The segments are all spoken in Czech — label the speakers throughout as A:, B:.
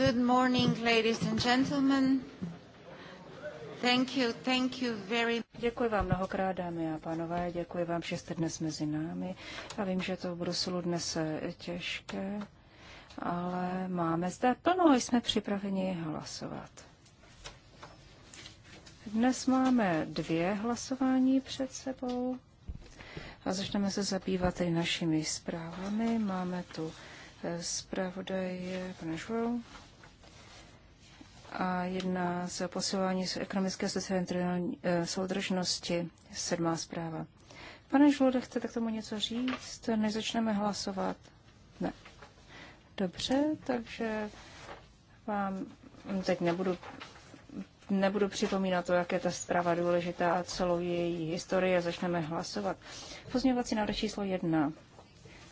A: Good morning, ladies and gentlemen. Thank you, thank you very... Děkuji vám mnohokrát, dámy a pánové, děkuji vám, že jste dnes mezi námi. Já vím, že to v Bruselu dnes je eh, těžké, ale máme zde plno, jsme připraveni hlasovat. Dnes máme dvě hlasování před sebou a začneme se zabývat i našimi zprávami. Máme tu eh, zpravodaj pane Žvou a jedna z posilování ekonomické a sociální eh, soudržnosti, sedmá zpráva. Pane Žlode, chcete k tomu něco říct, Nezačneme hlasovat? Ne. Dobře, takže vám teď nebudu, nebudu připomínat to, jak je ta zpráva důležitá a celou její historii a začneme hlasovat. Pozměňovací návrh číslo jedna.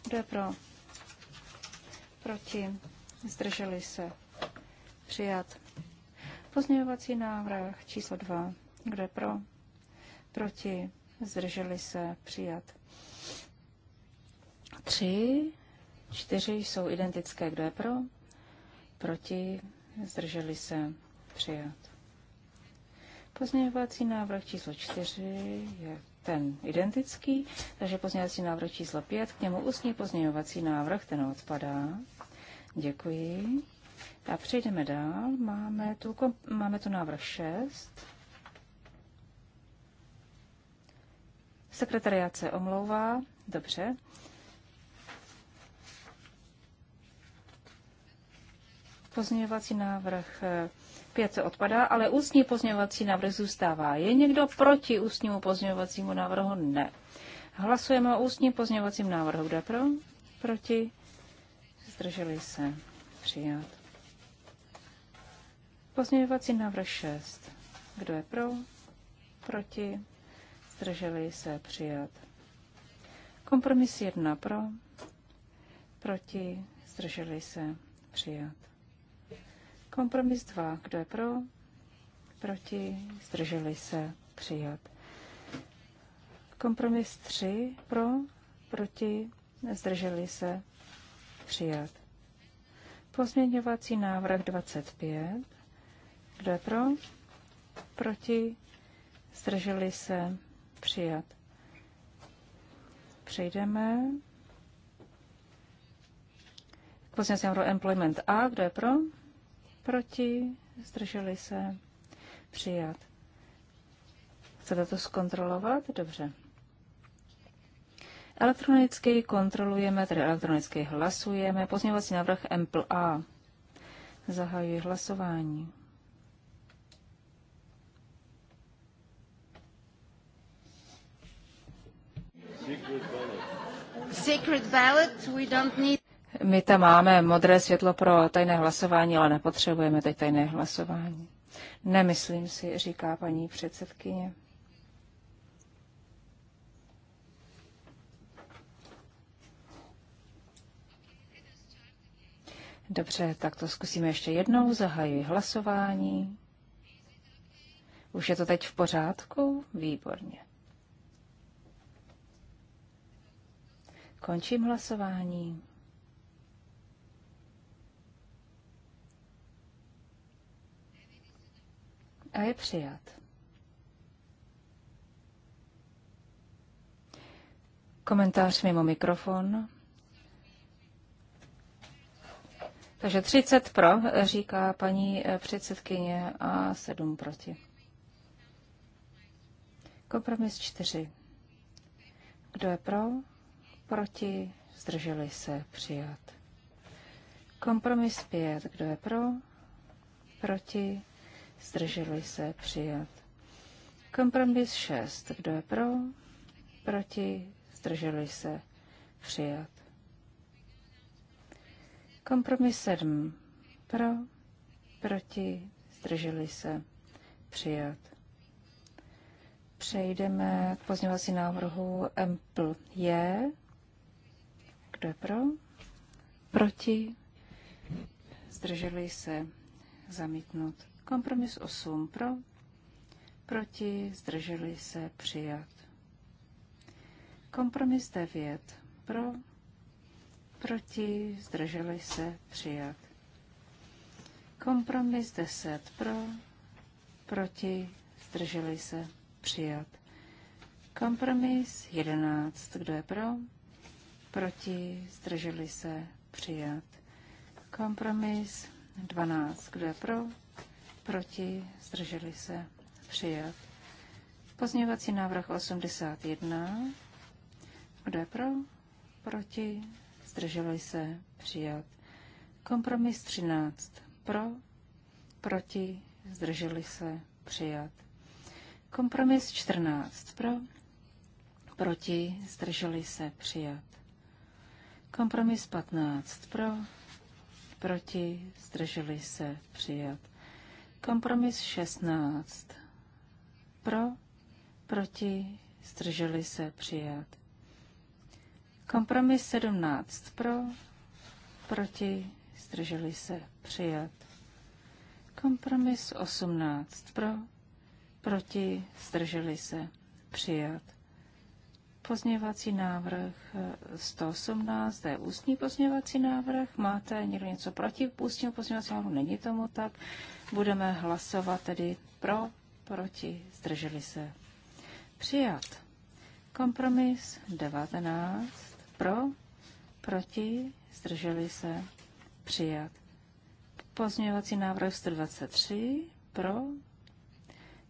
A: Kdo je pro? Proti? Zdrželi se? Přijat. Pozměňovací návrh číslo 2. Kdo je pro? Proti? Zdrželi se? Přijat. 3. 4 jsou identické. Kdo je pro? Proti? Zdrželi se? Přijat. Pozměňovací návrh číslo 4 je ten identický, takže pozměňovací návrh číslo 5, k němu ústní pozměňovací návrh, ten odpadá. Děkuji. A přejdeme dál. Máme tu, máme tu návrh 6. Sekretariát se omlouvá. Dobře. Pozměňovací návrh 5 eh, odpadá, ale ústní pozměňovací návrh zůstává. Je někdo proti ústnímu pozměňovacímu návrhu? Ne. Hlasujeme o ústním pozměňovacím návrhu. Kdo pro? Proti? Zdrželi se. Přijat. Pozměňovací návrh 6. Kdo je pro? Proti? Zdrželi se přijat. Kompromis 1 pro, proti, zdrželi se přijat. Kompromis 2. Kdo je pro? Proti, zdrželi se přijat. Kompromis 3 pro, proti, zdrželi se přijat. Pozměňovací návrh 25. Kdo je pro? Proti? Zdrželi se? Přijat. Přejdeme k pozměňovacímu Employment A. Kdo je pro? Proti? Zdrželi se? Přijat. Chcete to zkontrolovat? Dobře. Elektronicky kontrolujeme, tedy elektronicky hlasujeme. Pozměňovací návrh MPL A. Zahajuji hlasování. My tam máme modré světlo pro tajné hlasování, ale nepotřebujeme teď tajné hlasování. Nemyslím si, říká paní předsedkyně. Dobře, tak to zkusíme ještě jednou. Zahajuji hlasování. Už je to teď v pořádku? Výborně. Končím hlasování. A je přijat. Komentář mimo mikrofon. Takže 30 pro, říká paní eh, předsedkyně, a 7 proti. Kompromis 4. Kdo je pro? Proti? Zdrželi se? Přijat. Kompromis 5. Kdo je pro? Proti? Zdrželi se? Přijat. Kompromis 6. Kdo je pro? Proti? Zdrželi se? Přijat. Kompromis 7. Pro? Proti? Zdrželi se? Přijat. Přejdeme k pozměňovací návrhu MPL je kdo je pro? Proti? Zdrželi se zamítnout. Kompromis 8 pro. Proti? Zdrželi se přijat. Kompromis 9 pro. Proti? Zdrželi se přijat. Kompromis 10 pro. Proti? Zdrželi se přijat. Kompromis 11. Kdo je pro? proti, zdrželi se, přijat. Kompromis 12, kdo je pro, proti, zdrželi se, přijat. Pozměňovací návrh 81, kdo je pro, proti, zdrželi se, přijat. Kompromis 13, pro, proti, zdrželi se, přijat. Kompromis 14, pro, proti, zdrželi se, přijat. Kompromis 15 pro, proti, zdrželi se, přijat. Kompromis 16 pro, proti, zdrželi se, přijat. Kompromis 17 pro, proti, zdrželi se, přijat. Kompromis 18 pro, proti, zdrželi se, přijat. Pozměňovací návrh 118, eh, to je ústní pozměňovací návrh. Máte někdo něco proti ústnímu pozměňovacímu návrhu? Není tomu tak. Budeme hlasovat tedy pro, proti, zdrželi se. Přijat. Kompromis 19, pro, proti, zdrželi se. Přijat. Pozměňovací návrh 123, pro,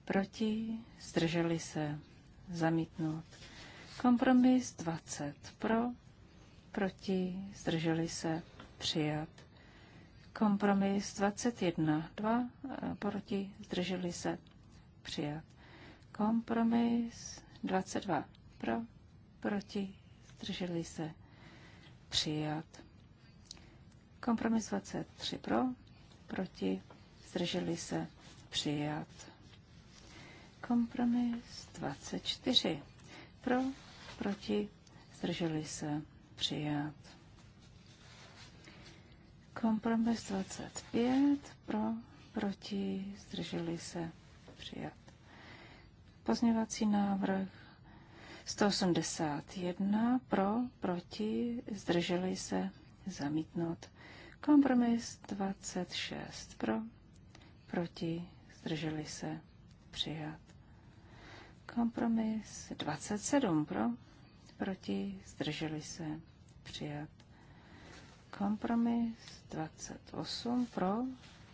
A: proti, zdrželi se. Zamítnout. Kompromis 20 pro, proti, zdrželi se, přijat. Kompromis 21, 2, eh, proti, zdrželi se, přijat. Kompromis 22, pro, proti, zdrželi se, přijat. Kompromis 23, pro, proti, zdrželi se, přijat. Kompromis 24, pro, proti, zdrželi se, přijat. Kompromis 25, pro, proti, zdrželi se, přijat. Pozměvací návrh 181, pro, proti, zdrželi se, zamítnout. Kompromis 26, pro, proti, zdrželi se, přijat. Kompromis 27, pro, proti, zdrželi se, přijat. Kompromis 28 pro,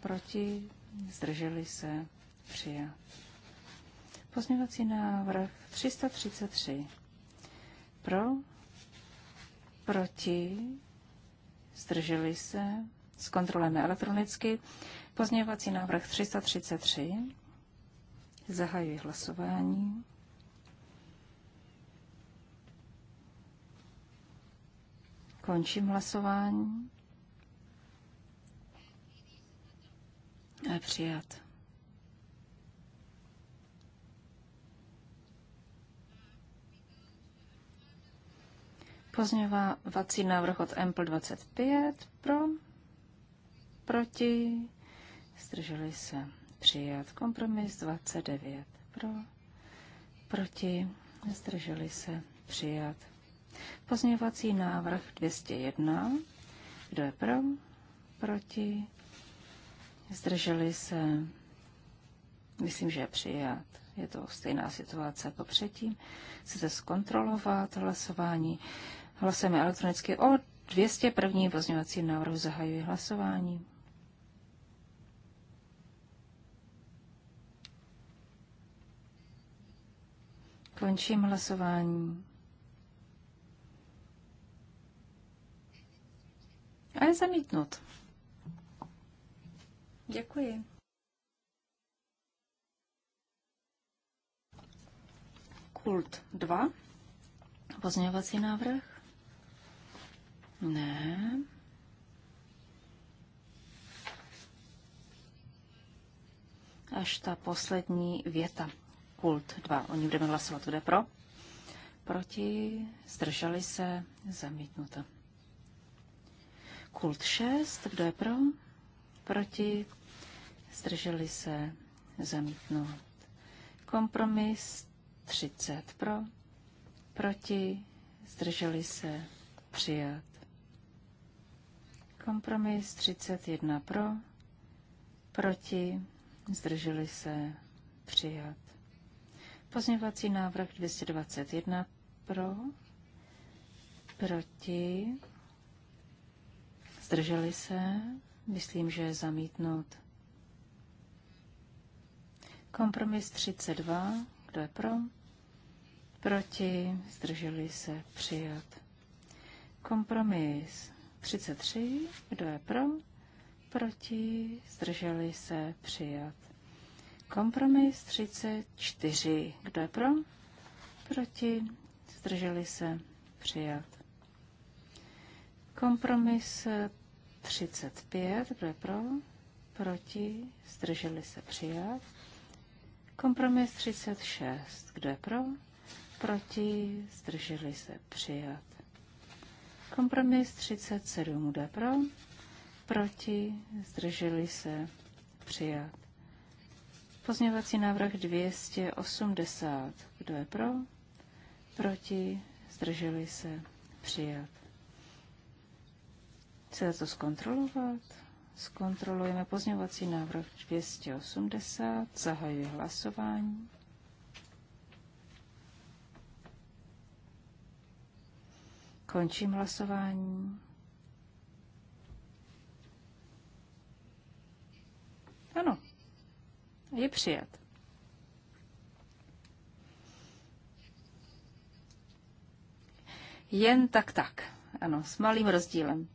A: proti, zdrželi se, přijat. Pozměňovací návrh 333 pro, proti, zdrželi se, zkontrolujeme elektronicky. Pozměňovací návrh 333. Zahajuji hlasování. Končím hlasování. A přijat. Pozměňovací návrh od Ample 25 pro, proti, zdrželi se přijat. Kompromis 29 pro, proti, zdrželi se přijat. Pozměňovací návrh 201. Kdo je pro? Proti? Zdrželi se? Myslím, že je přijat. Je to stejná situace jako předtím. Chcete zkontrolovat hlasování. Hlasujeme elektronicky o 201. pozměňovacím návrhu. Zahajuji hlasování. Končím hlasování. A je zamítnut. Děkuji. Kult 2. Pozměňovací návrh?
B: Ne.
A: Až ta poslední věta. Kult 2. O ní budeme hlasovat. Kdo pro? Proti? Zdrželi se? Zamítnuto. Kult 6, kdo je pro? Proti? Zdrželi se zamítnout. Kompromis 30 pro, proti, zdrželi se přijat. Kompromis 31 pro, proti, zdrželi se přijat. Pozměňovací návrh 221 pro, proti, Zdrželi se? Myslím, že je Kompromis 32. Kdo je pro? Proti? Zdrželi se? Přijat. Kompromis 33. Kdo je pro? Proti? Zdrželi se? Přijat. Kompromis 34. Kdo je pro? Proti? Zdrželi se? Přijat. Kompromis 35, kdo je pro, proti, zdrželi se přijat. Kompromis 36, kdo je pro, proti, zdrželi se přijat. Kompromis 37, kdo je pro, proti, zdrželi se přijat. Pozměňovací návrh 280, kdo je pro, proti, zdrželi se přijat. Chce to zkontrolovat? Zkontrolujeme pozměňovací návrh 280. Zahajuji hlasování. Končím hlasování. Ano, je přijat. Jen tak tak. Ano, s malým rozdílem.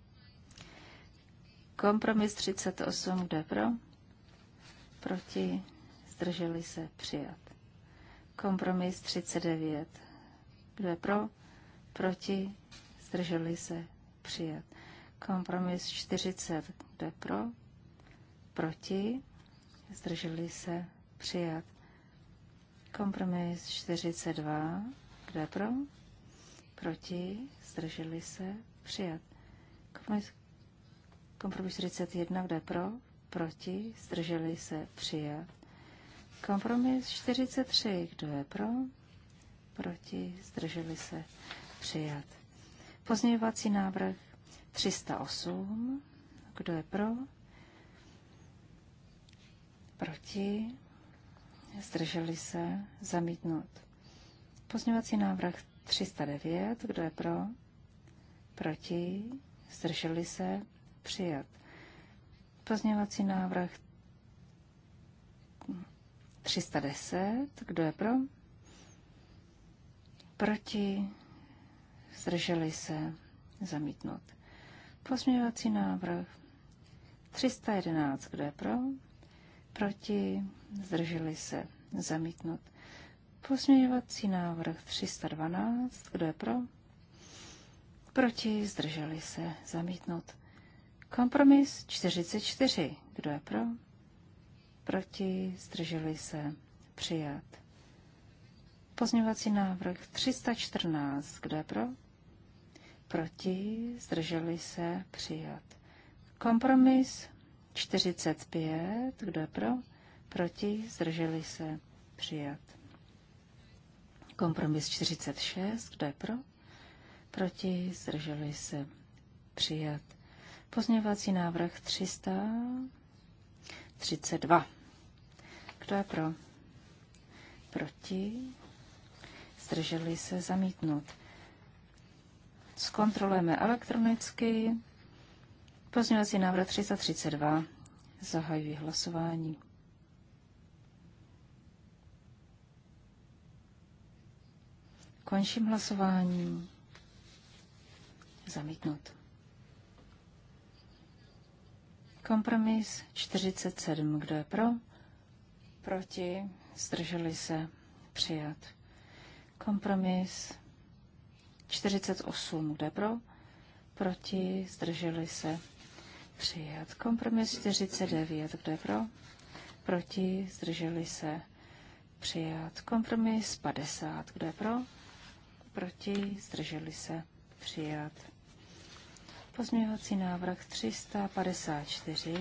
A: Kompromis 38, jde pro? Proti? Zdrželi se? Přijat. Kompromis 39, kdo je pro? Proti? Zdrželi se? Přijat. Kompromis 40, kdo je pro? Proti? Zdrželi se? Přijat. Kompromis 42, kdo je pro? Proti? Zdrželi se? Přijat. Kompromis Kompromis 41, je pro, proti, zdrželi se, přijat. Kompromis 43, kdo je pro, proti, zdrželi se, přijat. Pozměňovací návrh 308, kdo je pro, proti, zdrželi se, zamítnut. Pozměňovací návrh 309, kdo je pro, proti, zdrželi se, přijat. Pozměňovací návrh 310. Kdo je pro? Proti? Zdrželi se? zamítnout. Pozměňovací návrh 311. Kdo je pro? Proti? Zdrželi se? zamítnout. Pozměňovací návrh 312. Kdo je pro? Proti? Zdrželi se? zamítnout. Kompromis 44. Kdo je pro? Proti? Zdrželi se? Přijat. Pozměňovací návrh 314. Kdo je pro? Proti? Zdrželi se? Přijat. Kompromis 45. Kdo je pro? Proti? Zdrželi se? Přijat. Kompromis 46. Kdo je pro? Proti? Zdrželi se? Přijat. Pozměňovací návrh 332. Kdo je pro? Proti? Zdrželi se zamítnout. Zkontrolujeme elektronicky. Pozměňovací návrh 332. Zahajuji hlasování. Končím hlasování. Zamítnout. Kompromis 47. Kdo je pro? Proti? Zdrželi se? Přijat. Kompromis 48. Kdo je pro? Proti? Zdrželi se? Přijat. Kompromis 49. Kdo je pro? Proti? Zdrželi se? Přijat. Kompromis 50. Kdo je pro? Proti? Zdrželi se? Přijat. Pozměňovací návrh 354.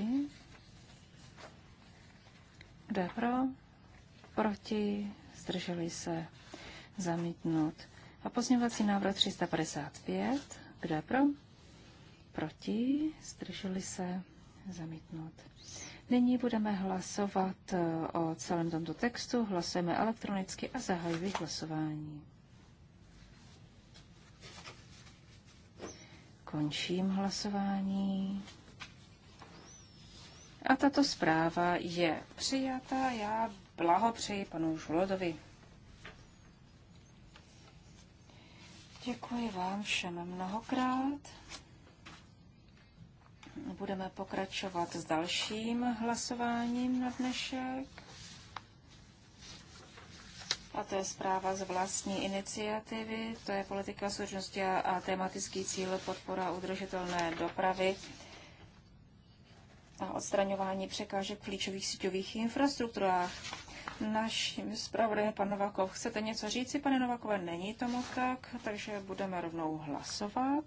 A: Kdo je pro? Proti? Zdrželi se? Zamítnut. A pozměňovací návrh 355. Kdo je pro? Proti? Zdrželi se? Zamítnut. Nyní budeme hlasovat eh, o celém tomto textu. Hlasujeme elektronicky a zahajuji hlasování. Končím hlasování. A tato zpráva je přijata. Já blahopřeji panu Žulodovi. Děkuji vám všem mnohokrát. Budeme pokračovat s dalším hlasováním na dnešek a to je zpráva z vlastní iniciativy, to je politika soudržnosti a, a tematický cíl podpora udržitelné dopravy a odstraňování překážek v klíčových síťových infrastrukturách. Naším zpravodajem pan Novakov. Chcete něco říci, pane Novakové? Není tomu tak, takže budeme rovnou hlasovat.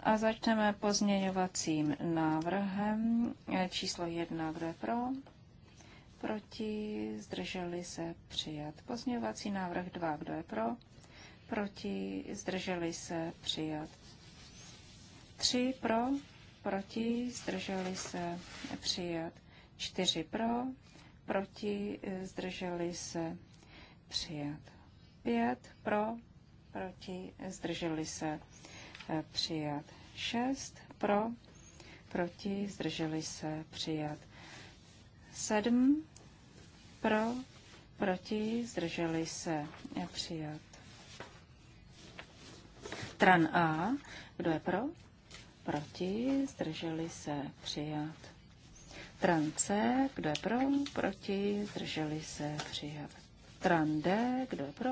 A: A začneme pozměňovacím návrhem e, číslo jedna, Kdo je pro? proti, zdrželi se přijat. Pozměňovací návrh 2, kdo je pro, proti, zdrželi se přijat. 3 pro, proti, zdrželi se přijat. 4 pro, proti, zdrželi se přijat. 5 pro, proti, zdrželi se přijat. 6 pro, proti, zdrželi se přijat. 7 pro, proti, zdrželi se, přijat. Tran A, kdo je pro? Proti, zdrželi se, přijat. Tran C, kdo je pro? Proti, zdrželi se, přijat. Tran D, kdo je pro?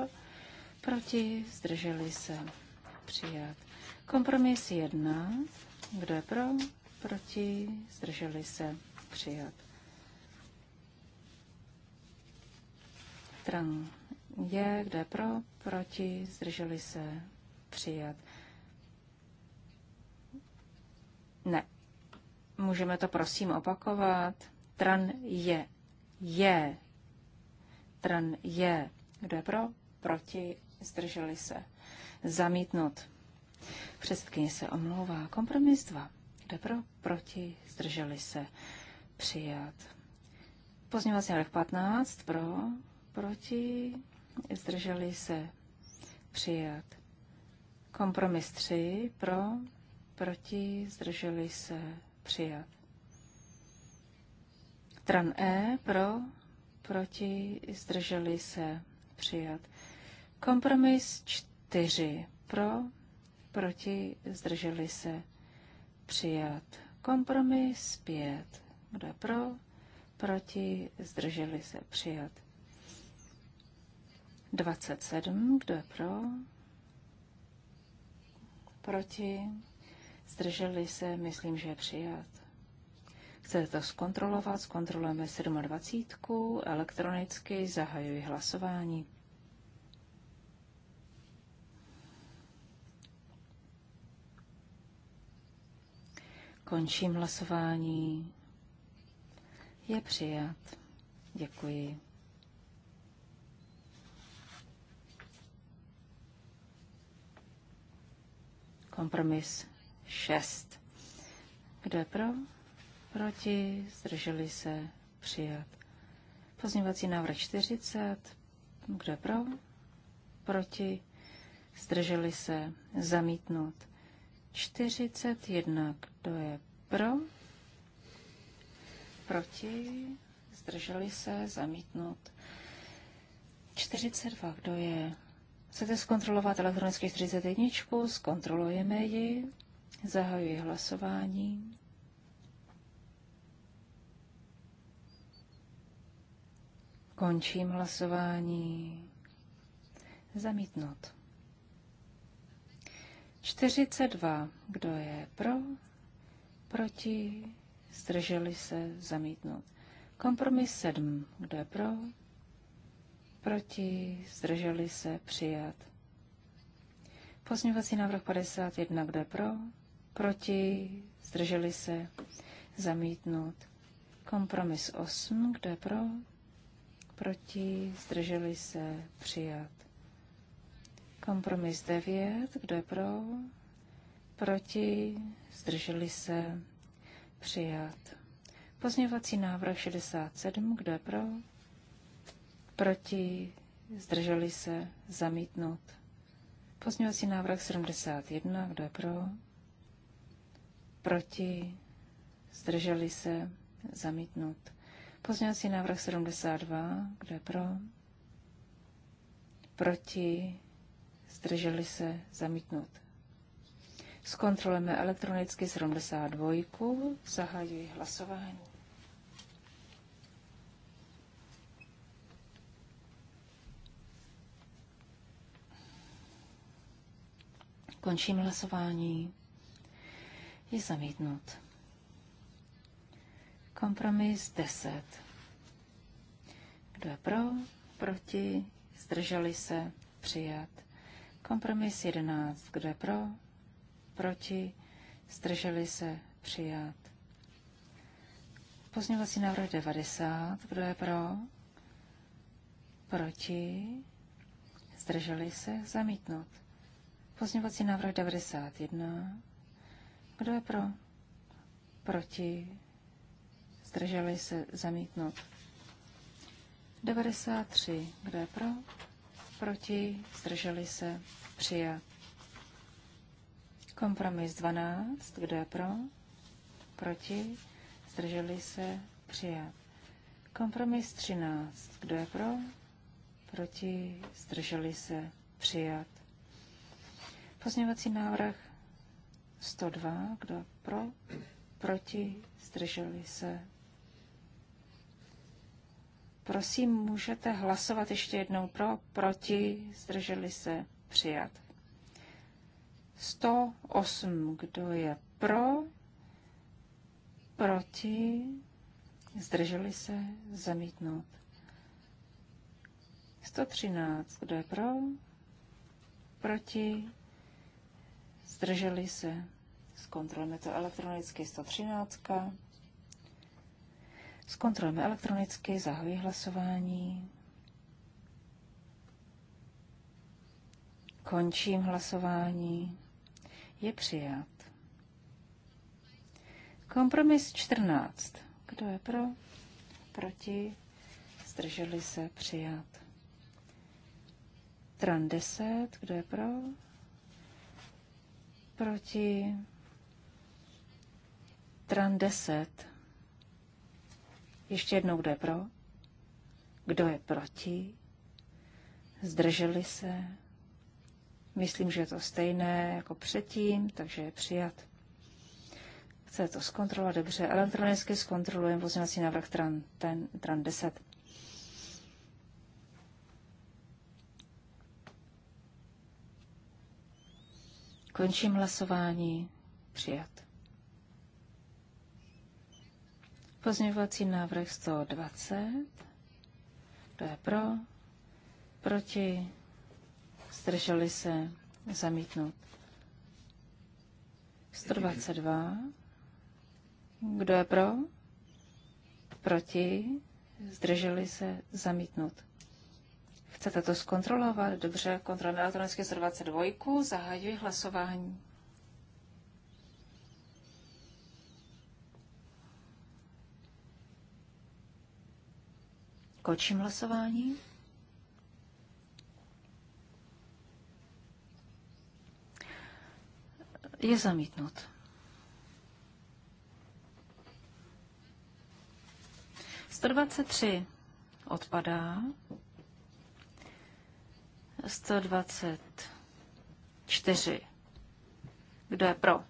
A: Proti, zdrželi se, přijat. Kompromis 1, kdo je pro? Proti, zdrželi se, přijat. stran je, kde je pro, proti, zdrželi se, přijat. Ne. Můžeme to prosím opakovat. Tran je, je. Tran je. Kdo je pro? Proti, zdrželi se. Zamítnout. Předsedkyně se omlouvá. Kompromis 2. Kdo je pro? Proti, zdrželi se. Přijat. Pozměňovací návrh 15. Pro, proti, zdrželi se přijat. Kompromis 3 pro, proti, zdrželi se přijat. Tran E pro, proti, zdrželi se přijat. Kompromis 4 pro, proti, zdrželi se přijat. Kompromis 5. Kdo pro, proti, zdrželi se přijat. 27. Kdo je pro? Proti? Zdrželi se? Myslím, že je přijat. Chcete to zkontrolovat? Zkontrolujeme 27. Elektronicky zahajuji hlasování. Končím hlasování. Je přijat. Děkuji. Kompromis 6. Kdo je pro? Proti? Zdrželi se? Přijat. Pozměňovací návrh 40. Kdo je pro? Proti? Zdrželi se? Zamítnout. 41. Kdo je pro? Proti? Zdrželi se? Zamítnout. 42. Kdo je Chcete zkontrolovat elektronicky 41? Zkontrolujeme ji. Zahajuji hlasování. Končím hlasování. Zamítnout. 42. Kdo je pro? Proti? Zdrželi se? Zamítnout. Kompromis 7. Kdo je pro? Proti? Zdrželi se? Přijat. Pozměňovací návrh 51. kde pro? Proti? Zdrželi se? Zamítnout. Kompromis 8. kde pro? Proti? Zdrželi se? Přijat. Kompromis 9. kde pro? Proti? Zdrželi se? Přijat. Pozměňovací návrh 67. kde pro? proti, zdrželi se, zamítnout. Pozměňovací návrh 71, kdo je pro, proti, zdrželi se, zamítnout. Pozměňovací návrh 72, kdo je pro, proti, zdrželi se, zamítnout. Zkontrolujeme elektronicky 72, zahajuji hlasování. Končím hlasování. Je zamítnut. Kompromis 10. Kdo je pro? Proti? Zdrželi se? Přijat. Kompromis 11. Kdo je pro? Proti? Zdrželi se? Přijat. Pozměňovací návrh 90. Kdo je pro? Proti? Zdrželi se? Zamítnout. Pozměňovací návrh 91. Kdo je pro? Proti? Zdrželi se zamítnout. 93. Kdo je pro? Proti? Zdrželi se přijat. Kompromis 12. Kdo je pro? Proti? Zdrželi se přijat. Kompromis 13. Kdo je pro? Proti? Zdrželi se přijat. Pozměňovací návrh 102, kdo pro, proti, zdrželi se. Prosím, můžete hlasovat ještě jednou pro, proti, zdrželi se, přijat. 108, kdo je pro, proti, zdrželi se, zamítnout. 113, kdo je pro, proti, zdrželi se, zkontrolujeme to elektronicky 113. Zkontrolujeme elektronicky, zahojí hlasování. Končím hlasování. Je přijat. Kompromis 14. Kdo je pro? Proti? Zdrželi se přijat. Tran 10. Kdo je pro? proti tran 10. Ještě jednou, kdo je pro? Kdo je proti? Zdrželi se? Myslím, že je to stejné jako předtím, takže je přijat. Chce to zkontrolovat dobře. Elektronicky zkontrolujeme pozměňovací návrh tran, ten, tran 10. Končím hlasování. Přijat. Pozměňovací návrh 120. To je pro? Proti? Zdrželi se? Zamítnout. 122. Kdo je pro? Proti? Zdrželi se? Zamítnout. Chcete to zkontrolovat? Dobře, kontrolujeme elektronicky 122. Zahajuji hlasování. Končím hlasování. Je zamítnut. Sto dvacet tři odpadá. 124. Kdo je pro?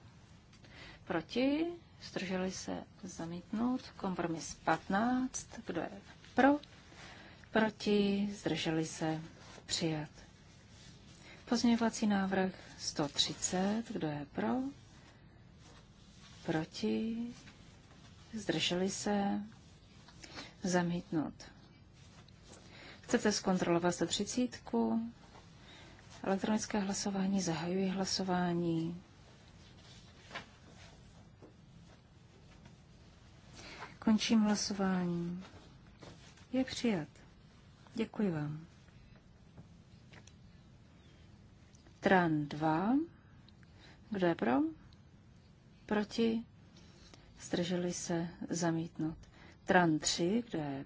A: Proti? Zdrželi se zamítnout. Kompromis 15. Kdo je pro? Proti? Zdrželi se přijat. Pozměňovací návrh 130. Kdo je pro? Proti? Zdrželi se zamítnout. Chcete zkontrolovat 130? Elektronické hlasování, zahajuji hlasování. Končím hlasování. Je přijat. Děkuji vám. Tran 2. Kdo je pro? Proti? Zdrželi se zamítnout. Tran 3. Kdo je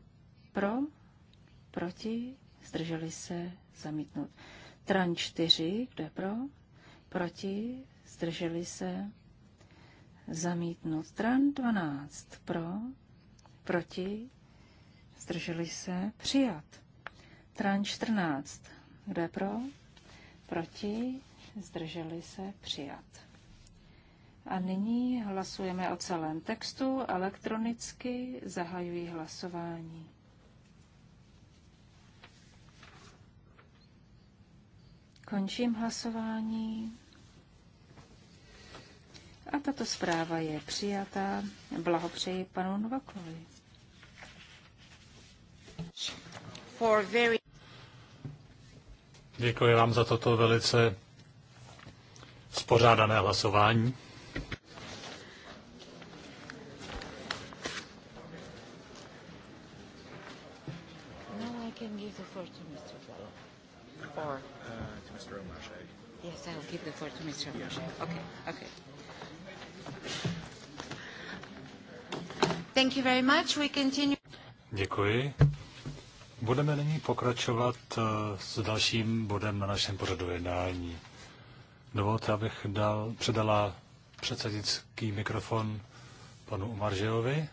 A: pro? Proti? Zdrželi se zamítnout. Tran 4, kdo je pro? Proti? Zdrželi se? Zamítnut. Tran 12, pro? Proti? Zdrželi se? Přijat. Tran 14, kdo je pro? Proti? Zdrželi se? Přijat. A nyní hlasujeme o celém textu. Elektronicky zahajuji hlasování. Končím hlasování. A tato zpráva je přijatá. Blahopřeji panu Novakovi. For very...
C: Děkuji vám za toto velice spořádané hlasování.
A: give the floor to Mr. Yeah. Okay, okay. Thank you very much. We continue.
C: Děkuji. Budeme nyní pokračovat eh, s dalším bodem na našem pořadu jednání. Dovolte, abych dal, předala předsednický mikrofon panu Umaržejovi.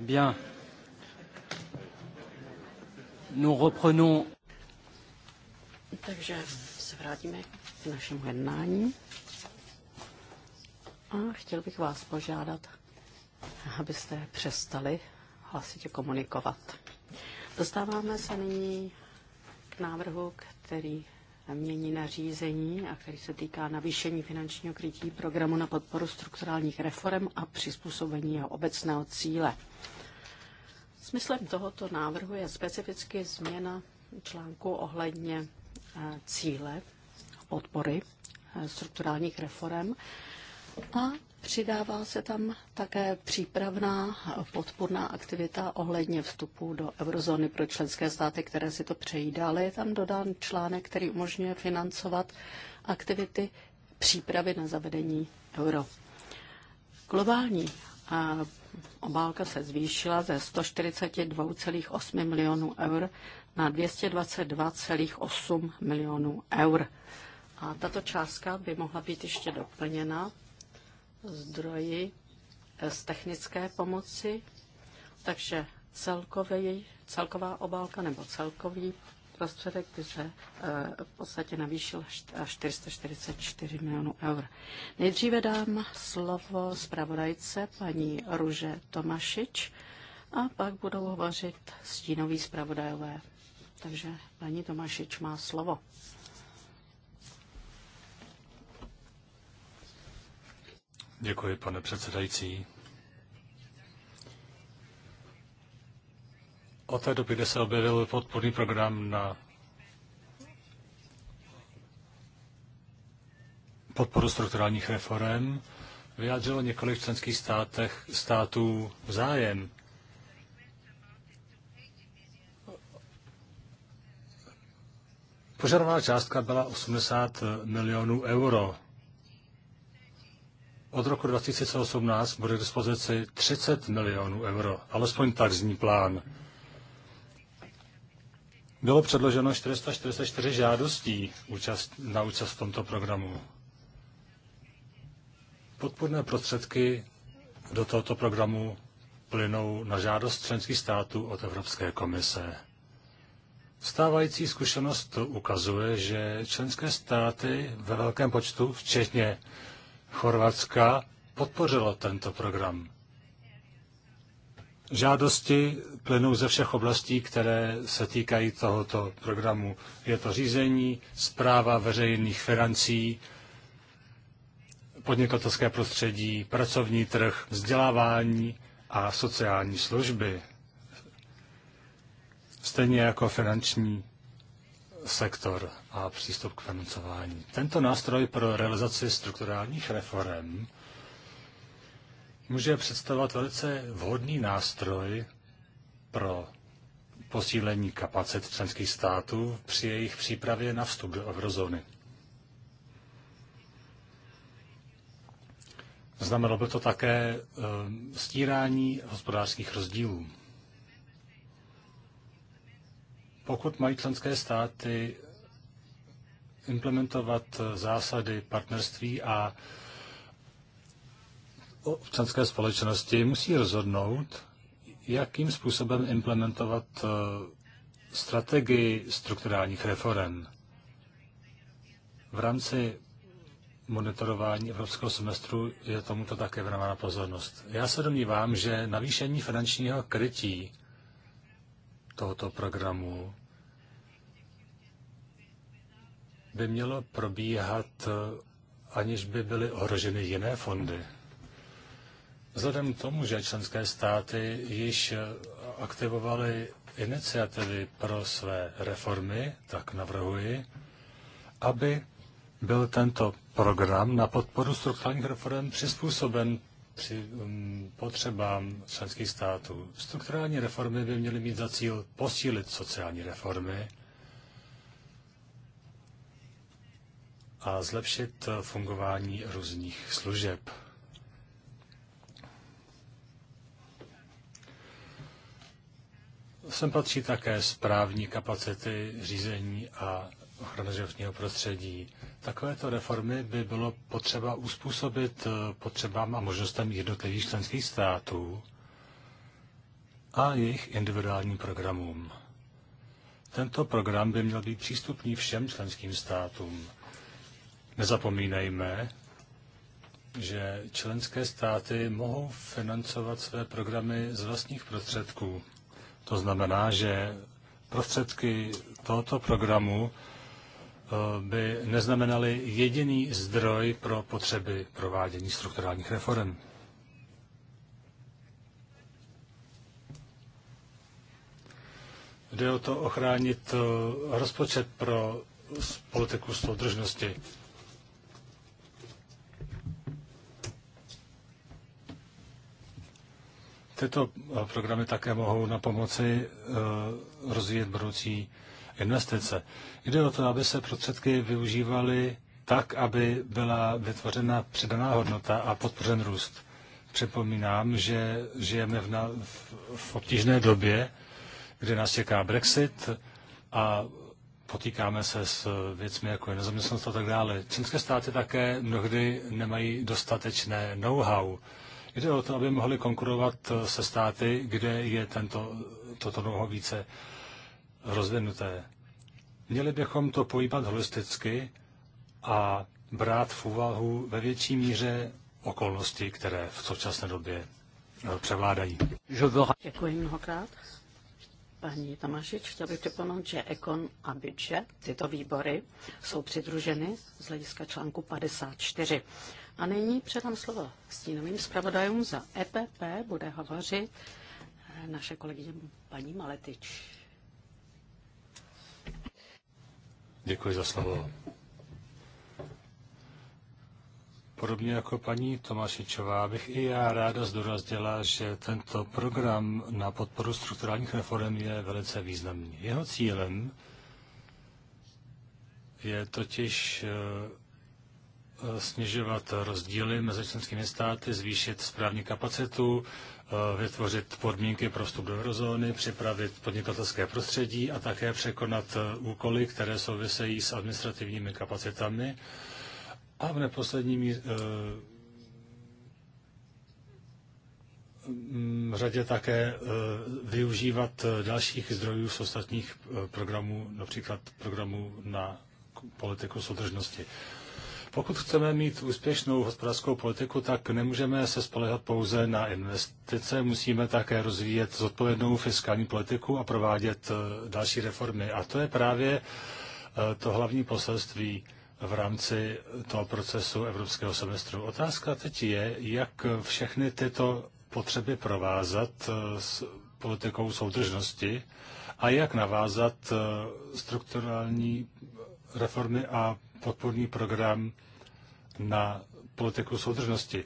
B: Bien. Nous reprenons. Takže se vrátíme k našemu jednání. A chtěl bych vás požádat, abyste přestali hlasitě komunikovat. Dostáváme se nyní k návrhu, který mění nařízení a který se týká navýšení finančního krytí programu na podporu strukturálních reform a přizpůsobení jeho obecného cíle. Smyslem tohoto návrhu je specificky změna článku ohledně eh, cíle podpory eh, strukturálních reform a Přidává se tam také přípravná podpůrná aktivita ohledně vstupu do eurozóny pro členské státy, které si to přejí. Dále je tam dodán článek, který umožňuje financovat aktivity přípravy na zavedení euro. Globální obálka se zvýšila ze 142,8 milionů eur na 222,8 milionů eur. A tato částka by mohla být ještě doplněna zdroji eh, z technické pomoci, takže celkový, celková obálka nebo celkový prostředek by se eh, v podstatě navýšil až 444 milionů eur. Nejdříve dám slovo zpravodajce paní Ruže Tomašič a pak budou hovořit stínoví zpravodajové. Takže paní Tomašič má slovo.
C: Děkuji, pane předsedající. Od té doby, kde se objevil podporný program na podporu strukturálních reform, vyjádřilo několik členských státech, států zájem. Požadovaná částka byla 80 milionů euro. Od roku 2018 bude k dispozici 30 milionů euro, alespoň tak zní plán. Bylo předloženo 444 žádostí účast, na účast v tomto programu. Podpůrné prostředky do tohoto programu plynou na žádost členských států od Evropské komise. Stávající zkušenost ukazuje, že členské státy ve velkém počtu, včetně Chorvatska podpořilo tento program. Žádosti plynou ze všech oblastí, které se týkají tohoto programu. Je to řízení, zpráva veřejných financí, podnikatelské prostředí, pracovní trh, vzdělávání a sociální služby. Stejně jako finanční sektor a přístup k financování. Tento nástroj pro realizaci strukturálních reform může představovat velice vhodný nástroj pro posílení kapacit členských států při jejich přípravě na vstup do eurozóny. Znamenalo by to také eh, stírání hospodářských rozdílů. Pokud mají členské státy implementovat eh, zásady partnerství a občanské společnosti, musí rozhodnout, jakým způsobem implementovat eh, strategii strukturálních reform. V rámci monitorování evropského semestru je tomuto také věnována pozornost. Já se domnívám, že navýšení finančního krytí tohoto programu by mělo probíhat, aniž by byly ohroženy jiné fondy. Vzhledem k tomu, že členské státy již aktivovaly iniciativy pro své reformy, tak navrhuji, aby byl tento program na podporu strukturálních reform přizpůsoben při um, potřebám členských států. Strukturální reformy by měly mít za cíl posílit sociální reformy a zlepšit fungování různých služeb. Sem patří také správní kapacity řízení a ochrany životního prostředí. Takovéto reformy by bylo potřeba uspůsobit eh, potřebám a možnostem jednotlivých členských států a jejich individuálním programům. Tento program by měl být přístupný všem členským státům. Nezapomínejme, že členské státy mohou financovat své programy z vlastních prostředků. To znamená, že prostředky tohoto programu Eh, by neznamenaly jediný zdroj pro potřeby provádění strukturálních reform. Jde o to ochránit eh, rozpočet pro politiku soudržnosti. Tyto eh, programy také mohou na pomoci rozvíjet budoucí investice. Jde o to, aby se prostředky využívaly tak, aby byla vytvořena přidaná hodnota a podpořen růst. Připomínám, že žijeme v, na, v obtížné době, kde nás čeká Brexit a potýkáme se s věcmi, jako je nezaměstnanost a tak dále. Členské státy také mnohdy nemají dostatečné know-how. Jde o to, aby mohli konkurovat se státy, kde je tento, toto know-how více rozvinuté. Měli bychom to pojímat holisticky a brát v úvahu ve větší míře okolnosti, které v současné době eh, převládají.
B: Děkuji mnohokrát. Paní Tamašič, chtěl bych připomenout, že Ekon a Budget, tyto výbory, jsou přidruženy z hlediska článku 54. A nyní předám slovo stínovým zpravodajům za EPP, bude hovořit eh, naše kolegyně paní Maletič.
C: Děkuji za slovo. Podobně jako paní Tomášičová bych i já ráda zdůraznila, že tento program na podporu strukturálních reform je velice významný. Jeho cílem je totiž eh, snižovat rozdíly mezi členskými státy, zvýšit správní kapacitu, Eh, vytvořit podmínky pro vstup do eurozóny, připravit podnikatelské prostředí a také překonat eh, úkoly, které souvisejí s administrativními kapacitami. A v neposledním eh, mm, řadě také využívat dalších zdrojů z ostatních programů, například programů na politiku soudržnosti. Pokud chceme mít úspěšnou hospodářskou politiku, tak nemůžeme se spolehat pouze na investice, musíme také rozvíjet zodpovědnou fiskální politiku a provádět eh, další reformy. A to je právě eh, to hlavní poselství v rámci toho procesu evropského semestru. Otázka teď je, jak všechny tyto potřeby provázat eh, s politikou soudržnosti a jak navázat strukturální reformy a podpůrný program na politiku soudržnosti.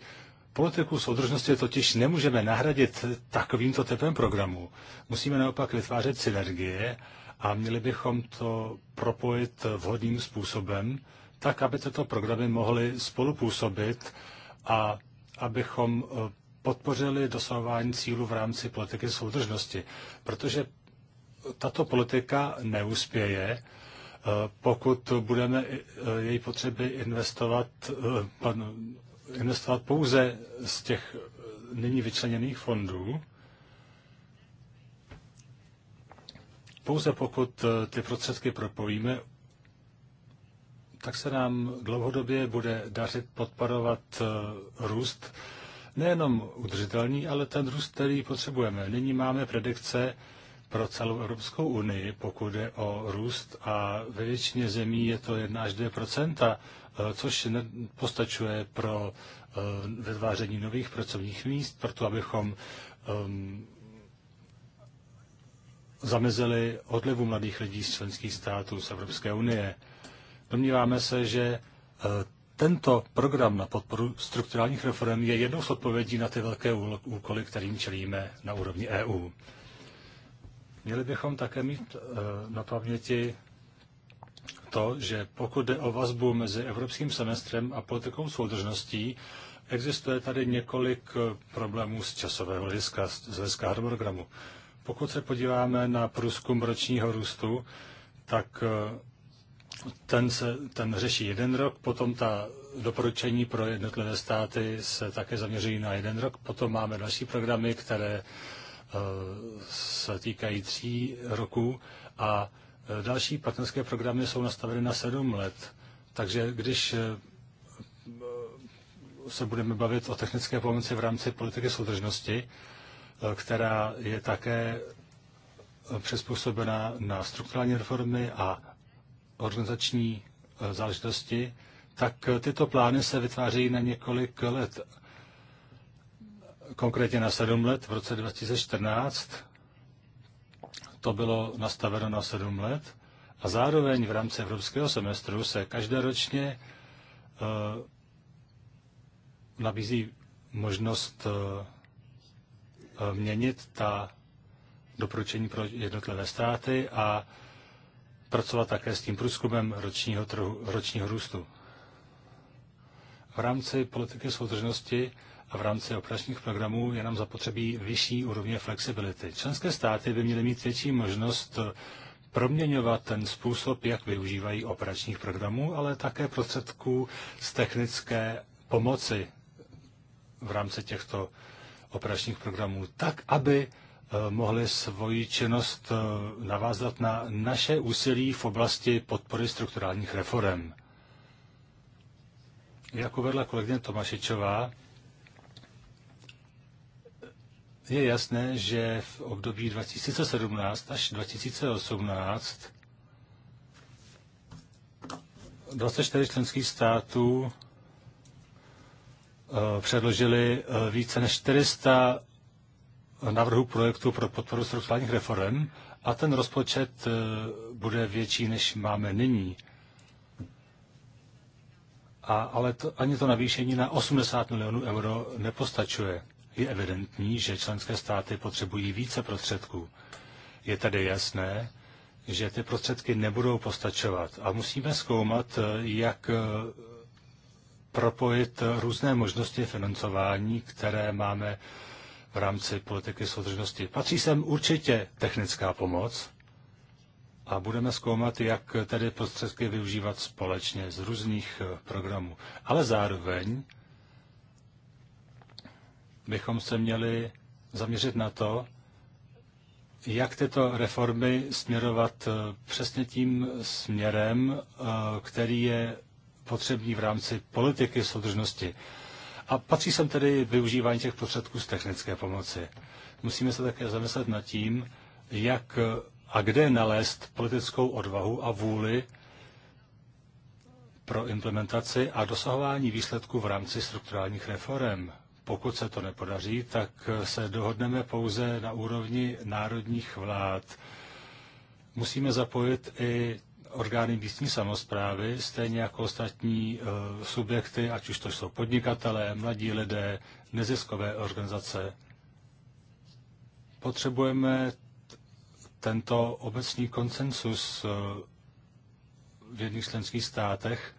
C: Politiku soudržnosti totiž nemůžeme nahradit takovýmto typem programu. Musíme naopak vytvářet synergie a měli bychom to propojit vhodným způsobem, tak, aby tyto programy mohly spolupůsobit a abychom eh, podpořili dosahování cílu v rámci politiky soudržnosti. Protože tato politika neuspěje, pokud budeme e, její potřeby investovat, e, investovat pouze z těch e, nyní vyčleněných fondů, pouze pokud ty prostředky propojíme, tak se nám dlouhodobě bude dařit podporovat růst, nejenom udržitelný, ale ten růst, který potřebujeme. Nyní máme predikce pro celou Evropskou unii, pokud je o růst a ve většině zemí je to 1 až 2 eh, což postačuje pro eh, vytváření nových pracovních míst, proto abychom ehm, zamezili odlivu mladých lidí z členských států z Evropské unie. Domníváme se, že eh, tento program na podporu strukturálních reform je jednou z odpovědí na ty velké úkoly, kterým čelíme na úrovni EU. Měli bychom také mít eh, na paměti to, že pokud jde o vazbu mezi evropským semestrem a politikou soudržností, existuje tady několik eh, problémů z časového hlediska, z hlediska harmonogramu. Pokud se podíváme na průzkum ročního růstu, tak eh, ten, se, ten řeší jeden rok, potom ta doporučení pro jednotlivé státy se také zaměřují na jeden rok, potom máme další programy, které Eh, se týkají tří roků a eh, další partnerské programy jsou nastaveny na sedm let. Takže když eh, se budeme bavit o technické pomoci v rámci politiky soudržnosti, která je také přizpůsobena na strukturální reformy a organizační záležitosti, tak tyto plány se vytvářejí na několik let konkrétně na 7 let v roce 2014. To bylo nastaveno na 7 let. A zároveň v rámci evropského semestru se každoročně eh, nabízí možnost eh, eh, měnit ta doporučení pro jednotlivé státy a pracovat také s tím průzkumem ročního, trhu, ročního růstu. V rámci politiky soudržnosti a v rámci operačních programů je nám zapotřebí vyšší úrovně flexibility. Členské státy by měly mít větší možnost proměňovat ten způsob, jak využívají operačních programů, ale také prostředků z technické pomoci v rámci těchto operačních programů, tak, aby eh, mohli svoji činnost eh, navázat na naše úsilí v oblasti podpory strukturálních reform. Jak uvedla kolegyně Tomašičová, je jasné, že v období 2017 až 2018 24 členských států eh, předložili eh, více než 400 návrhů projektů pro podporu strukturálních reform a ten rozpočet eh, bude větší, než máme nyní. A, ale to, ani to navýšení na 80 milionů euro nepostačuje je evidentní, že členské státy potřebují více prostředků. Je tedy jasné, že ty prostředky nebudou postačovat a musíme zkoumat, jak eh, propojit různé možnosti financování, které máme v rámci politiky soudržnosti. Patří sem určitě technická pomoc a budeme zkoumat, jak tedy prostředky využívat společně z různých eh, programů. Ale zároveň bychom se měli zaměřit na to, jak tyto reformy směrovat eh, přesně tím směrem, eh, který je potřebný v rámci politiky soudržnosti. A patří sem tedy využívání těch prostředků z technické pomoci. Musíme se také zamyslet nad tím, jak eh, a kde nalézt politickou odvahu a vůli pro implementaci a dosahování výsledků v rámci strukturálních reform. Pokud se to nepodaří, tak se dohodneme pouze na úrovni národních vlád. Musíme zapojit i orgány místní samozprávy, stejně jako ostatní eh, subjekty, ať už to jsou podnikatelé, mladí lidé, neziskové organizace. Potřebujeme tento obecný konsensus eh, v jedných členských státech,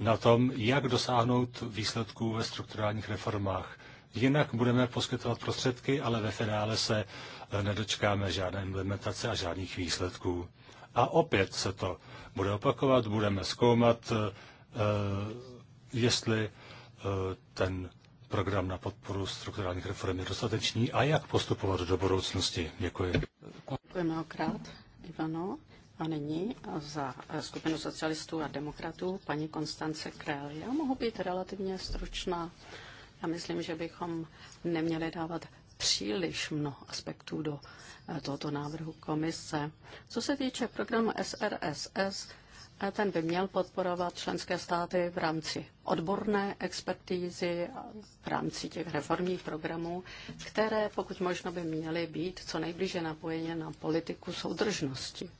C: na tom, jak dosáhnout výsledků ve strukturálních reformách. Jinak budeme poskytovat prostředky, ale ve finále se eh, nedočkáme žádné implementace a žádných výsledků. A opět se to bude opakovat, budeme zkoumat, eh, eh, jestli ten program na podporu strukturálních reform je dostatečný a jak postupovat do budoucnosti. Děkuji. Děkuji
B: mnohokrát, Ivano. A nyní za eh, skupinu socialistů a demokratů paní Konstance Král. Já mohu být relativně stručná. Já myslím, že bychom neměli dávat příliš mnoho aspektů do eh, tohoto návrhu komise. Co se týče programu SRSS, eh, ten by měl podporovat členské státy v rámci odborné expertízy, v rámci těch reformních programů, které pokud možno by měly být co nejblíže napojeně na politiku soudržnosti.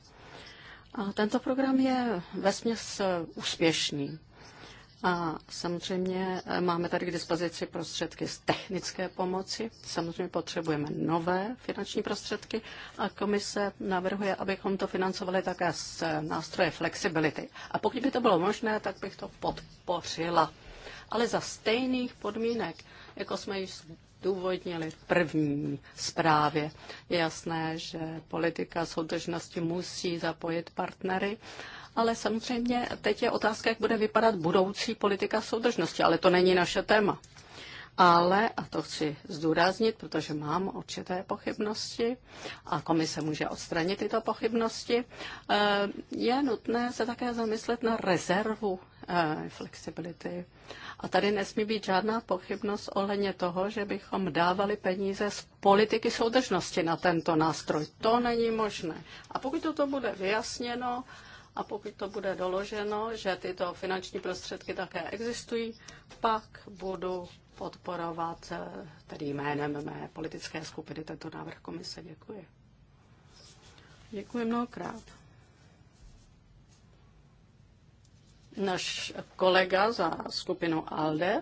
B: A tento program je vesměs eh, úspěšný. A samozřejmě eh, máme tady k dispozici prostředky z technické pomoci. Samozřejmě potřebujeme nové finanční prostředky a komise navrhuje, abychom to financovali také z eh, nástroje flexibility. A pokud by to bylo možné, tak bych to podpořila. Ale za stejných podmínek, jako jsme již zdůvodnili v první zprávě. Je jasné, že politika soudržnosti musí zapojit partnery, ale samozřejmě teď je otázka, jak bude vypadat budoucí politika soudržnosti, ale to není naše téma. Ale, a to chci zdůraznit, protože mám určité pochybnosti a komise může odstranit tyto pochybnosti, eh, je nutné se také zamyslet na rezervu eh, flexibility. A tady nesmí být žádná pochybnost ohledně toho, že bychom dávali peníze z politiky soudržnosti na tento nástroj. To není možné. A pokud toto bude vyjasněno a pokud to bude doloženo, že tyto finanční prostředky také existují, pak budu podporovat eh, tedy jménem mé politické skupiny tento návrh komise. Děkuji. Děkuji mnohokrát. Náš kolega za skupinu ALDE.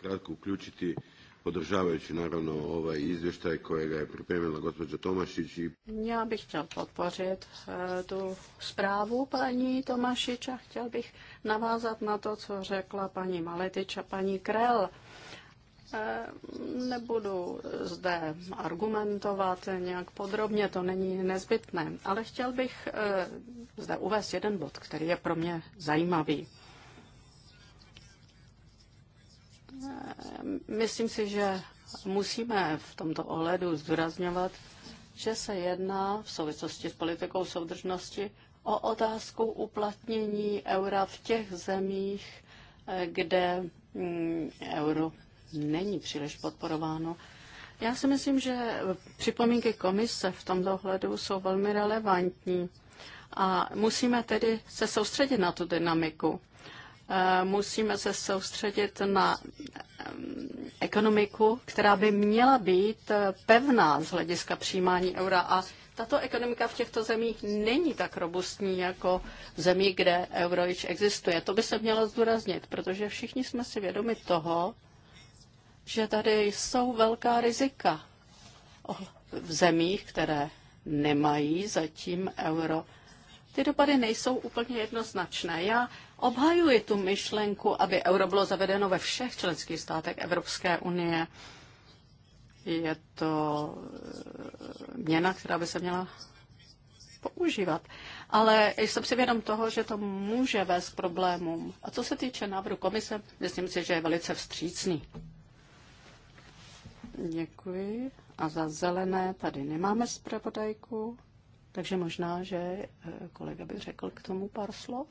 D: Kratko uključiti podržavajući naravno ovaj izvještaj kojega je pripremila gospođa Tomašić. I...
B: Já bych chtěl podpořit eh, tu zprávu paní Tomašića. chtěl bych navázat na to, co řekla paní Maletič a paní Krell Eh, nebudu zde argumentovat nějak podrobně, to není nezbytné, ale chtěl bych eh, zde uvést jeden bod, který je pro mě zajímavý. Eh, myslím si, že musíme v tomto ohledu zdůrazňovat, že se jedná v souvislosti s politikou soudržnosti o otázku uplatnění eura v těch zemích, kde mm, euro není příliš podporováno. Já si myslím, že připomínky komise v tomto ohledu jsou velmi relevantní a musíme tedy se soustředit na tu dynamiku. Eh, musíme se soustředit na eh, ekonomiku, která by měla být eh, pevná z hlediska přijímání eura a tato ekonomika v těchto zemích není tak robustní jako v zemí, kde euro již existuje. To by se mělo zdůraznit, protože všichni jsme si vědomi toho, že tady jsou velká rizika v zemích, které nemají zatím euro. Ty dopady nejsou úplně jednoznačné. Já obhajuji tu myšlenku, aby euro bylo zavedeno ve všech členských státech Evropské unie. Je to eh, měna, která by se měla používat. Ale jsem si vědom toho, že to může vést k problémům. A co se týče návrhu komise, myslím si, že je velice vstřícný. Děkuji. A za zelené tady nemáme zpravodajku, takže možná, že eh, kolega by řekl k tomu pár slov.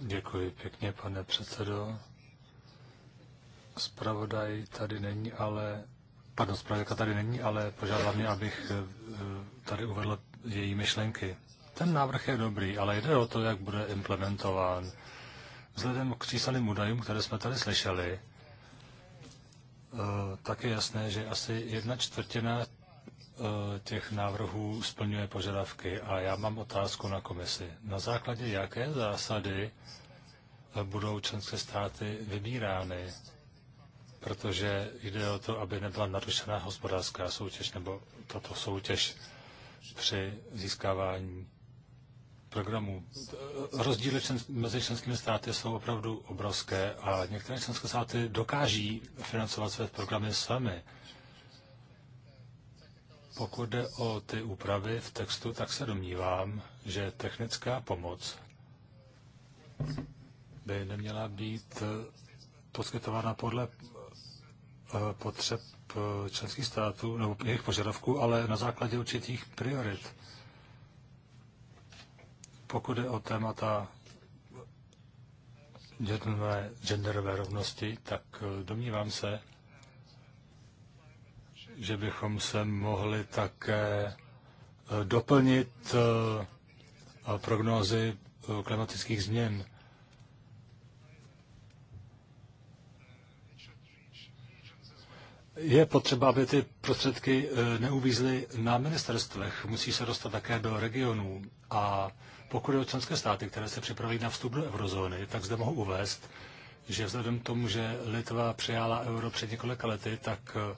C: Děkuji pěkně, pane předsedo. Spravodaj tady není, ale pardon, zpravodajka tady není, ale požádala mě, abych eh, tady uvedl její myšlenky. Ten návrh je dobrý, ale jde o to, jak bude implementován. Vzhledem k číselným údajům, které jsme tady slyšeli, eh, tak je jasné, že asi jedna čtvrtina eh, těch návrhů splňuje požadavky. A já mám otázku na komisi. Na základě jaké zásady eh, budou členské státy vybírány? Protože jde o to, aby nebyla narušená hospodářská soutěž nebo tato soutěž při získávání programů. Rozdíly mezi členskými státy jsou opravdu obrovské a některé členské státy dokáží financovat své programy sami. Pokud jde o ty úpravy v textu, tak se domnívám, že technická pomoc by neměla být eh, poskytována podle eh, potřeb eh, členských států nebo jejich požadavků, ale na základě určitých priorit. Pokud je o témata genderové, genderové rovnosti, tak eh, domnívám se, že bychom se mohli také eh, doplnit eh, prognózy klimatických změn. je potřeba, aby ty prostředky eh, neuvízly na ministerstvech, musí se dostat také do regionů. A pokud je o členské státy, které se připravují na vstup do eurozóny, tak zde mohu uvést, že vzhledem k tomu, že Litva přijala euro před několika lety, tak eh,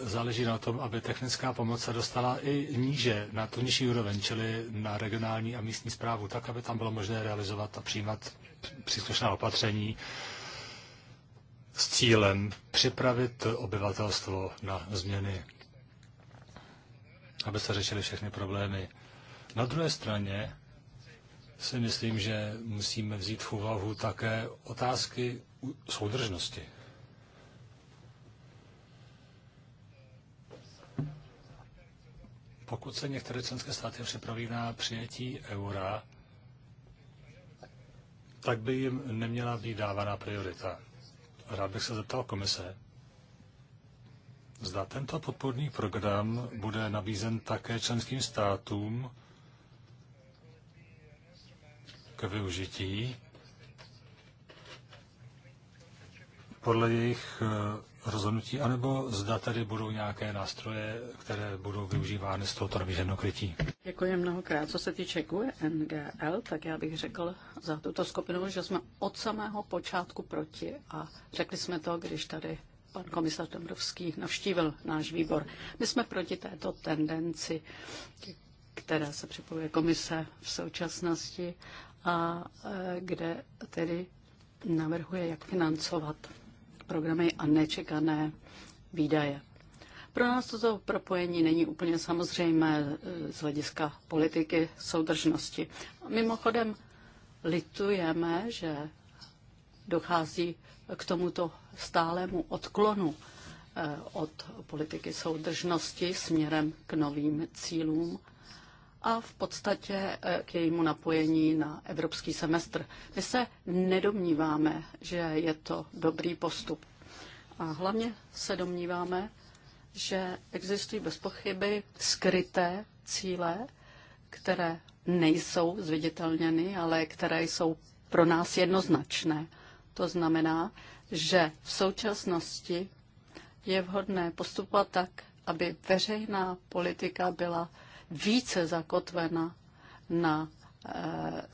C: záleží na tom, aby technická pomoc se dostala i níže, na tu nižší úroveň, čili na regionální a místní zprávu, tak, aby tam bylo možné realizovat a přijímat příslušná opatření s cílem připravit obyvatelstvo na změny, aby se řešily všechny problémy. Na druhé straně si myslím, že musíme vzít v úvahu také otázky soudržnosti. Pokud se některé členské státy připraví na přijetí eura, tak by jim neměla být dávána priorita. Rád bych se zeptal komise, zda tento podporný program bude nabízen také členským státům k využití podle jejich eh, rozhodnutí, anebo zda tady budou nějaké nástroje, které budou využívány z tohoto navíženého krytí.
B: Děkuji mnohokrát. Co se týče e NGL, tak já bych řekl za tuto skupinu, že jsme od samého počátku proti a řekli jsme to, když tady pan komisař Dombrovský navštívil náš výbor. My jsme proti této tendenci, která se připojuje komise v současnosti a e, kde tedy navrhuje, jak financovat programy a nečekané výdaje. Pro nás toto propojení není úplně samozřejmé e, z hlediska politiky soudržnosti. Mimochodem litujeme, že dochází k tomuto stálému odklonu e, od politiky soudržnosti směrem k novým cílům a v podstatě eh, k jejímu napojení na evropský semestr. My se nedomníváme, že je to dobrý postup. A hlavně se domníváme, že existují bez pochyby skryté cíle, které nejsou zviditelněny, ale které jsou pro nás jednoznačné. To znamená, že v současnosti je vhodné postupovat tak, aby veřejná politika byla více zakotvena na eh,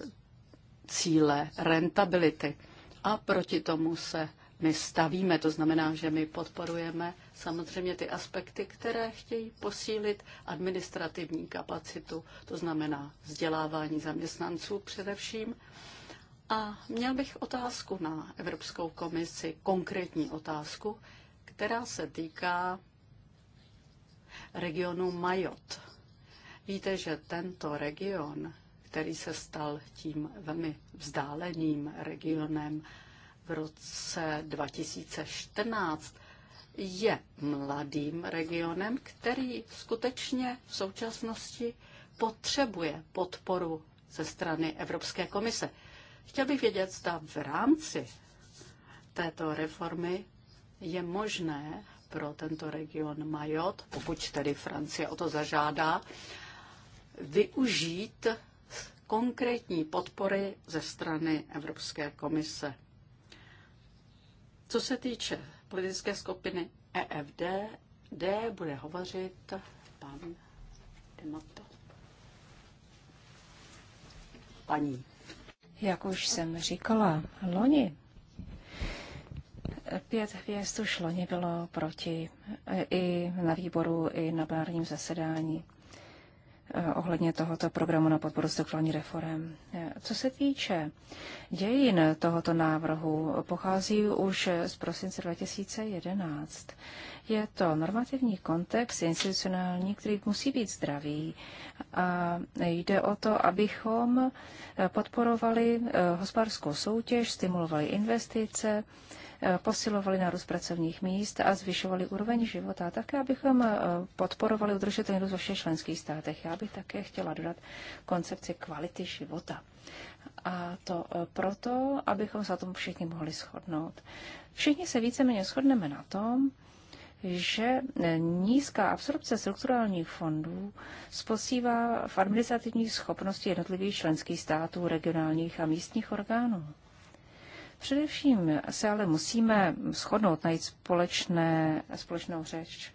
B: cíle rentability. A proti tomu se my stavíme, to znamená, že my podporujeme samozřejmě ty aspekty, které chtějí posílit administrativní kapacitu, to znamená vzdělávání zaměstnanců především. A měl bych otázku na Evropskou komisi, konkrétní otázku, která se týká regionu Majot. Víte, že tento region, který se stal tím velmi vzdáleným regionem v roce 2014, je mladým regionem, který skutečně v současnosti potřebuje podporu ze strany Evropské komise. Chtěl bych vědět, zda v rámci této reformy je možné pro tento region Majot, pokud tedy Francie o to zažádá, využít konkrétní podpory ze strany Evropské komise. Co se týče politické skupiny EFD, D bude hovořit pan Demato.
A: Paní. Jak už jsem říkala, loni Pět hvězd už loni bylo proti i na výboru, i na plenárním zasedání. Eh, ohledně tohoto programu na podporu strukturální reform. Eh, co se týče dějin tohoto návrhu, pochází už z prosince 2011. Je to normativní kontext institucionální, který musí být zdravý a jde o to, abychom eh, podporovali hospodářskou soutěž, stimulovali investice, posilovali nárůst pracovních míst a zvyšovali úroveň života. A také, abychom eh, podporovali udržitelný růst ve všech členských státech. Já bych také chtěla dodat koncepci kvality života. A to eh, proto, abychom se na tom všichni mohli shodnout. Všichni se víceméně shodneme na tom, že eh, nízká absorpce strukturálních fondů sposívá v administrativní schopnosti jednotlivých členských států, regionálních a místních orgánů. Především se ale musíme shodnout, najít společné, společnou řeč.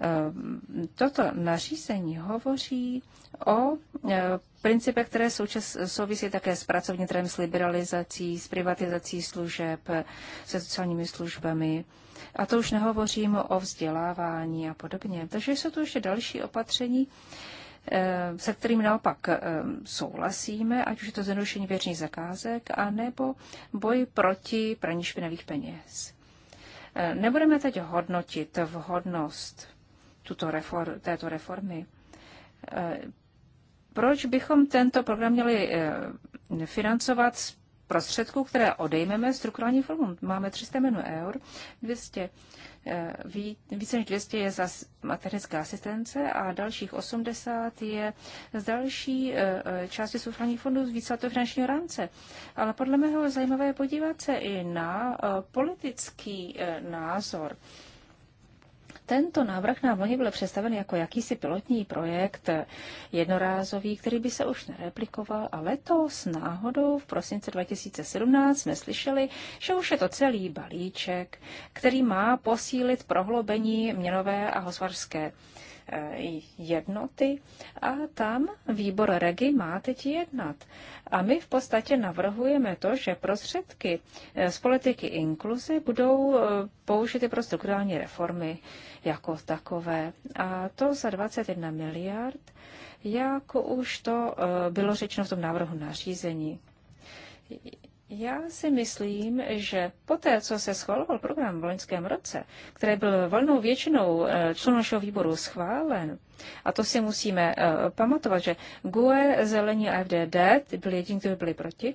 A: Eh, toto nařízení hovoří o eh, principech, které součas, souvisí také s pracovním trhem, s liberalizací, s privatizací služeb, se sociálními službami. A to už nehovořím o vzdělávání a podobně. Takže jsou tu ještě další opatření, Eh, se kterým naopak eh, souhlasíme, ať už je to zjednodušení věřních zakázek, anebo boj proti praní špinavých peněz. Eh, nebudeme teď hodnotit vhodnost tuto reform, této reformy. Proč bychom tento program měli financovat z prostředků, které odejmeme strukturální fondům? Máme 300 milionů eur, 200 Eh, více než 200 je za mateřské asistence a dalších 80 je z další eh, eh, části sociálních fondů z více finančního rámce. Ale podle mého zajímavé je podívat se i na politický názor tento návrh nám loni byl představen jako jakýsi pilotní projekt jednorázový, který by se už nereplikoval a letos náhodou v prosince 2017 jsme slyšeli, že už je to celý balíček, který má posílit prohloubení měnové a hospodářské jednoty a tam výbor Regi má teď jednat. A my v podstatě navrhujeme to, že prostředky eh, z politiky inkluze budou eh, použity pro strukturální reformy jako takové. A to za 21 miliard, jako už to eh, bylo řečeno v tom návrhu nařízení. Já si myslím, že poté, co se schvaloval program v loňském roce, který byl volnou většinou eh, členů našeho výboru schválen, a to si musíme eh, pamatovat, že GUE, Zelení a FDD byli jediní, kteří byli proti,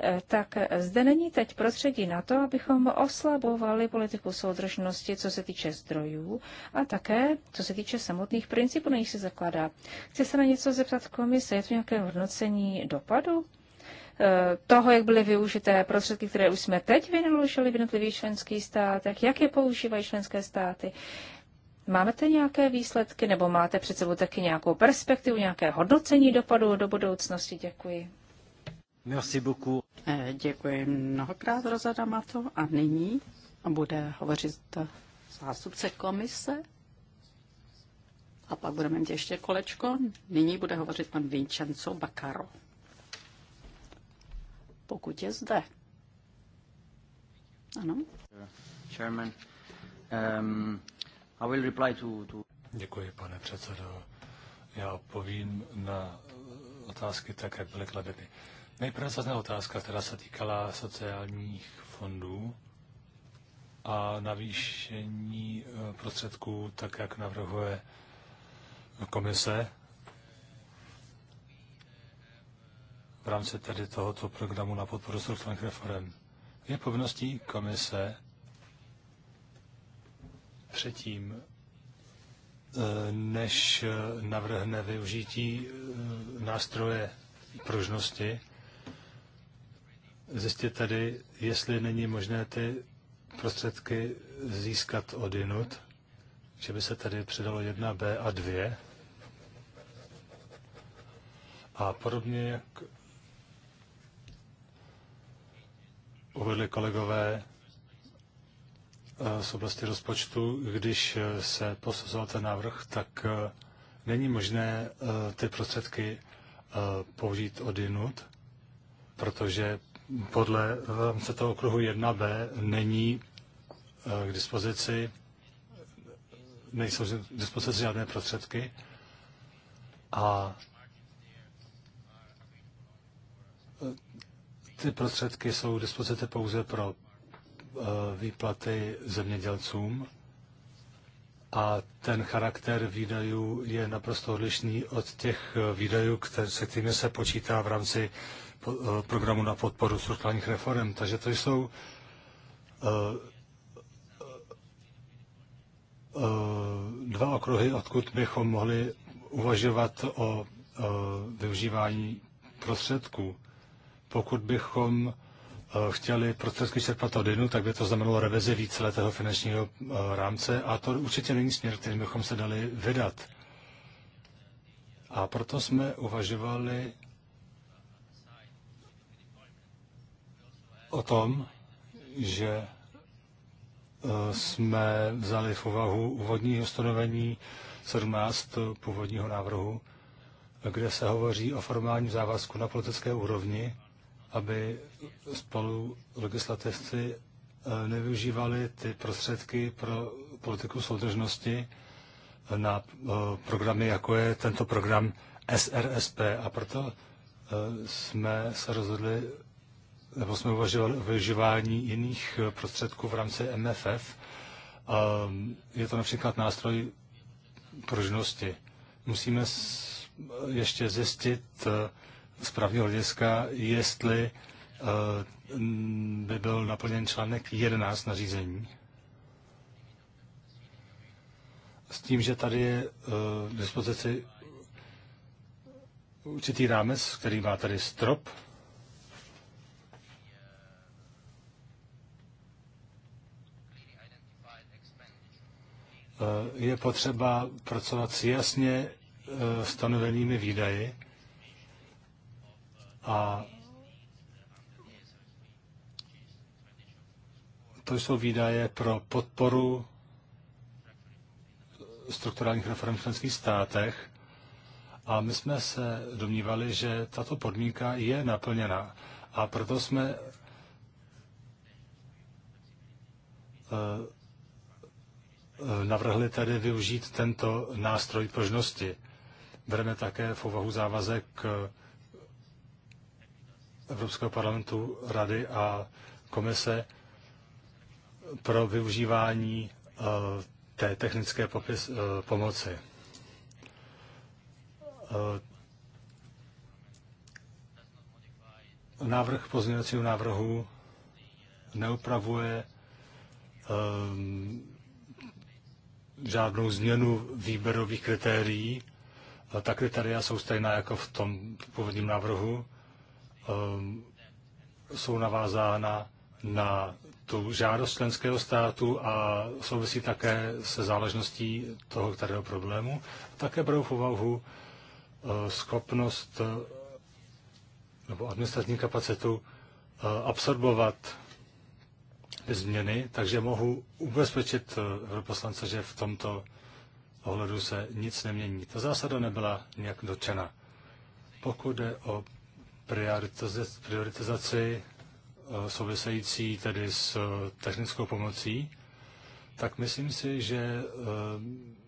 A: eh, tak zde není teď prostředí na to, abychom oslabovali politiku soudržnosti, co se týče zdrojů a také, co se týče samotných principů, na nich se zakládá. Chci se na něco zeptat komise, je to nějaké hodnocení dopadu? Eh, toho, jak byly využité prostředky, které už jsme teď vynaložili v jednotlivých členských státech, jak je používají členské státy. Máte nějaké výsledky nebo máte před sebou taky nějakou perspektivu, nějaké hodnocení dopadu do budoucnosti? Děkuji.
B: Merci beaucoup. Eh, děkuji mnohokrát, Rozada Mato. A nyní bude hovořit zástupce komise. A pak budeme mít ještě kolečko. Nyní bude hovořit pan Vincenzo Baccaro pokud je zde. Ano. Chairman, um, I
C: will reply to, to... Děkuji, pane předsedo. Já odpovím na otázky tak, jak byly kladeny. Nejprve zazná otázka, která se týkala sociálních fondů a navýšení eh, prostředků, tak jak navrhuje komise. v rámci tedy tohoto programu na podporu strukturálních reform. Je povinností komise předtím, e, než navrhne využití e, nástroje pružnosti, zjistit tedy, jestli není možné ty prostředky získat od jinut, že by se tady přidalo 1B a 2. A podobně, jak uvedli kolegové eh, z oblasti rozpočtu, když eh, se posuzoval ten návrh, tak eh, není možné ty prostředky použít odinut, protože podle se toho okruhu 1b není k dispozici, nejsou k dispozici žádné prostředky a ty prostředky jsou k dispozici pouze pro eh, výplaty zemědělcům a ten charakter výdajů je naprosto odlišný od těch eh, výdajů, které, se kterými se počítá v rámci eh, programu na podporu strukturálních reform. Takže to jsou dva okruhy, odkud bychom mohli uvažovat o využívání prostředků pokud bychom eh, chtěli prostředky čerpat od jednu, tak by to znamenalo revizi víceletého finančního eh, rámce a to určitě není směr, kterým bychom se dali vydat. A proto jsme uvažovali o tom, že eh, jsme vzali v úvahu úvodní ustanovení 17 původního návrhu, kde se hovoří o formálním závazku na politické úrovni aby spolu legislativci eh, nevyužívali ty prostředky pro politiku soudržnosti eh, na eh, programy, jako je tento program SRSP. A proto jsme se rozhodli, nebo jsme uvažovali o využívání jiných prostředků v rámci MFF. Je to například nástroj pružnosti. Musíme ještě zjistit, z právního hlediska, jestli eh, by byl naplněn článek 11 nařízení. S tím, že tady je eh, k dispozici určitý rámec, který má tady strop, eh, je potřeba pracovat s jasně stanovenými výdaji, a to jsou výdaje pro podporu strukturálních reform v členských státech. A my jsme se domnívali, že tato podmínka je naplněna. A proto jsme eh, eh, navrhli tedy využít tento nástroj pružnosti. Bereme také v úvahu závazek k eh, Evropského parlamentu, Rady a Komise pro využívání eh, té technické popis, eh, pomoci. Eh, návrh pozměňovacího návrhu neupravuje žádnou změnu výběrových kritérií. Ta kritéria jsou stejná jako v tom původním návrhu. Ehm, jsou navázána na tu žádost členského státu a souvisí také se záležností toho kterého problému. Také budou v úvahu eh, schopnost eh, nebo administrativní kapacitu eh, absorbovat změny, takže mohu ubezpečit poslance, že v tomto ohledu se nic nemění. Ta zásada nebyla nějak dotčena. Pokud je o prioritizaci eh, související tedy s eh, technickou pomocí, tak myslím si, že eh,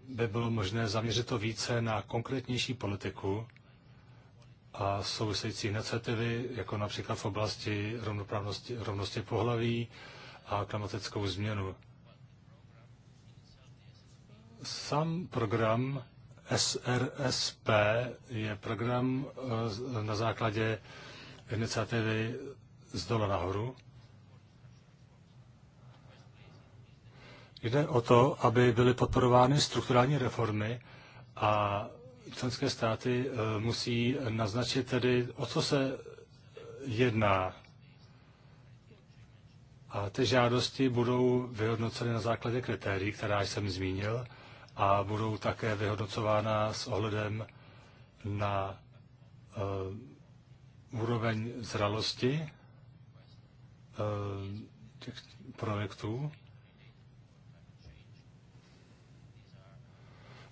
C: by bylo možné zaměřit to více na konkrétnější politiku a související iniciativy, jako například v oblasti rovnoprávnosti, rovnosti pohlaví a klimatickou změnu. Sam program SRSP je program eh, na základě iniciativy z dola nahoru. Jde o to, aby byly podporovány strukturální reformy a členské státy eh, musí naznačit tedy, o co se jedná. A ty žádosti budou vyhodnoceny na základě kritérií, která jsem zmínil a budou také vyhodnocována s ohledem na uh, úroveň zralosti uh, těch projektů.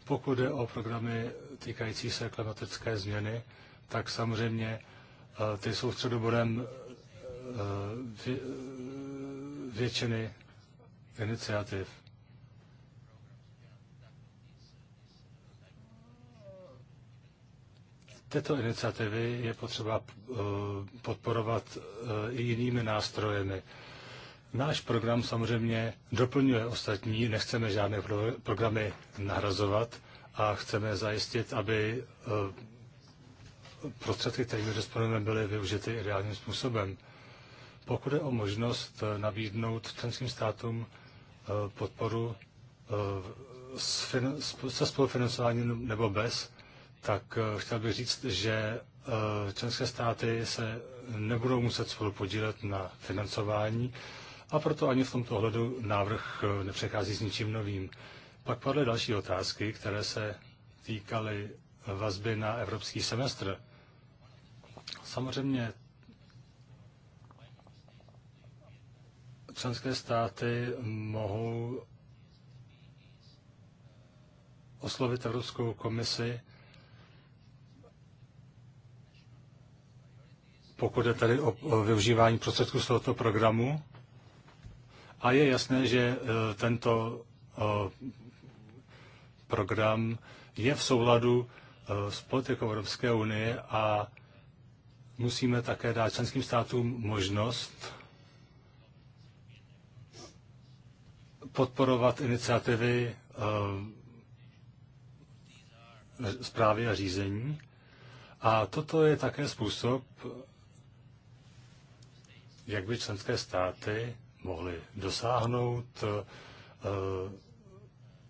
C: Pokud jde o programy týkající se klimatické změny, tak samozřejmě uh, ty jsou středobodem vě, většiny iniciativ. Tyto iniciativy je potřeba eh, podporovat eh, i jinými nástrojemi. Náš program samozřejmě doplňuje ostatní, nechceme žádné programy nahrazovat a chceme zajistit, aby eh, prostředky, kterými disponujeme, byly využity i reálným způsobem. Pokud je o možnost nabídnout členským státům podporu se spolufinancováním nebo bez, tak eh, chtěl bych říct, že eh, členské státy se nebudou muset spolu podílet na financování a proto ani v tomto ohledu návrh eh, nepřechází s ničím novým. Pak padly další otázky, které se týkaly vazby na evropský semestr. Samozřejmě členské státy mohou oslovit Evropskou komisi pokud je tady o využívání prostředků z tohoto programu. A je jasné, že e, tento program je v souladu e, s politikou Evropské unie a musíme také dát členským státům možnost podporovat iniciativy zprávy e, a řízení. A toto je také způsob, jak by členské státy mohly dosáhnout eh,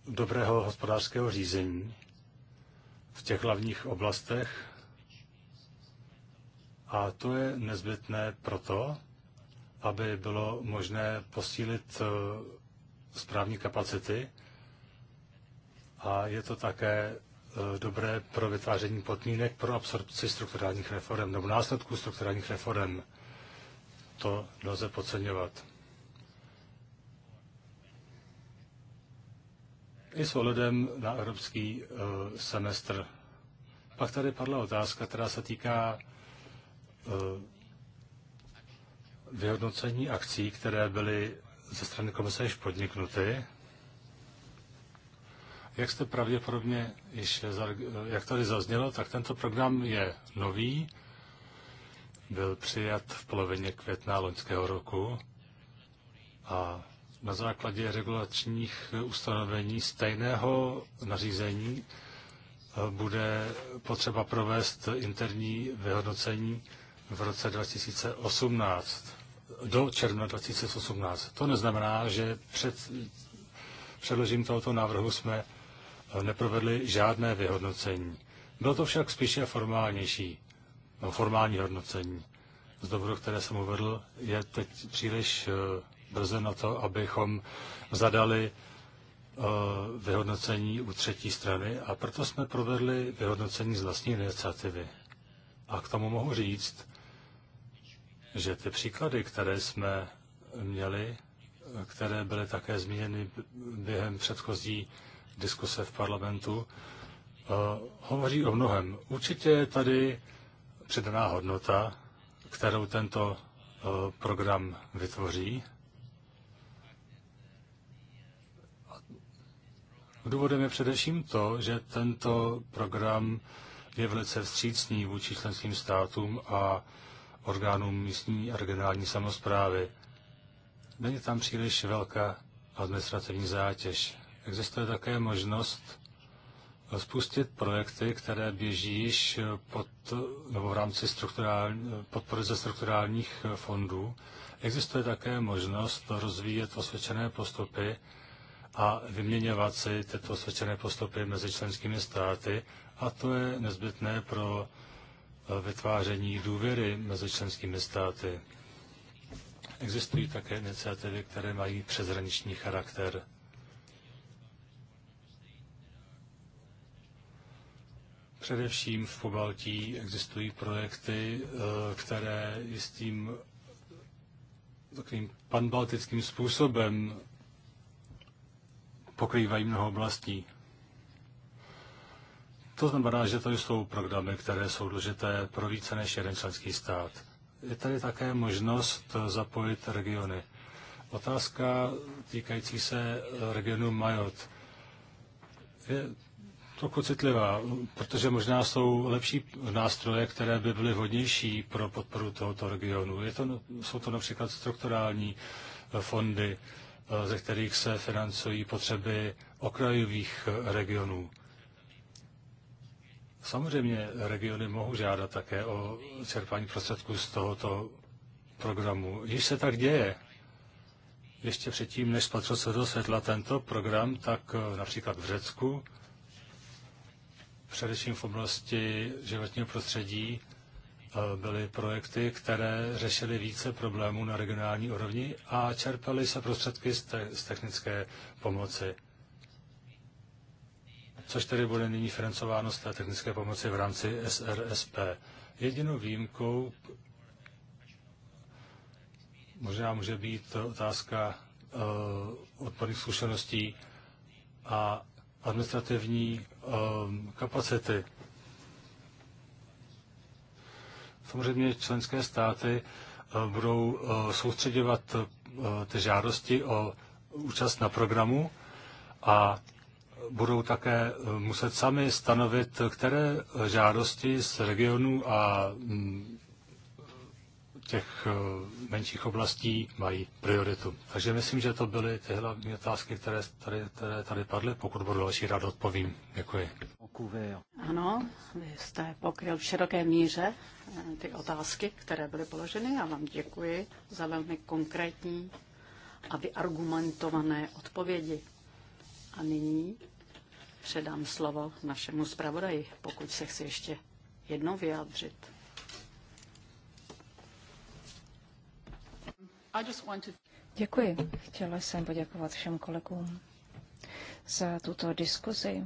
C: dobrého hospodářského řízení v těch hlavních oblastech. A to je nezbytné proto, aby bylo možné posílit eh, správní kapacity a je to také eh, dobré pro vytváření podmínek pro absorpci strukturálních reform nebo následků strukturálních reform to nelze podceňovat. I s ohledem na evropský uh, semestr. Pak tady padla otázka, která se týká uh, vyhodnocení akcí, které byly ze strany komise již podniknuty. Jak jste pravděpodobně již, jak tady zaznělo, tak tento program je nový byl přijat v polovině května loňského roku a na základě regulačních ustanovení stejného nařízení eh, bude potřeba provést interní vyhodnocení v roce 2018, do června 2018. To neznamená, že před předložím tohoto návrhu jsme eh, neprovedli žádné vyhodnocení. Bylo to však spíše formálnější no, formální hodnocení. Z důvodu, které jsem uvedl, je teď příliš eh, brzo na to, abychom zadali eh, vyhodnocení u třetí strany a proto jsme provedli vyhodnocení z vlastní iniciativy. A k tomu mohu říct, že ty příklady, které jsme měli, eh, které byly také zmíněny během předchozí diskuse v parlamentu, hovoří o mnohem. Určitě je tady přidaná hodnota, kterou tento eh, program vytvoří. Důvodem je především to, že tento program je velice vstřícný vůči členským státům a orgánům místní a regionální samozprávy. Není tam příliš velká administrativní zátěž. Existuje také možnost spustit projekty, které běží již pod, nebo v rámci podpory ze strukturálních fondů. Existuje také možnost rozvíjet osvědčené postupy a vyměňovat si tyto osvědčené postupy mezi členskými státy a to je nezbytné pro vytváření důvěry mezi členskými státy. Existují také iniciativy, které mají přezraniční charakter. Především v Pobaltí existují projekty, eh, které jistým takovým panbaltickým způsobem pokrývají mnoho oblastí. To znamená, že to jsou programy, které jsou důležité pro více než jeden členský stát. Je tady také možnost zapojit regiony. Otázka týkající se regionu Majot. Je trochu citlivá, protože možná jsou lepší nástroje, které by byly vhodnější pro podporu tohoto regionu. Je to, jsou to například strukturální eh, fondy, eh, ze kterých se financují potřeby okrajových eh, regionů. Samozřejmě regiony mohou žádat také o čerpání prostředků z tohoto programu. Již se tak děje. Ještě předtím, než spatřil se do světla tento program, tak například v Řecku především v oblasti životního prostředí e, byly projekty, které řešily více problémů na regionální úrovni a čerpaly se prostředky z, te- z technické pomoci. Což tedy bude nyní financováno z té technické pomoci v rámci SRSP. Jedinou výjimkou možná může být otázka uh, e, odporných zkušeností a administrativní Ehm, kapacity. Samozřejmě členské státy eh, budou eh, soustředěvat eh, ty žádosti o účast na programu a budou také muset sami stanovit, které žádosti z regionu a mm, těch eh, menších oblastí mají prioritu. Takže myslím, že to byly ty hlavní otázky, které tady, které tady padly. Pokud budu další rád, odpovím. Děkuji.
B: Ano, vy jste pokryl v široké míře eh, ty otázky, které byly položeny. Já vám děkuji za velmi konkrétní a vyargumentované odpovědi. A nyní předám slovo našemu zpravodaji, pokud se chci ještě jednou vyjádřit.
A: Děkuji. Chtěla jsem poděkovat všem kolegům za tuto diskuzi.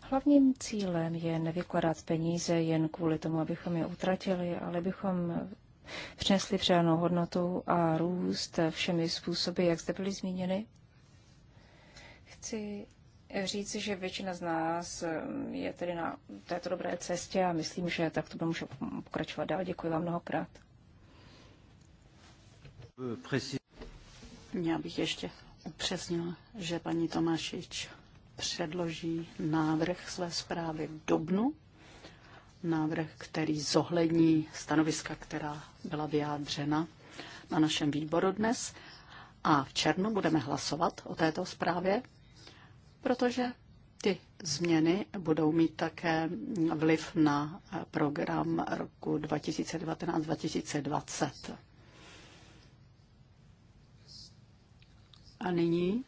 A: Hlavním cílem je nevykladat peníze jen kvůli tomu, abychom je utratili, ale bychom přinesli přidanou hodnotu a růst všemi způsoby, jak zde byly zmíněny. Chci říct, že většina z nás je tedy na této dobré cestě a myslím, že tak to
B: bude může pokračovat dál. Děkuji vám mnohokrát. Já bych ještě upřesnil, že paní Tomášič předloží návrh své zprávy v Dubnu, návrh, který zohlední stanoviska, která byla vyjádřena na našem výboru dnes. A v červnu budeme hlasovat o této zprávě, protože ty změny budou mít také vliv na program roku 2019-2020. A nyní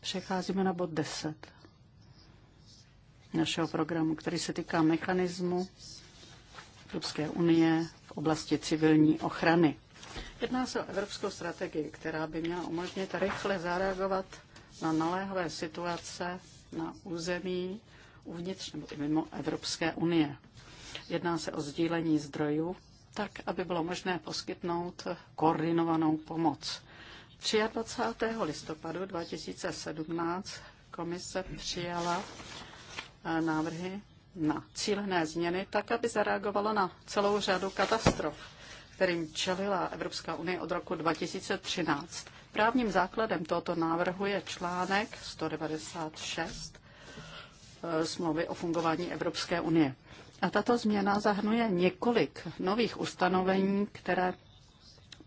B: přecházíme na bod 10 našeho programu, který se týká mechanismu Evropské unie v oblasti civilní ochrany. Jedná se o evropskou strategii, která by měla umožnit rychle zareagovat na naléhavé situace na území uvnitř nebo i mimo Evropské unie. Jedná se o sdílení zdrojů, tak aby bylo možné poskytnout koordinovanou pomoc 23. listopadu 2017 komise přijala eh, návrhy na cílené změny tak, aby zareagovala na celou řadu katastrof, kterým čelila Evropská unie od roku 2013. Právním základem tohoto návrhu je článek 196 eh, smlouvy o fungování Evropské unie. A tato změna zahrnuje několik nových ustanovení, které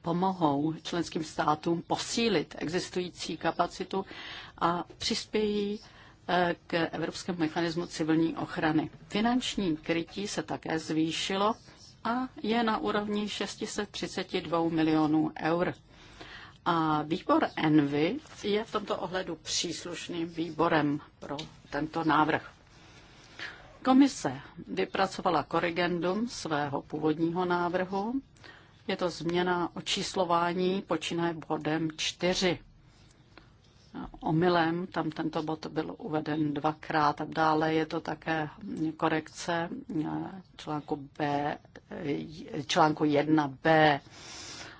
B: pomohou členským státům posílit existující kapacitu a přispějí eh, k Evropskému mechanismu civilní ochrany. Finanční krytí se také zvýšilo a je na úrovni 632 milionů eur. A výbor Envy je v tomto ohledu příslušným výborem pro tento návrh. Komise vypracovala korrigendum svého původního návrhu je to změna očíslování počínaje bodem 4. Omylem tam tento bod byl uveden dvakrát a dále je to také korekce eh, článku, B, eh, článku 1b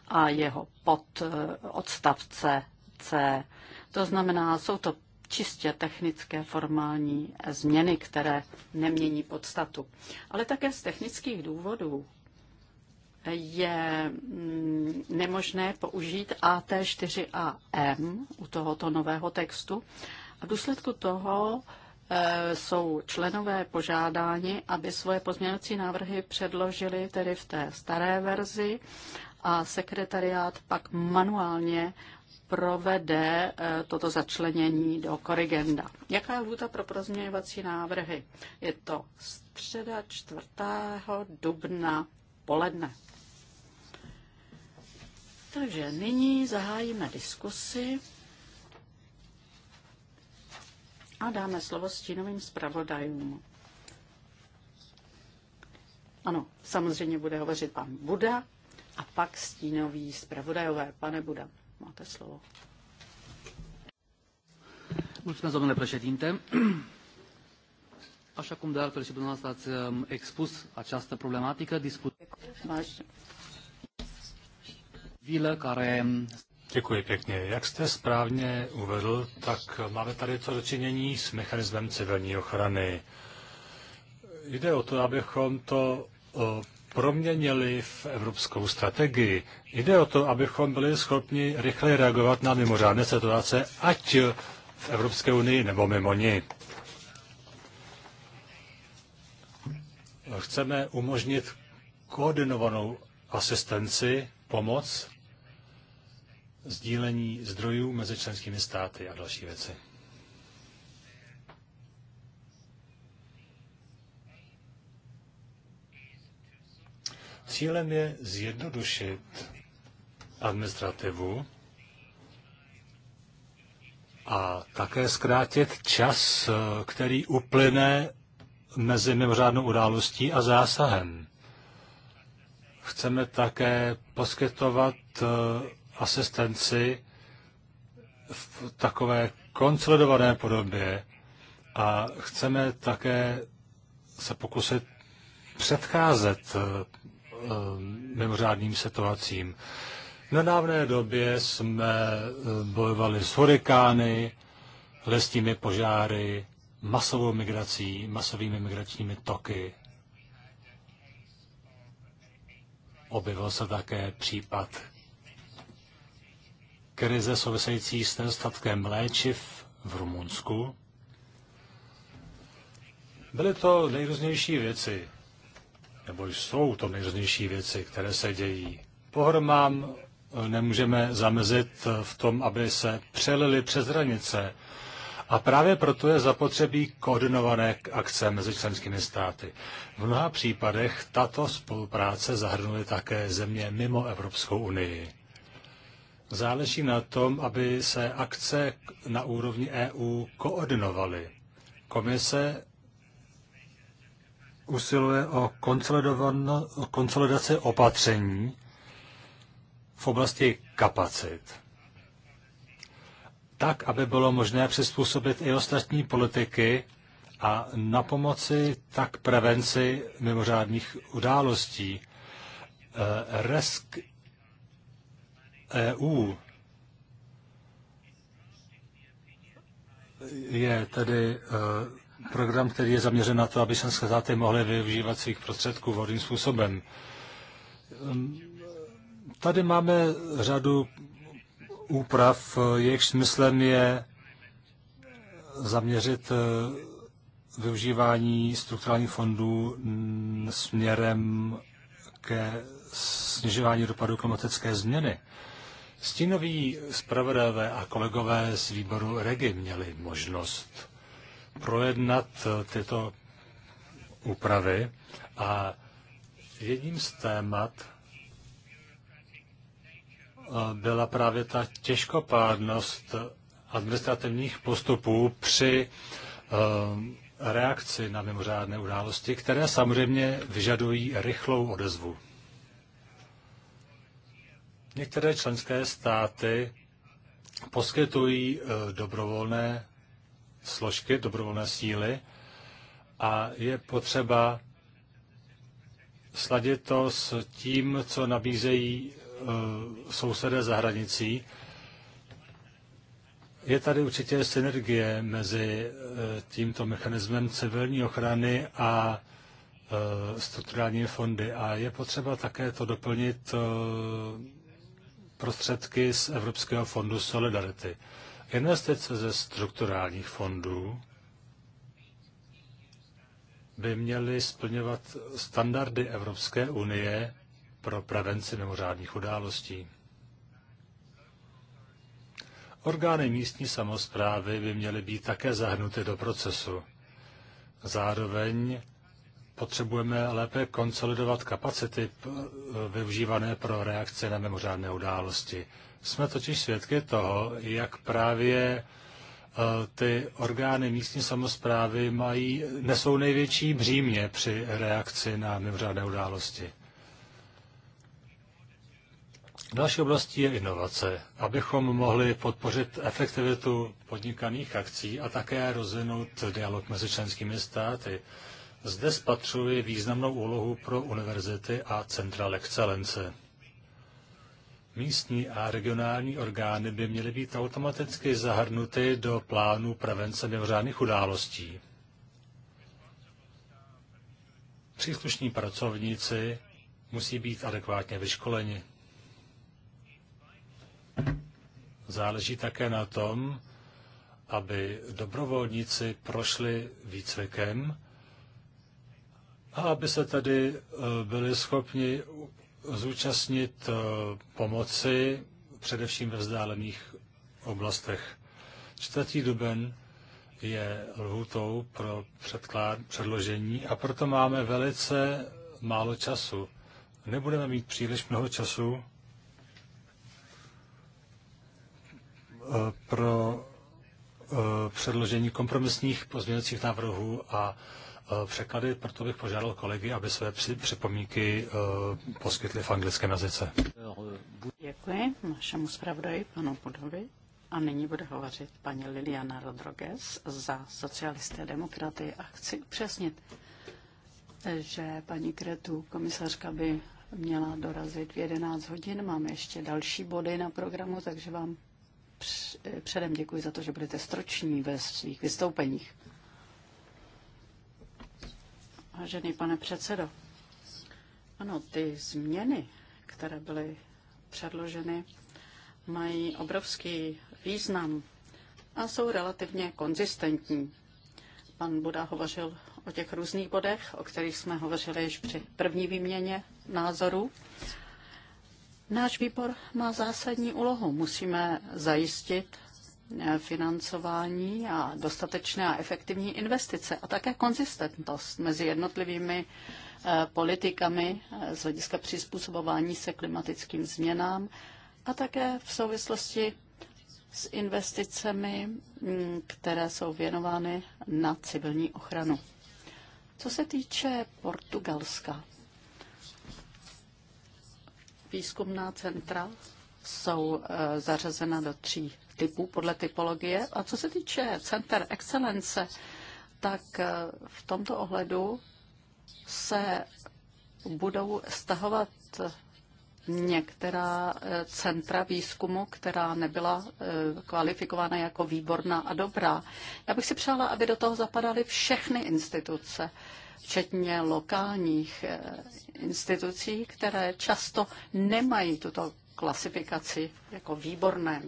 B: a jeho pod eh, odstavce C. To znamená, jsou to čistě technické formální změny, které nemění podstatu. Ale také z technických důvodů je mm, nemožné použít AT4AM u tohoto nového textu. A v důsledku toho eh, jsou členové požádáni, aby svoje pozměňovací návrhy předložili tedy v té staré verzi a sekretariát pak manuálně provede eh, toto začlenění do korigenda. Jaká je lhůta pro pozměňovací návrhy? Je to středa 4. dubna poledne. Takže nyní zahájíme diskusi a dáme slovo stínovým zpravodajům. Ano, samozřejmě bude hovořit pan Buda a pak stínový zpravodajové. Pane Buda, máte slovo. Mulțumesc, domnule președinte. Așa cum de altfel și dumneavoastră ați um, expus această problematică, discutăm...
C: Děkuji pěkně. Jak jste správně uvedl, tak máme tady co dočinění s mechanismem civilní ochrany. Jde o to, abychom to proměnili v evropskou strategii. Jde o to, abychom byli schopni rychle reagovat na mimořádné situace, ať v Evropské unii nebo mimo ní. Chceme umožnit koordinovanou asistenci pomoc, sdílení zdrojů mezi členskými státy a další věci. Cílem je zjednodušit administrativu a také zkrátit čas, který uplyne mezi mimořádnou událostí a zásahem. Chceme také poskytovat eh, asistenci v takové konsolidované podobě a chceme také se pokusit předcházet eh, eh, mimořádným situacím. V nedávné době jsme bojovali s hurikány, lesními požáry, masovou migrací, masovými migračními toky. objevil se také případ krize související s nedostatkem léčiv v Rumunsku. Byly to nejrůznější věci, nebo jsou to nejrůznější věci, které se dějí. Pohromám e, nemůžeme zamezit v tom, aby se přelili přes hranice. A právě proto je zapotřebí koordinované akce mezi členskými státy. V mnoha případech tato spolupráce zahrnuje také země mimo Evropskou unii. Záleží na tom, aby se akce na úrovni EU koordinovaly. Komise usiluje o konsolidaci opatření v oblasti kapacit tak, aby bylo možné přizpůsobit i ostatní politiky a na pomoci tak prevenci mimořádných událostí. Eh, Resk EU je tedy eh, program, který je zaměřen na to, aby se státy mohly využívat svých prostředků vhodným způsobem. Ehm, tady máme řadu úprav, jejich smyslem je zaměřit eh, využívání strukturálních fondů směrem ke snižování dopadu klimatické změny. Stínoví zpravodajové a kolegové z výboru REGI měli možnost projednat eh, tyto úpravy a jedním z témat byla právě ta těžkopádnost administrativních postupů při eh, reakci na mimořádné události, které samozřejmě vyžadují rychlou odezvu. Některé členské státy poskytují eh, dobrovolné složky, dobrovolné síly a je potřeba sladit to s tím, co nabízejí Eh, sousedé za hranicí. Je tady určitě synergie mezi eh, tímto mechanismem civilní ochrany a eh, strukturální fondy a je potřeba také to doplnit prostředky z Evropského fondu Solidarity. Investice ze strukturálních fondů by měly splňovat standardy Evropské unie pro prevenci mimořádných událostí. Orgány místní samozprávy by měly být také zahrnuty do procesu. Zároveň potřebujeme lépe konsolidovat kapacity využívané pro reakce na mimořádné události. Jsme totiž svědky toho, jak právě e, ty orgány místní samozprávy mají, nesou největší břímě při reakci na mimořádné události. Další oblastí je inovace. Abychom mohli podpořit efektivitu podnikaných akcí a také rozvinout dialog mezi členskými státy. Zde spatřuji významnou úlohu pro univerzity a centra excelence. Místní a regionální orgány by měly být automaticky zahrnuty do plánu prevence mimořádných událostí. Příslušní pracovníci musí být adekvátně vyškoleni. Záleží také na tom, aby dobrovolníci prošli výcvikem a aby se tedy eh, byli schopni zúčastnit eh, pomoci především ve vzdálených oblastech. 4. duben je lhutou pro předklád, předložení a proto máme velice málo času. Nebudeme mít příliš mnoho času Eh, pro eh, předložení kompromisních pozměňovacích návrhů a eh, překlady, proto bych požádal kolegy, aby své připomínky poskytli v anglickém jazyce.
B: Děkuji našemu zpravodaji, panu Budovi. A nyní bude hovořit paní Liliana Rodroges za socialisté demokraty a chci upřesnit, že paní Kretu, komisařka, by měla dorazit v 11 hodin. Máme ještě další body na programu, takže vám Předem děkuji za to, že budete stroční ve svých vystoupeních. Vážený pane předsedo, ano, ty změny, které byly předloženy, mají obrovský význam a jsou relativně konzistentní. Pan Buda hovořil o těch různých bodech, o kterých jsme hovořili již při první výměně názorů. Náš výbor má zásadní úlohu. Musíme zajistit eh, financování a dostatečné a efektivní investice a také konzistentnost mezi jednotlivými eh, politikami eh, z hlediska přizpůsobování se klimatickým změnám a také v souvislosti s investicemi, mm, které jsou věnovány na civilní ochranu. Co se týče Portugalska, výzkumná centra jsou eh, zařazena do tří typů podle typologie. A co se týče center excelence, tak eh, v tomto ohledu se budou stahovat některá eh, centra výzkumu, která nebyla kvalifikována jako výborná a dobrá. Já bych si přála, aby do toho zapadaly všechny instituce včetně lokálních eh, institucí, které často nemají tuto klasifikaci jako výborné.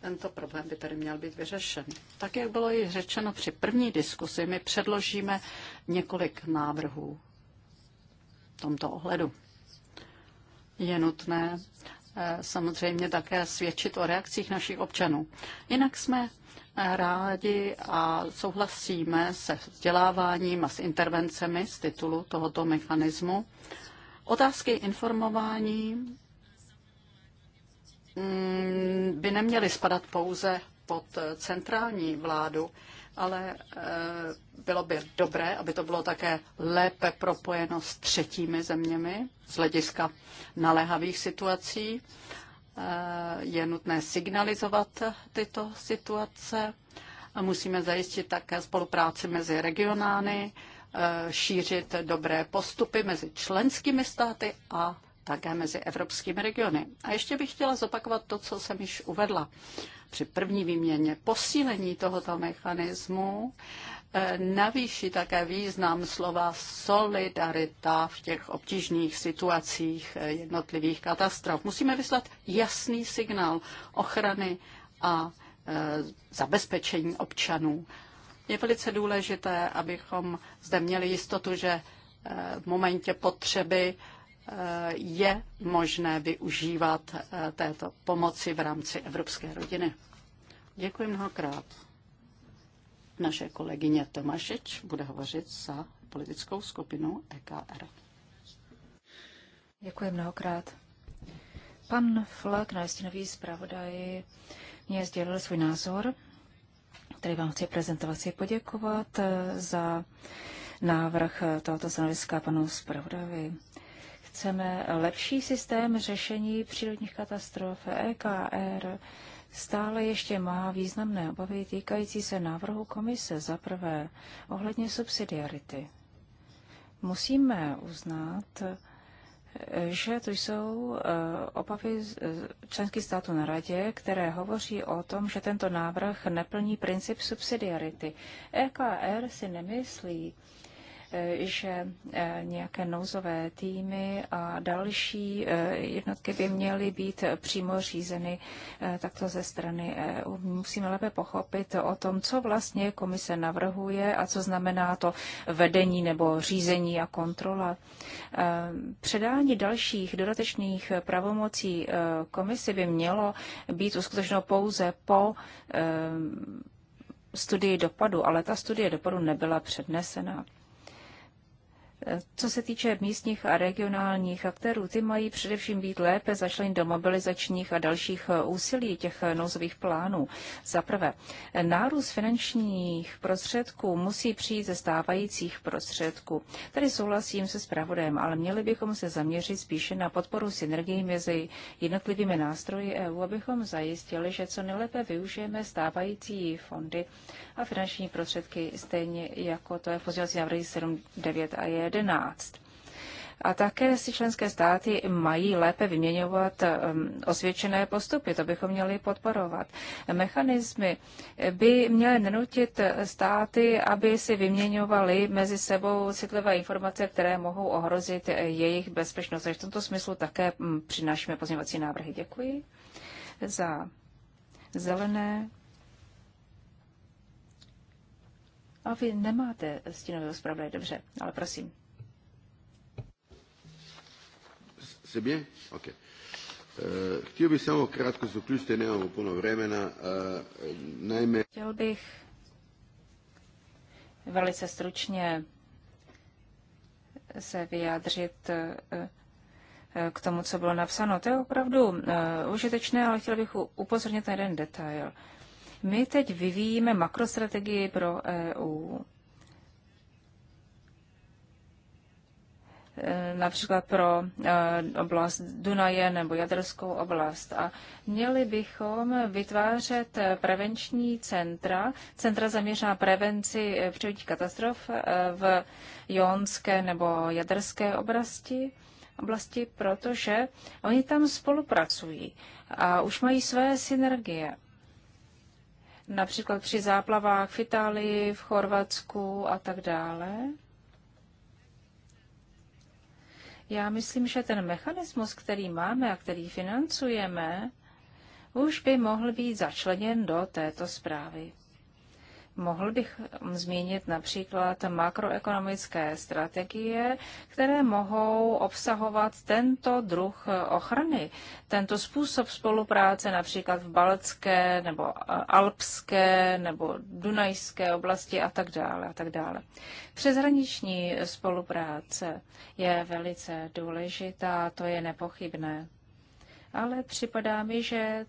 B: Tento problém by tedy měl být vyřešen. Tak, jak bylo již řečeno při první diskusi, my předložíme několik návrhů v tomto ohledu. Je nutné eh, samozřejmě také svědčit o reakcích našich občanů. Jinak jsme rádi a souhlasíme se vzděláváním a s intervencemi z titulu tohoto mechanismu. Otázky informování mm, by neměly spadat pouze pod centrální vládu, ale eh, bylo by dobré, aby to bylo také lépe propojeno s třetími zeměmi z hlediska naléhavých situací Eh, je nutné signalizovat tyto situace. Musíme zajistit také spolupráci mezi regionány, eh, šířit dobré postupy mezi členskými státy a také mezi evropskými regiony. A ještě bych chtěla zopakovat to, co jsem již uvedla při první výměně. Posílení tohoto mechanismu navýší také význam slova solidarita v těch obtížných situacích eh, jednotlivých katastrof. Musíme vyslat jasný signál ochrany a eh, zabezpečení občanů. Je velice důležité, abychom zde měli jistotu, že eh, v momentě potřeby je možné využívat této pomoci v rámci Evropské rodiny. Děkuji mnohokrát. Naše kolegyně Tomašič bude hovořit za politickou skupinu EKR.
A: Děkuji mnohokrát. Pan Flak, nájstinový zpravodaj, mě sdělil svůj názor, který vám chci prezentovat. Chci poděkovat eh, za návrh eh, tohoto stanoviska panu zpravodaji. Chceme lepší systém řešení přírodních katastrof EKR stále ještě má významné obavy týkající se návrhu komise za prvé ohledně subsidiarity. Musíme uznat, že tu jsou e, obavy e, členských států na radě, které hovoří o tom, že tento návrh neplní princip subsidiarity. EKR si nemyslí, Eh, že eh, nějaké nouzové týmy a další eh, jednotky by měly být přímo řízeny takto ze strany EU. Musíme lépe pochopit o tom, co vlastně komise navrhuje a co znamená to vedení nebo řízení a kontrola. Předání dalších dodatečných pravomocí komisi by mělo být uskutečněno pouze po studii dopadu, ale ta studie dopadu nebyla přednesena. Co se týče místních a regionálních aktérů, ty mají především být lépe začleni do mobilizačních a dalších úsilí těch nouzových plánů. Za prvé, nárůst finančních prostředků musí přijít ze stávajících prostředků. Tady souhlasím se zpravodajem, ale měli bychom se zaměřit spíše na podporu synergii mezi jednotlivými nástroji EU, abychom zajistili, že co nejlépe využijeme stávající fondy a finanční prostředky stejně jako to je v pozdělací návrhy 7, 9 a 11. A také si členské státy mají lépe vyměňovat um, osvědčené postupy, to bychom měli podporovat. Mechanismy by měly nenutit státy, aby si vyměňovaly mezi sebou citlivé informace, které mohou ohrozit jejich bezpečnost. Takže v tomto smyslu také mm, přinášíme pozměňovací návrhy. Děkuji za zelené A vy nemáte stínového zpravodaje, dobře,
D: ale prosím. C'est bien? OK. Euh, chtěl bych samo krátko zaključit, nemám puno vremena. E, najmä... Chtěl bych
A: velice stručně se vyjádřit e, e, k tomu, co bylo napsáno. To je opravdu užitečné, ale chtěl bych upozornit na jeden detail. My teď vyvíjíme makrostrategii pro EU. E, například pro e, oblast Dunaje nebo Jaderskou oblast. A měli bychom vytvářet prevenční centra, centra zaměřená prevenci e, přírodních katastrof v Jonské nebo Jaderské oblasti, oblasti, protože oni tam spolupracují a už mají své synergie například při záplavách v Itálii, v Chorvatsku a tak dále. Já myslím, že ten mechanismus, který máme a který financujeme, už by mohl být začleněn do této zprávy. Mohl bych mm, zmínit například makroekonomické strategie, které mohou obsahovat tento druh eh, ochrany, tento způsob spolupráce například v Balcké nebo eh, Alpské nebo Dunajské oblasti a tak dále. A tak dále. Přeshraniční spolupráce je velice důležitá, to je nepochybné. Ale připadá mi, že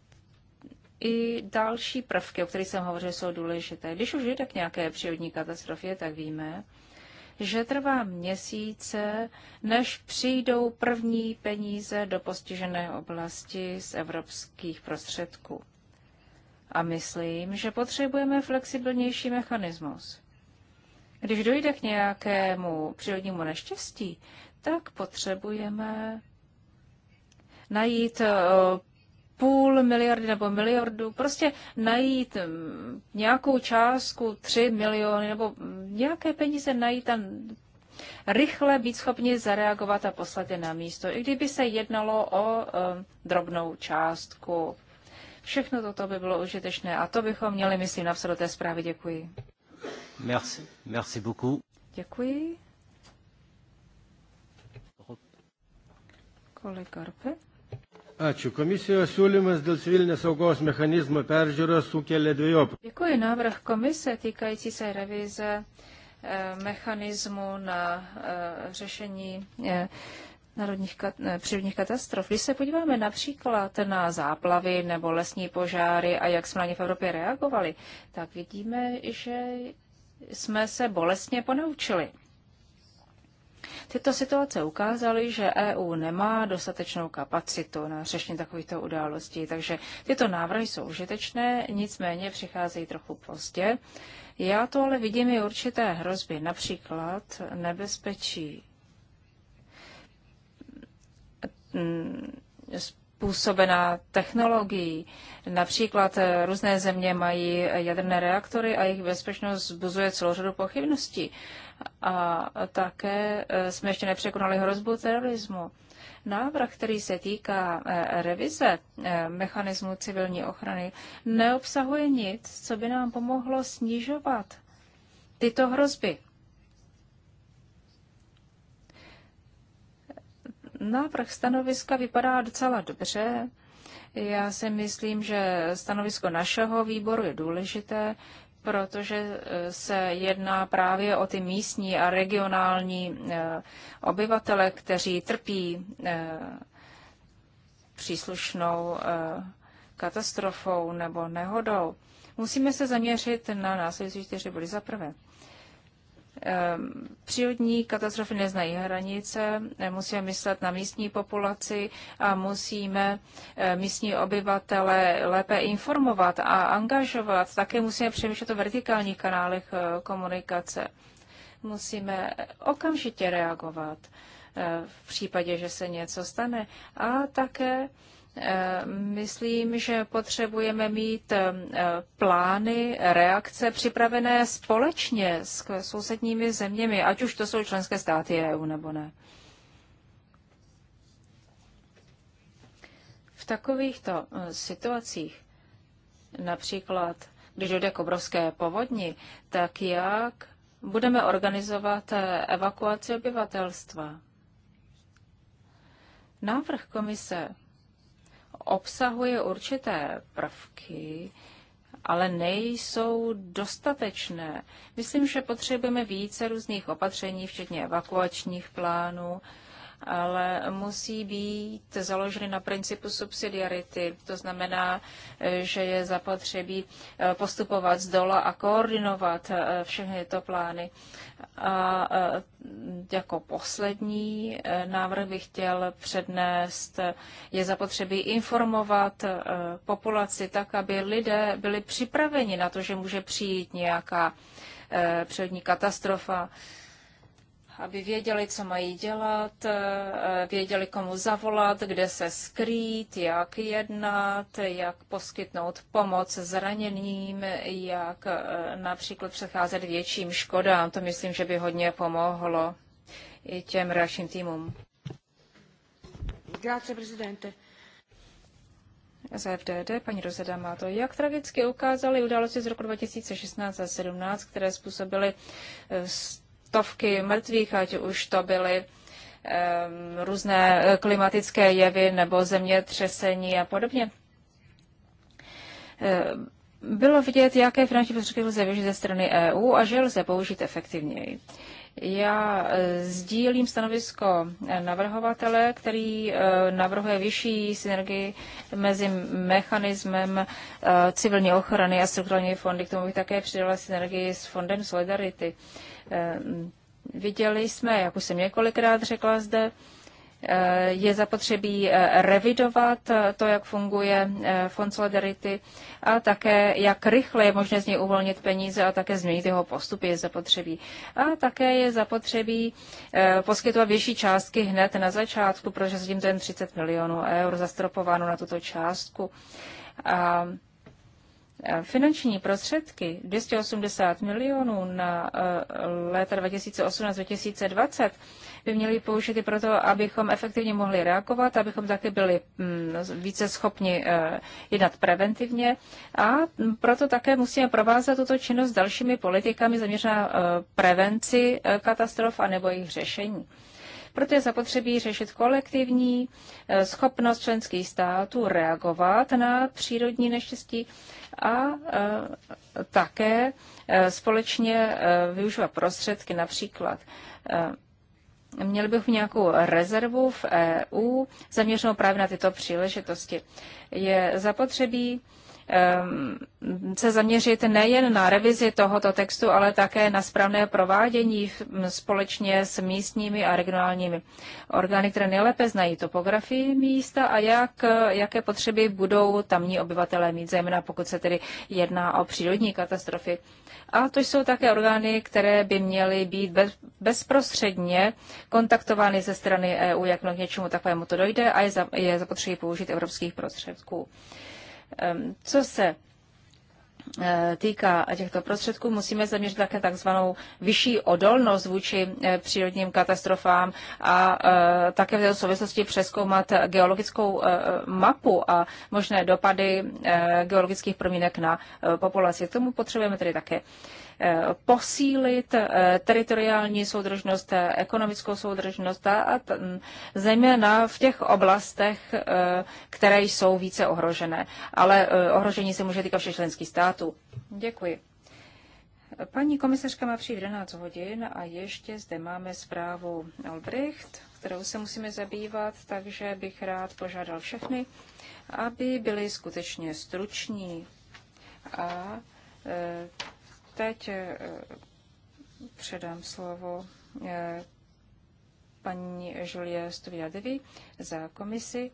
A: i další prvky, o kterých jsem hovořil, jsou důležité. Když už jde k nějaké přírodní katastrofě, tak víme, že trvá měsíce, než přijdou první peníze do postižené oblasti z evropských prostředků. A myslím, že potřebujeme flexibilnější mechanismus. Když dojde k nějakému přírodnímu neštěstí, tak potřebujeme najít eh, půl miliardy nebo miliardu, prostě najít mm, nějakou částku, tři miliony nebo mm, nějaké peníze najít a rychle být schopni zareagovat a poslat je na místo, i kdyby se jednalo o e, drobnou částku. Všechno toto by bylo užitečné a to bychom měli, myslím, napsat do té zprávy. Děkuji.
C: Merci. Merci beaucoup.
A: Děkuji. Kolega Rpe.
C: Ačiū. Komisijos siūlymas dėl civilinės saugos mechanizmo
D: peržiūros sukelia dviejopą.
A: Děkuji. Návrh komise týkající se revize eh, mechanismu na eh, řešení eh, národních kat- přírodních katastrof. Když se podíváme například na záplavy nebo lesní požáry a jak jsme na ně v Evropě reagovali, tak vidíme, že jsme se bolestně ponaučili. Tyto situace ukázaly, že EU nemá dostatečnou kapacitu na řešení takovýchto událostí, takže tyto návrhy jsou užitečné, nicméně přicházejí trochu pozdě. Já to ale vidím i určité hrozby, například nebezpečí mm, způsobená technologií. Například eh, různé země mají jaderné reaktory a jejich bezpečnost zbuzuje celou řadu pochybností a také e, jsme ještě nepřekonali hrozbu terorismu. Návrh, který se týká e, revize e, mechanismu civilní ochrany, neobsahuje nic, co by nám pomohlo snižovat tyto hrozby. Návrh stanoviska vypadá docela dobře. Já si myslím, že stanovisko našeho výboru je důležité protože eh, se jedná právě o ty místní a regionální eh, obyvatele, kteří trpí eh, příslušnou katastrofou nebo nehodou. Musíme se zaměřit na následující čtyři body. Za prvé, Ehm, přírodní katastrofy neznají hranice, musíme myslet na místní populaci a musíme eh, místní obyvatele lépe informovat a angažovat. Také musíme přemýšlet o vertikálních kanálech eh, komunikace. Musíme okamžitě reagovat eh, v případě, že se něco stane. A také Eh, myslím, že potřebujeme mít eh, plány reakce připravené společně s sousedními zeměmi, ať už to jsou členské státy EU nebo ne. V takovýchto eh, situacích, například když dojde k obrovské povodni, tak jak budeme organizovat evakuaci obyvatelstva? Návrh komise obsahuje určité prvky, ale nejsou dostatečné. Myslím, že potřebujeme více různých opatření, včetně evakuačních plánů, ale musí být založeny na principu subsidiarity. To znamená, že je zapotřebí eh, postupovat z dola a koordinovat eh, všechny tyto plány. A eh, jako poslední návrh bych chtěl přednést, je zapotřebí informovat populaci tak, aby lidé byli připraveni na to, že může přijít nějaká přírodní katastrofa, aby věděli, co mají dělat, eh, věděli, komu zavolat, kde se skrýt, jak jednat, jak poskytnout pomoc zraněným, jak eh, například přecházet větším škodám. To myslím, že by hodně pomohlo i těm dalším týmům.
B: Grazie, prezidente.
A: ZFDD, paní Rozeda má to, jak tragicky ukázaly události z roku 2016 a 2017, které způsobily eh, stovky mrtvých, ať už to byly různé eh, klimatické jevy nebo zemětřesení a podobně. Eh, bylo vidět, jaké finanční prostředky lze využít ze strany EU a že lze použít efektivněji. Já eh, sdílím stanovisko navrhovatele, který navrhuje vyšší synergii mezi mechanismem civilní ochrany a strukturální fondy. K tomu bych také přidala synergii s Fondem Solidarity. Eh, viděli jsme, jak už jsem několikrát řekla zde, eh, je zapotřebí eh, revidovat to, jak funguje Fond Solidarity a také, jak rychle je možné z něj uvolnit peníze a také změnit jeho postupy je zapotřebí. A také je zapotřebí poskytovat větší částky hned na začátku, protože zatím to jen 30 milionů eur zastropováno na tuto částku. A Eh, finanční prostředky 280 milionů na eh, léta 2018-2020 by měly i proto, abychom efektivně mohli reagovat, abychom také byli mm, více schopni eh, jednat preventivně a proto také musíme provázat tuto činnost s dalšími politikami zaměřená prevenci katastrof a nebo jejich řešení. Proto je zapotřebí řešit kolektivní eh, schopnost členských států reagovat na přírodní neštěstí a eh, také eh, společně využívat prostředky, například Měli bychom nějakou rezervu v EU zaměřenou právě na tyto příležitosti. Je zapotřebí Ehm, se zaměřit nejen na revizi tohoto textu, ale také na správné provádění společně s místními a regionálními orgány, které nejlépe znají topografii místa a jak, jaké potřeby budou tamní obyvatelé mít, zejména pokud se tedy jedná o přírodní katastrofy. A to jsou také orgány, které by měly být bezprostředně kontaktovány ze strany EU, jak k něčemu takovému to dojde a je, zapotřebí použít evropských prostředků. Co se eh, týká těchto prostředků, musíme zaměřit také takzvanou vyšší odolnost vůči eh, přírodním katastrofám a eh, také v této souvislosti přeskoumat geologickou mapu a možné dopady geologických proměnek na populaci. K tomu potřebujeme tedy také posílit eh, teritoriální soudržnost, eh, ekonomickou soudržnost a zejména v těch oblastech, eh, které jsou více ohrožené. Ale ohrožení se může týkat všech členských států. Děkuji. Paní komisařka má přijít 11 hodin a ještě zde máme zprávu Albrecht, kterou se musíme zabývat, takže bych rád požádal všechny, aby byli skutečně struční a e, Teď eh, předám slovo eh, paní Julie Stuviadevi za komisi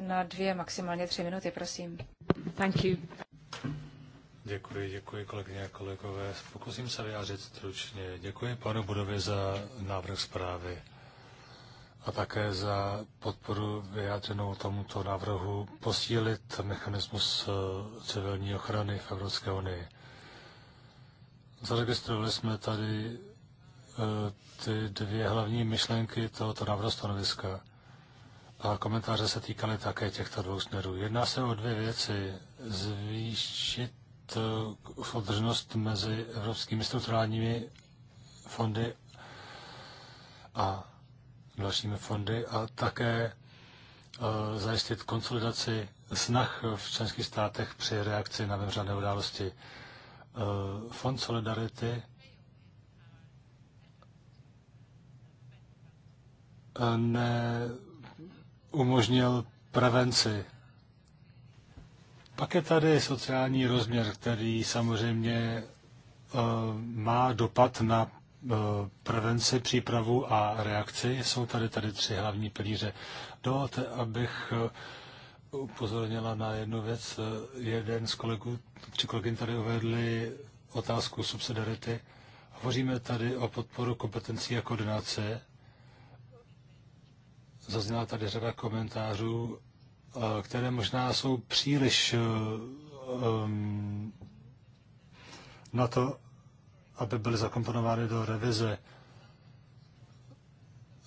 A: na dvě, maximálně tři minuty, prosím. Thank you.
C: Děkuji, děkuji kolegyně a kolegové. Pokusím se vyjádřit stručně. Děkuji panu Budově za návrh zprávy a také za podporu vyjádřenou tomuto návrhu posílit mechanismus eh, civilní ochrany v Evropské unii. Zaregistrovali jsme tady eh, ty dvě hlavní myšlenky tohoto návrhu stanoviska. A komentáře se týkaly také těchto dvou směrů. Jedná se o dvě věci. Zvýšit eh, soudržnost mezi evropskými strukturálními fondy a dalšími fondy a také eh, zajistit konsolidaci snah v členských státech při reakci na mimořádné události. Eh, Fond Solidarity eh, neumožnil prevenci. Pak je tady sociální rozměr, který samozřejmě eh, má dopad na prevenci, přípravu a reakci. Jsou tady tady tři hlavní pilíře. Dovolte, abych upozornila na jednu věc. Jeden z kolegů tři kolegy tady uvedli otázku subsidiarity. Hovoříme tady o podporu kompetencí a koordinace. Zazněla tady řada komentářů, eh, které možná jsou příliš um, na to, aby byly zakomponovány do revize.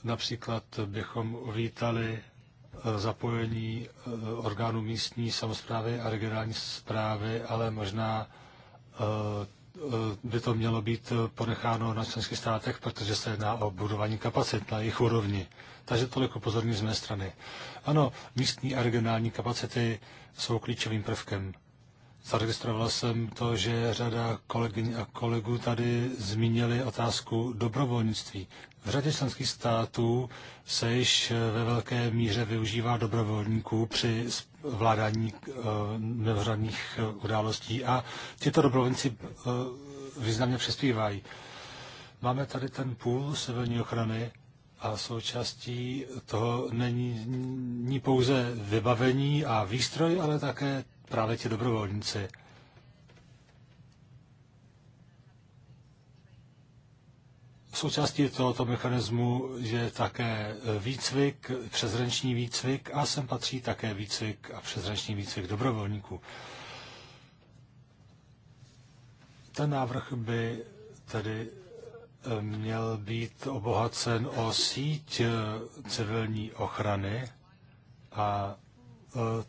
C: Například bychom uvítali zapojení eh, orgánů místní samozprávy a regionální zprávy, ale možná eh, eh, by to mělo být ponecháno na členských státech, protože se jedná o budování kapacit na jejich úrovni. Takže tolik upozorní z mé strany. Ano, místní a regionální kapacity jsou klíčovým prvkem. Zaregistroval jsem to, že řada kolegyň a kolegů tady zmínili otázku dobrovolnictví. V řadě členských států se již ve velké míře využívá dobrovolníků při vládání mimořádných událostí a tyto dobrovolníci významně přispívají. Máme tady ten půl severní ochrany a součástí toho není pouze vybavení a výstroj, ale také právě ti dobrovolníci. Součástí tohoto mechanismu je také výcvik, přezrenční výcvik a sem patří také výcvik a přezrenční výcvik dobrovolníků. Ten návrh by tedy eh, měl být obohacen o síť eh, civilní ochrany a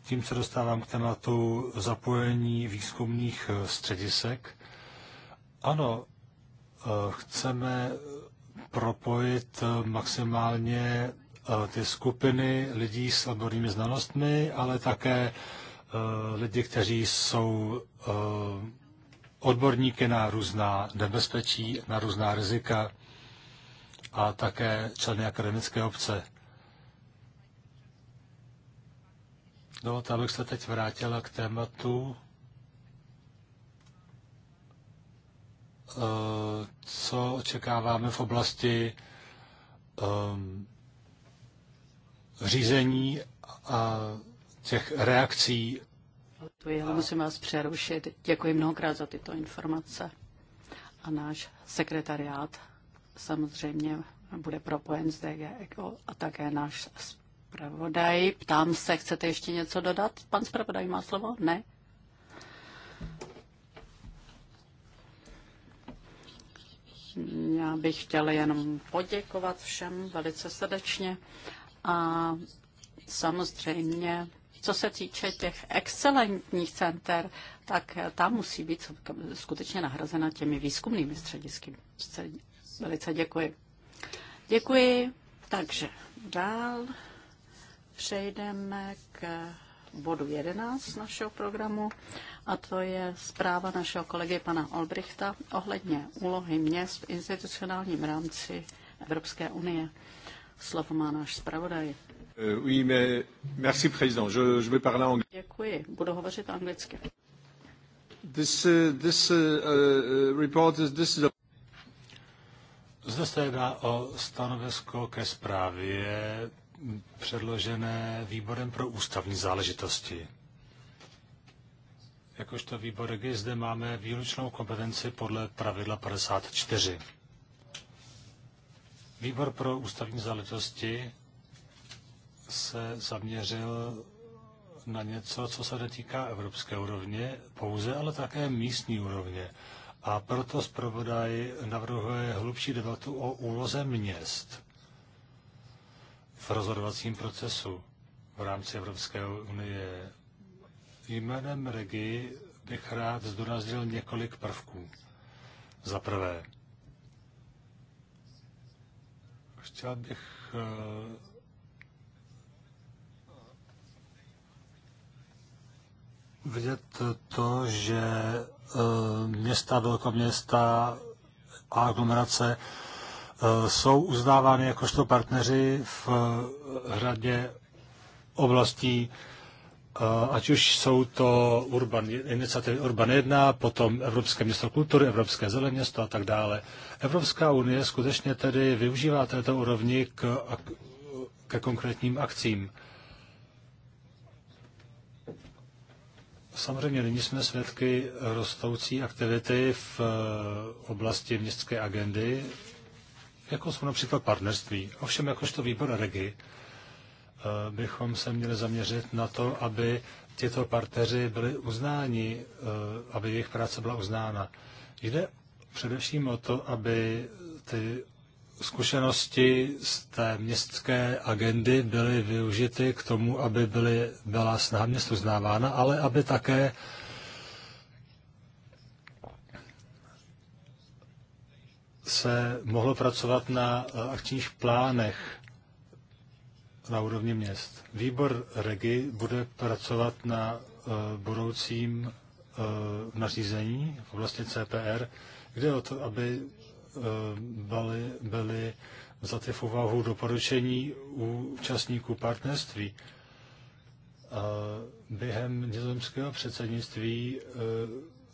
C: tím se dostávám k tématu zapojení výzkumných eh, středisek. Ano, eh, chceme propojit eh, maximálně ty skupiny lidí s odbornými znalostmi, ale také lidi, kteří jsou odborníky na různá nebezpečí, na různá rizika a také členy akademické obce. Dovolte, abych se teď vrátila k tématu, eh, co očekáváme v oblasti ehm, řízení a těch reakcí.
B: To je, musím vás přerušit. Děkuji mnohokrát za tyto informace. A náš sekretariát samozřejmě bude propojen s DG e a také náš zpravodaj. Ptám se, chcete ještě něco dodat? Pan zpravodaj má slovo? Ne? Já bych chtěla jenom poděkovat všem velice srdečně a samozřejmě, co se týče těch excelentních center, tak ta musí být skutečně nahrazena těmi výzkumnými středisky. Velice děkuji. Děkuji. Takže dál přejdeme k bodu 11 našeho programu a to je zpráva našeho kolegy pana Olbrichta ohledně úlohy měst v institucionálním rámci Evropské unie. Slovo má náš zpravodaj.
D: Euh,
C: oui, mais merci, président. Je, je vais parler anglais.
B: Děkuji, budu hovořit anglicky.
C: This, uh, this uh, uh, report is, this is a... Zde se jedná o stanovisko ke zprávě předložené výborem pro ústavní záležitosti. Jakožto výbor regi zde máme výlučnou kompetenci podle pravidla 54. Výbor pro ústavní záležitosti se zaměřil na něco, co se netýká evropské úrovně pouze, ale také místní úrovně. A proto zpravodaj navrhuje hlubší debatu o úloze měst v rozhodovacím procesu v rámci Evropské unie. Jménem Regi bych rád zdůraznil několik prvků. Za prvé, chtěl bych eh, vidět to, že eh, města, velkoměsta a aglomerace Eh, jsou uznávány jakožto partneři v hradě eh, oblastí, eh, ať už jsou to urban, iniciativy Urban 1, potom Evropské město kultury, Evropské zelené město a tak dále. Evropská unie skutečně tedy využívá této úrovni k, ke konkrétním akcím. Samozřejmě nyní jsme svědky rostoucí aktivity v oblasti městské agendy jako jsou například partnerství. Ovšem, jakožto výbor REGI, eh, bychom se měli zaměřit na to, aby tyto partneři byli uznáni, eh, aby jejich práce byla uznána. Jde především o to, aby ty zkušenosti z té městské agendy byly využity k tomu, aby byly, byla snaha měst uznávána, ale aby také se mohlo pracovat na eh, akčních plánech na úrovni měst. Výbor REGI bude pracovat na eh, budoucím eh, nařízení v oblasti CPR, kde o to, aby byly, byly vzaty v úvahu doporučení účastníků partnerství. Během nizozemského předsednictví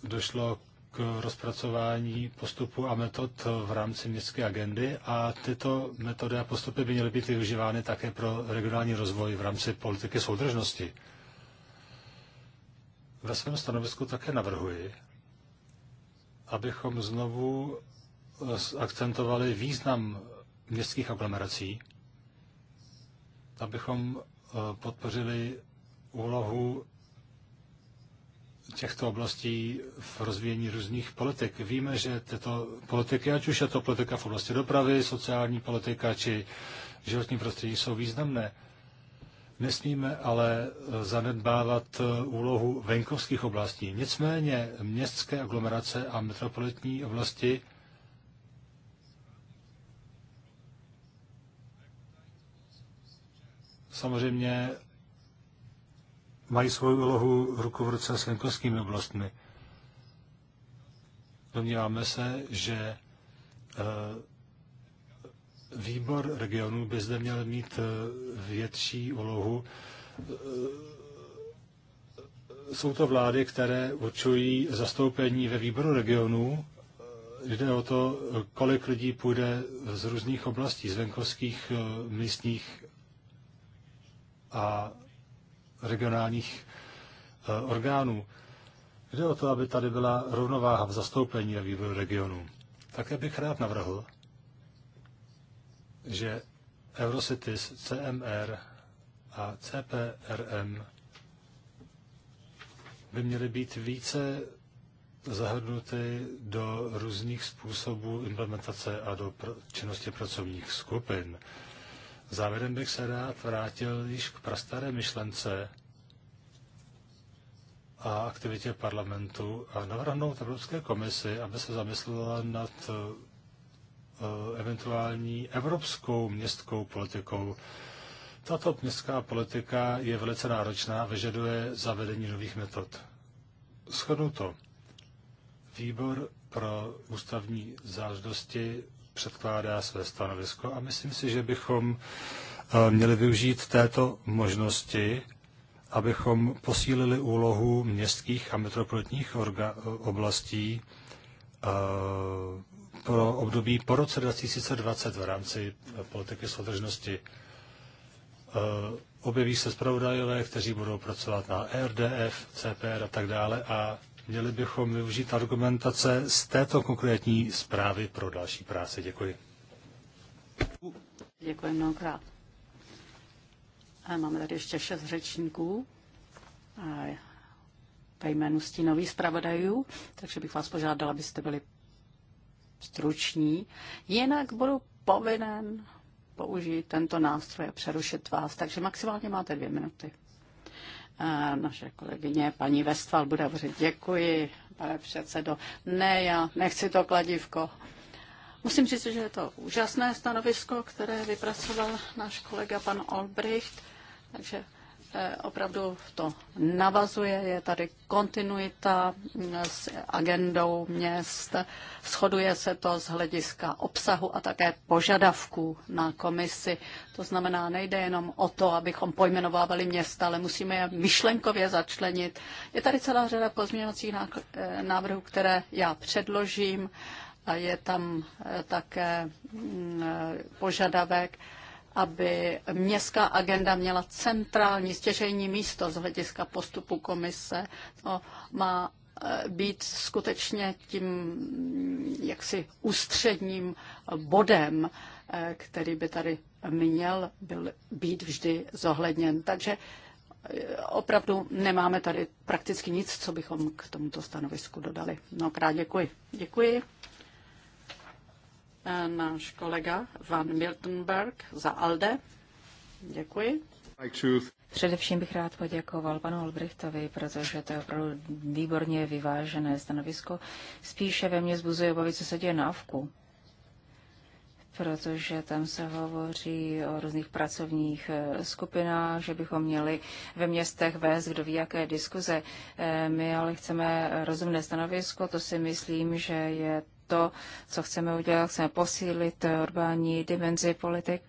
C: došlo k rozpracování postupu a metod v rámci městské agendy a tyto metody a postupy by měly být využívány také pro regionální rozvoj v rámci politiky soudržnosti. Ve svém stanovisku také navrhuji, abychom znovu eh, akcentovali význam městských aglomerací, abychom eh, podpořili úlohu těchto oblastí v rozvíjení různých politik. Víme, že tyto politiky, ať už je to politika v oblasti dopravy, sociální politika či životní prostředí, jsou významné. Nesmíme ale eh, zanedbávat eh, úlohu venkovských oblastí. Nicméně městské aglomerace a metropolitní oblasti samozřejmě mají svou úlohu ruku v ruce s venkovskými oblastmi. Domníváme se, že eh, výbor regionů by zde měl mít eh, větší úlohu. Eh, jsou to vlády, které určují zastoupení ve výboru regionů. Jde o to, kolik lidí půjde z různých oblastí, z venkovských, místních a regionálních eh, orgánů. Jde o to, aby tady byla rovnováha v zastoupení a vývoji regionů. Také bych rád navrhl, že Eurocities, CMR a CPRM by měly být více zahrnuty do různých způsobů implementace a do činnosti pracovních skupin. Závěrem bych se rád vrátil již k prastaré myšlence a aktivitě parlamentu a navrhnout Evropské komisi, aby se zamyslela nad eh, eventuální evropskou městskou politikou. Tato městská politika je velice náročná, vyžaduje zavedení nových metod. Shodnu to. Výbor pro ústavní záležitosti předkládá své stanovisko a myslím si, že bychom eh, měli využít této možnosti, abychom posílili úlohu městských a metropolitních oblastí eh, pro období po roce 2020 v rámci eh, politiky soudržnosti. Objeví se zpravodajové, kteří budou pracovat na e RDF, CPR a tak dále a Měli bychom využít argumentace z této konkrétní zprávy pro další práci. Děkuji.
B: Děkuji mnohokrát. A máme tady ještě šest řečníků a ve jménu stínových zpravodajů, takže bych vás požádala, abyste byli struční. Jinak budu povinen použít tento nástroj a přerušit vás, takže maximálně máte dvě minuty. Naše kolegyně paní Vestval bude hovořit. Děkuji, pane předsedo. Ne, já nechci to kladivko. Musím říct, že je to úžasné stanovisko, které vypracoval náš kolega pan Olbricht. Takže Eh, opravdu to navazuje, je tady kontinuita mm, s agendou měst, shoduje se to z hlediska obsahu a také požadavků na komisi. To znamená, nejde jenom o to, abychom pojmenovávali města, ale musíme je myšlenkově začlenit. Je tady celá řada pozměňovacích eh, návrhů, které já předložím a je tam eh, také mm, požadavek, aby městská agenda měla centrální stěžejní místo z hlediska postupu komise. To má eh, být skutečně tím mm, jaksi ústředním eh, bodem, eh, který by tady měl byl, být vždy zohledněn. Takže opravdu nemáme tady prakticky nic, co bychom k tomuto stanovisku dodali. Mnohokrát děkuji. Děkuji. Eh, náš kolega Van Miltenberg za ALDE. Děkuji.
A: Především bych rád poděkoval panu Albrechtovi, protože to je opravdu výborně vyvážené stanovisko. Spíše ve mně zbuzuje obavy, co se děje na AVKu, protože tam se hovoří o různých pracovních eh, skupinách, že bychom měli ve městech vést kdo ví jaké diskuze. Eh, my ale chceme rozumné stanovisko, to si myslím, že je to, co chceme udělat. Chceme posílit urbání dimenzi politik.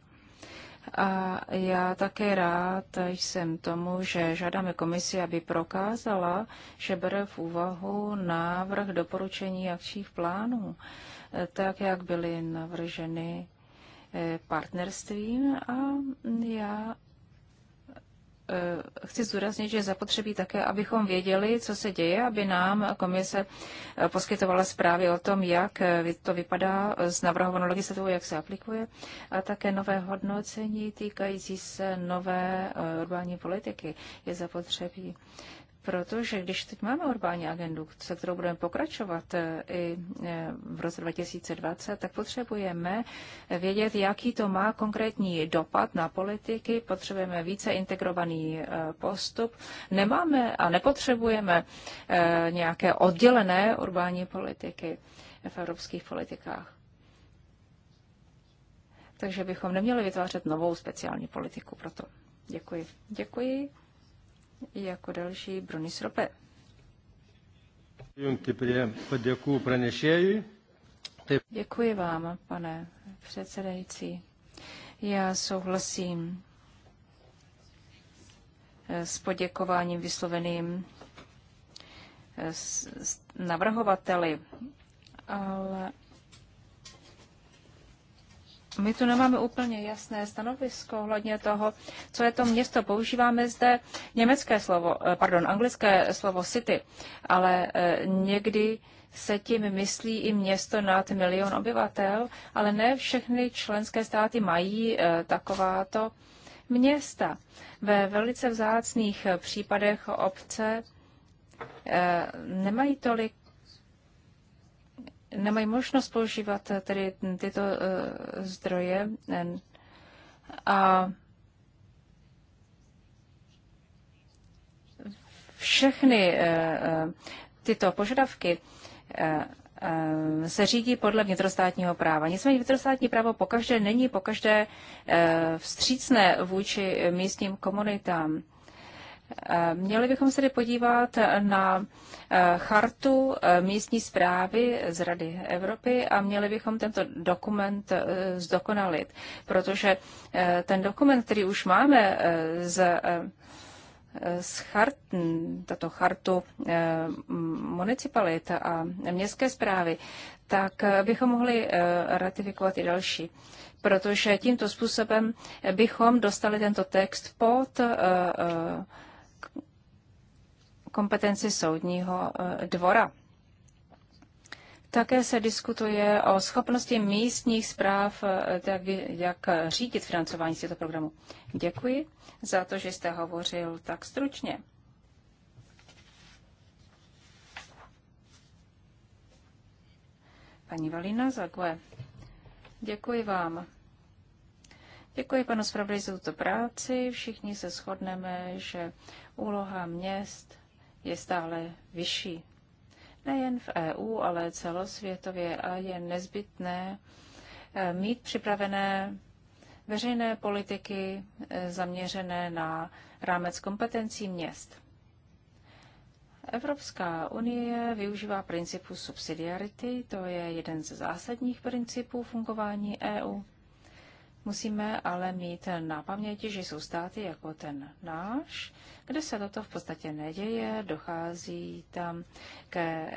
A: A já také rád jsem tomu, že žádáme komisi, aby prokázala, že bere v úvahu návrh doporučení akčních plánů, tak jak byly navrženy eh, partnerstvím a já Eh, chci zdůraznit, že zapotřebí také, abychom věděli, co se děje, aby nám komise eh, poskytovala zprávy o tom, jak eh, to vypadá s navrhovanou legislativou, jak se aplikuje, a také nové hodnocení týkající se nové urbání politiky je zapotřebí. Protože když teď máme urbání agendu, se kterou budeme pokračovat eh, i eh, v roce 2020, tak potřebujeme vědět, jaký to má konkrétní dopad na politiky, potřebujeme více integrovaný eh, postup. Nemáme a nepotřebujeme nějaké oddělené urbání politiky v evropských politikách. Takže bychom neměli vytvářet novou speciální politiku proto. Děkuji. Děkuji. Jako další Brunis Rope. Děkuji vám, pane předsedající. Já souhlasím s poděkováním vysloveným eh, navrhovateli, ale my tu nemáme úplně jasné stanovisko ohledně toho, co je to město. Používáme zde německé slovo, eh, pardon, anglické slovo city, ale eh, někdy se tím myslí i město nad milion obyvatel, ale ne všechny členské státy mají eh, takováto města. Ve velice vzácných případech obce nemají tolik nemají možnost používat eh, tedy tyto eh, zdroje eh, a všechny tyto požadavky se řídí podle vnitrostátního práva. Nicméně vnitrostátní právo pokaždé není pokaždé vstřícné vůči místním komunitám. Eh, měli bychom se tedy podívat na eh, chartu eh, místní zprávy z Rady Evropy a měli bychom tento dokument zdokonalit, protože ten dokument, který už máme z z chart, tato chartu municipalit a městské zprávy, tak bychom mohli ratifikovat i další. Protože tímto způsobem bychom dostali tento text pod kompetenci soudního eh, dvora. Také se diskutuje o schopnosti místních zpráv, jak, eh, jak řídit financování z těchto programů. Děkuji za to, že jste hovořil tak stručně. Paní Valina Zagwe, děkuji vám. Děkuji panu zpravodaji za tuto práci. Všichni se shodneme, že úloha měst je stále vyšší. Nejen v EU, ale celosvětově a je nezbytné eh, mít připravené veřejné politiky eh, zaměřené na rámec kompetencí měst. Evropská unie využívá principu subsidiarity, to je jeden ze zásadních principů fungování EU. Musíme ale mít na paměti, že jsou státy jako ten náš, kde se toto v podstatě neděje, dochází tam ke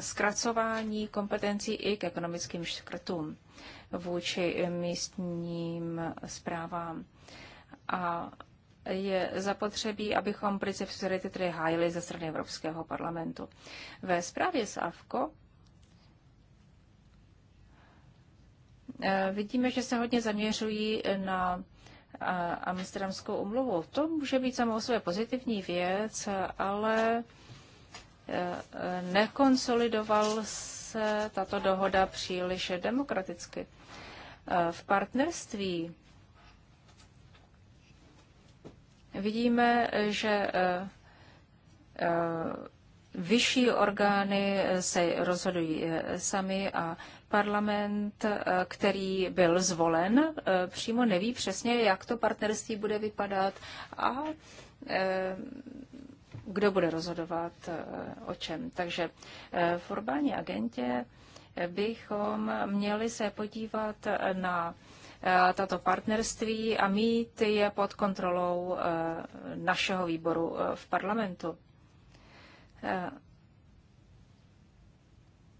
A: zkracování kompetencí i k ekonomickým škrtům vůči místním zprávám. A je zapotřebí, abychom princip solidarity tedy hájili ze strany Evropského parlamentu. Ve zprávě SAVKO Eh, vidíme, že se hodně zaměřují eh, na eh, Amsterdamskou umluvu. To může být samo o sobě pozitivní věc, ale nekonsolidoval se tato dohoda příliš demokraticky. V partnerství vidíme, že vyšší orgány se rozhodují sami a Parlament, eh, který byl zvolen, eh, přímo neví přesně, jak to partnerství bude vypadat a eh, kdo bude rozhodovat o čem. Takže v urbání agentě bychom měli se podívat na tato partnerství a mít je pod kontrolou našeho výboru v parlamentu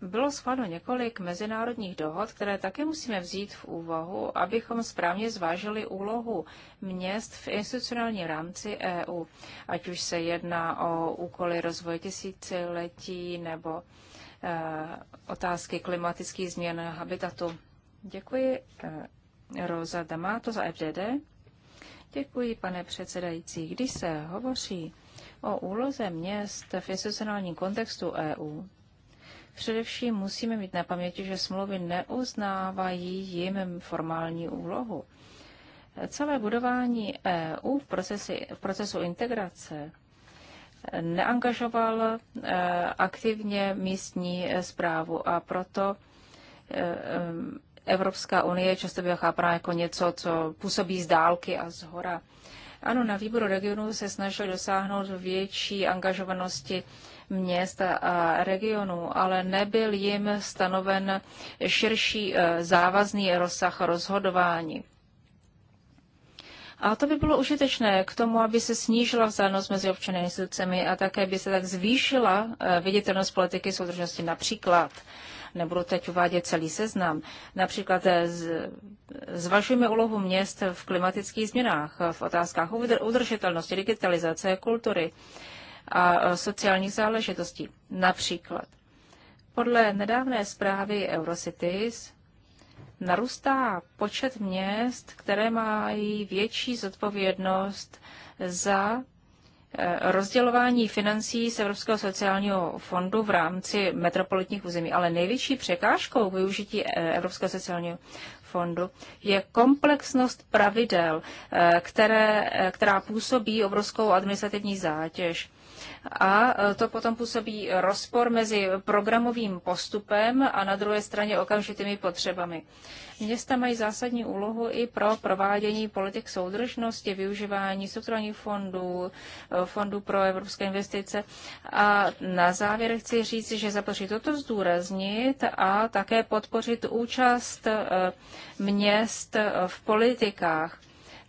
A: bylo schváleno několik mezinárodních dohod, které také musíme vzít v úvahu, abychom správně zvážili úlohu měst v institucionální rámci EU, ať už se jedná o úkoly rozvoje tisíciletí nebo e, otázky klimatických změn habitatu. Děkuji e, Rosa Damato za FDD. Děkuji, pane předsedající. Když se hovoří o úloze měst v institucionálním kontextu EU, Především musíme mít na paměti, že smlouvy neuznávají jim formální úlohu. Celé budování EU v, procesi, v procesu integrace neangažoval e, aktivně místní zprávu a proto e, e, Evropská unie je často byla chápána jako něco, co působí z dálky a z hora. Ano, na výboru regionu se snažil dosáhnout větší angažovanosti měst a regionů, ale nebyl jim stanoven širší e, závazný rozsah rozhodování. A to by bylo užitečné k tomu, aby se snížila vzdálenost mezi občany a institucemi a také by se tak zvýšila e, viditelnost politiky soudržnosti například nebudu teď uvádět celý seznam. Například e, zvažujeme úlohu měst v klimatických změnách, v otázkách udržitelnosti, digitalizace, kultury a e, sociálních záležitostí. Například podle nedávné zprávy Eurocities narůstá počet měst, které mají větší zodpovědnost za e, rozdělování financí z Evropského sociálního fondu v rámci metropolitních území. Ale největší překážkou využití e, Evropského sociálního fondu je komplexnost pravidel, které, která působí obrovskou administrativní zátěž. A e, to potom působí rozpor mezi programovým postupem a na druhé straně okamžitými potřebami. Města mají zásadní úlohu i pro provádění politik soudržnosti, využívání strukturálních fondů, e, fondů pro evropské investice. A na závěr chci říct, že zapotřebí toto zdůraznit a také podpořit účast e, měst v politikách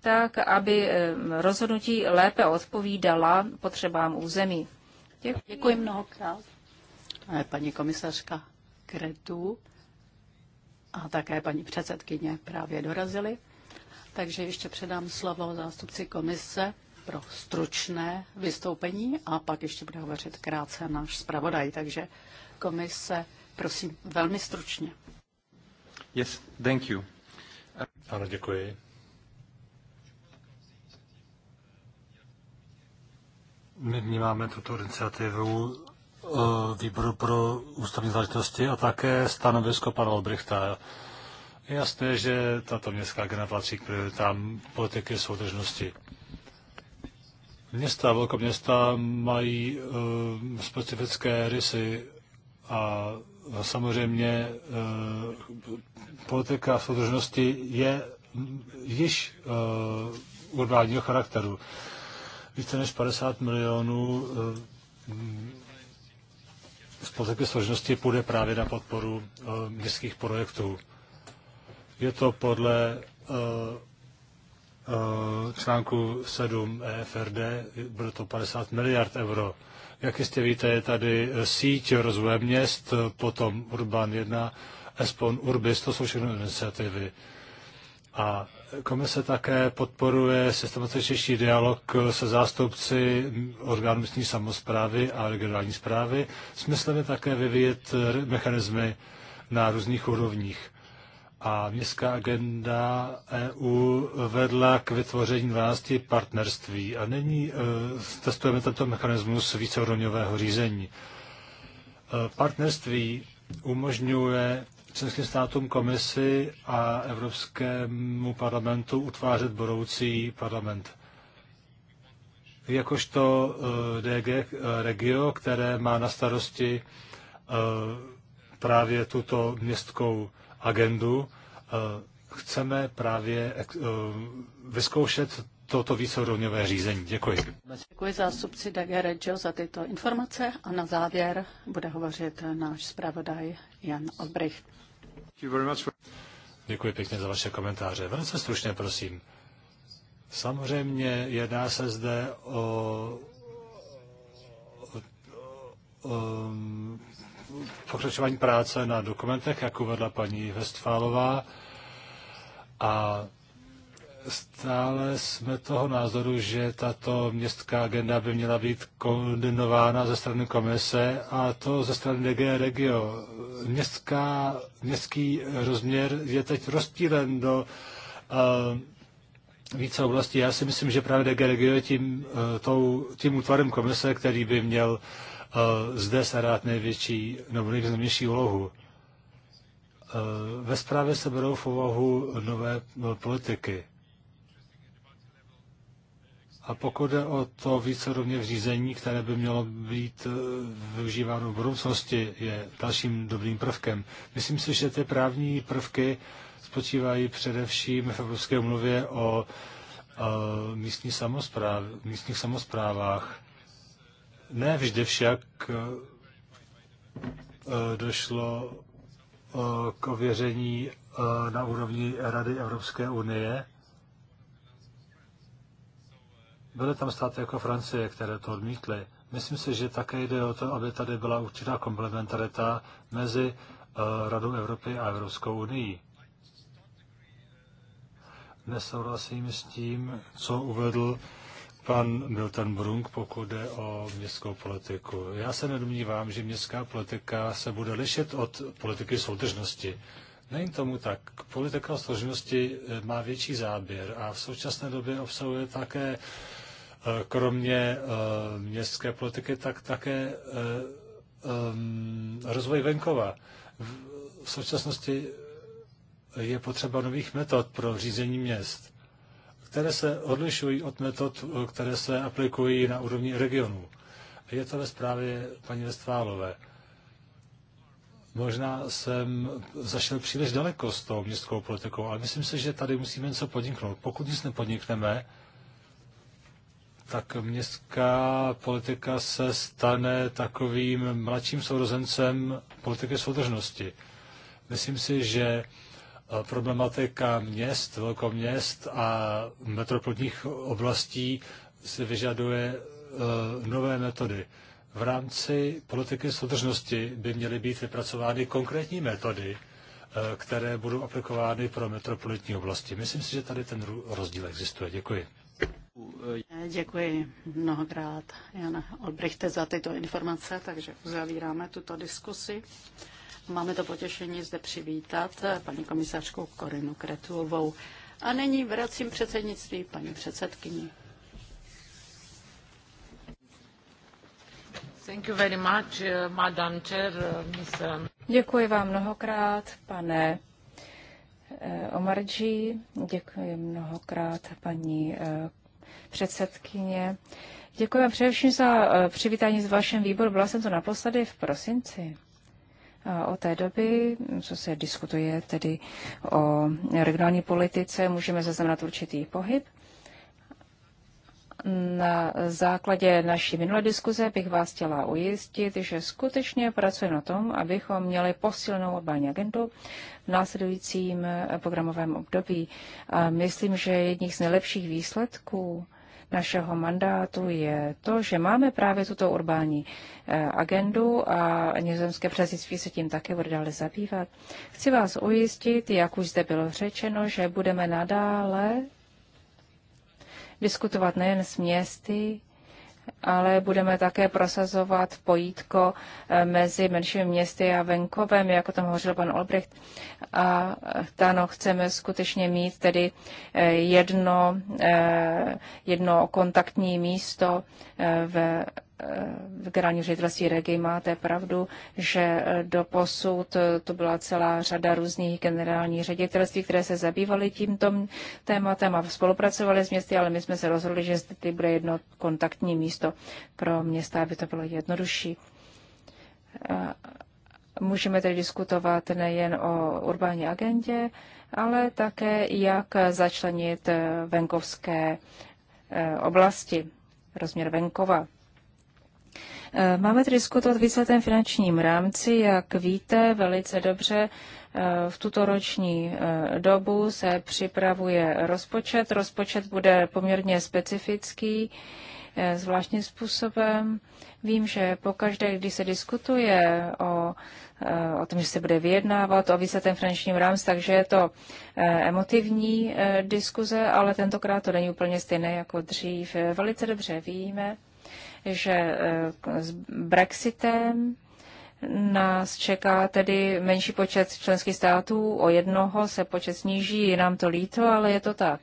A: tak, aby eh, rozhodnutí lépe
B: odpovídala potřebám území. Děkuji, Děkuji mnohokrát. Paní komisařka Kretu a také paní předsedkyně právě dorazily. Takže ještě předám slovo zástupci komise pro stručné vystoupení a pak ještě bude hovořit krátce náš zpravodaj. Takže komise, prosím, velmi stručně.
D: Yes, thank you.
C: Ano, děkuji. My vnímáme tuto iniciativu eh, výboru pro ústavní záležitosti a také stanovisko pana Olbrichta. Je jasné, že tato městská agenda patří k prioritám politiky soudržnosti. Města, velkoměsta mají uh, specifické rysy a samozřejmě uh, politika soudržnosti je již uh, urbáního charakteru více než 50 milionů eh, z pozemky složnosti půjde právě na podporu eh, městských projektů. Je to podle eh, článku 7 EFRD, bude to 50 miliard euro. Jak jistě víte, je tady síť rozvoje měst, potom Urban 1, Espon Urbis, to jsou všechno iniciativy. A komise také podporuje systematický dialog se zástupci orgánů místní samozprávy a regionální zprávy. Smyslem je také vyvíjet mechanismy na různých úrovních. A městská agenda EU vedla k vytvoření 12 partnerství. A nyní e, testujeme tento mechanismus víceúrovňového řízení. E, partnerství umožňuje členským státům komisi a Evropskému parlamentu utvářet budoucí parlament. Jakožto eh, DG eh, Regio, které má na starosti eh, právě tuto městskou agendu, chceme právě vyzkoušet toto víceúrovňové řízení. Děkuji.
B: Děkuji zástupci DG Regio za tyto informace a na závěr bude hovořit náš zpravodaj Jan Obrecht.
C: Děkuji pěkně za vaše komentáře. Velice stručně, prosím. Samozřejmě jedná se zde o, o, o pokračování práce na dokumentech, jak uvedla paní Westfálová. A stále jsme toho názoru, že tato městská agenda by měla být koordinována ze strany komise a to ze strany DG Regio. Městská, městský rozměr je teď rozptýlen do uh, více oblastí. Já si myslím, že právě DG Regio je tím, uh, tou, tím útvarem komise, který by měl uh, zde sehrát největší nebo nejvýznamnější úlohu. Ve zprávě se berou v úvahu nové politiky. A pokud jde o to více rovně řízení, které by mělo být eh, využíváno v budoucnosti, je dalším dobrým prvkem. Myslím si, že ty právní prvky spočívají především v Evropské umluvě o místní eh, samozpráv, místních samozprávách. Ne vždy však eh, došlo k ověření na úrovni Rady Evropské unie Byly tam státy jako Francie, které to odmítly. Myslím si, že také jde o to, aby tady byla určitá komplementarita mezi eh, Radou Evropy a Evropskou unii. Nesouhlasím s tím, co uvedl pan Milton Brunk, pokud jde o městskou politiku. Já se nedomnívám, že městská politika se bude lišit od politiky soudržnosti. Není tomu tak. Politika soudržnosti eh, má větší záběr a v současné době obsahuje také Eh, kromě eh, městské politiky, tak také eh, rozvoj venkova. V současnosti je potřeba nových metod pro řízení měst, které se odlišují od metod, které se aplikují na úrovni regionů. Je to ve zprávě paní Vestválové. Možná jsem zašel příliš daleko s tou městskou politikou, ale myslím si, že tady musíme něco podniknout. Pokud nic nepodnikneme, tak městská politika se stane takovým mladším sourozencem politiky soudržnosti. Myslím si, že eh, problematika měst, velkoměst a metropolních oblastí si vyžaduje eh, nové metody. V rámci politiky soudržnosti by měly být vypracovány konkrétní metody, eh, které budou aplikovány pro metropolitní oblasti. Myslím si, že tady ten rozdíl existuje. Děkuji.
B: Eh, děkuji mnohokrát, Jana Olbrichte, za tyto informace, takže uzavíráme tuto diskusi. Máme to potěšení zde přivítat eh, paní komisařku Korinu Kretulovou. A nyní vracím předsednictví paní předsedkyni. Thank you very much, eh, Madam Chair, Mr.
A: Děkuji vám mnohokrát, pane Omarji. Děkuji mnohokrát paní předsedkyně. Děkujeme především za eh, přivítání z vašem výboru. Byla jsem to naposledy v prosinci. o té doby, co se diskutuje tedy o regionální politice, můžeme zaznamenat určitý pohyb. Na základě naší minulé diskuze bych vás chtěla ujistit, že skutečně pracujeme na tom, abychom měli posilnou urbání agendu v následujícím programovém období. A myslím, že jedním z nejlepších výsledků našeho mandátu je to, že máme právě tuto urbání eh, agendu a nizozemské předsednictví se tím také bude dále zabývat. Chci vás ujistit, jak už zde bylo řečeno, že budeme nadále diskutovat nejen s městy, ale budeme také prosazovat pojítko eh, mezi menšími městy a venkovem, jako tam hovořil pan Olbrecht. A tano eh, chceme skutečně mít tedy eh, jedno, jedno kontaktní místo ve v generální ředitelství Regi máte pravdu, že do posud to byla celá řada různých generálních ředitelství, které se zabývaly tímto tématem a spolupracovali s městy, ale my jsme se rozhodli, že zde bude jedno kontaktní místo pro města, aby to bylo jednodušší. Můžeme tedy diskutovat nejen o urbání agendě, ale také, jak začlenit venkovské eh, oblasti, rozměr venkova Eh, máme tedy diskutovat výsledném finančním rámci. Jak víte, velice dobře eh, v tuto roční eh, dobu se připravuje rozpočet. Rozpočet bude poměrně specifický. Eh, zvláštním způsobem. Vím, že pokaždé, když se diskutuje o, eh, o tom, že se bude vyjednávat o výsledném finančním rámci, takže je to eh, emotivní diskuze, ale tentokrát to není úplně stejné jako dřív. Velice dobře víme, že s Brexitem nás čeká tedy menší počet členských států, o jednoho se počet sníží, je nám to líto, ale je to tak.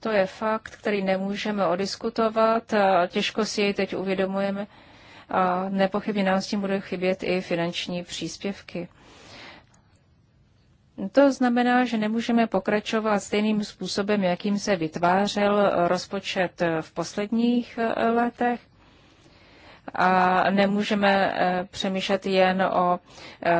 A: To je fakt, který nemůžeme odiskutovat a těžko si jej teď uvědomujeme a nepochybně nám s tím budou chybět i finanční příspěvky. To znamená, že nemůžeme pokračovat stejným způsobem, jakým se vytvářel rozpočet v posledních letech a nemůžeme eh, přemýšlet jen o eh,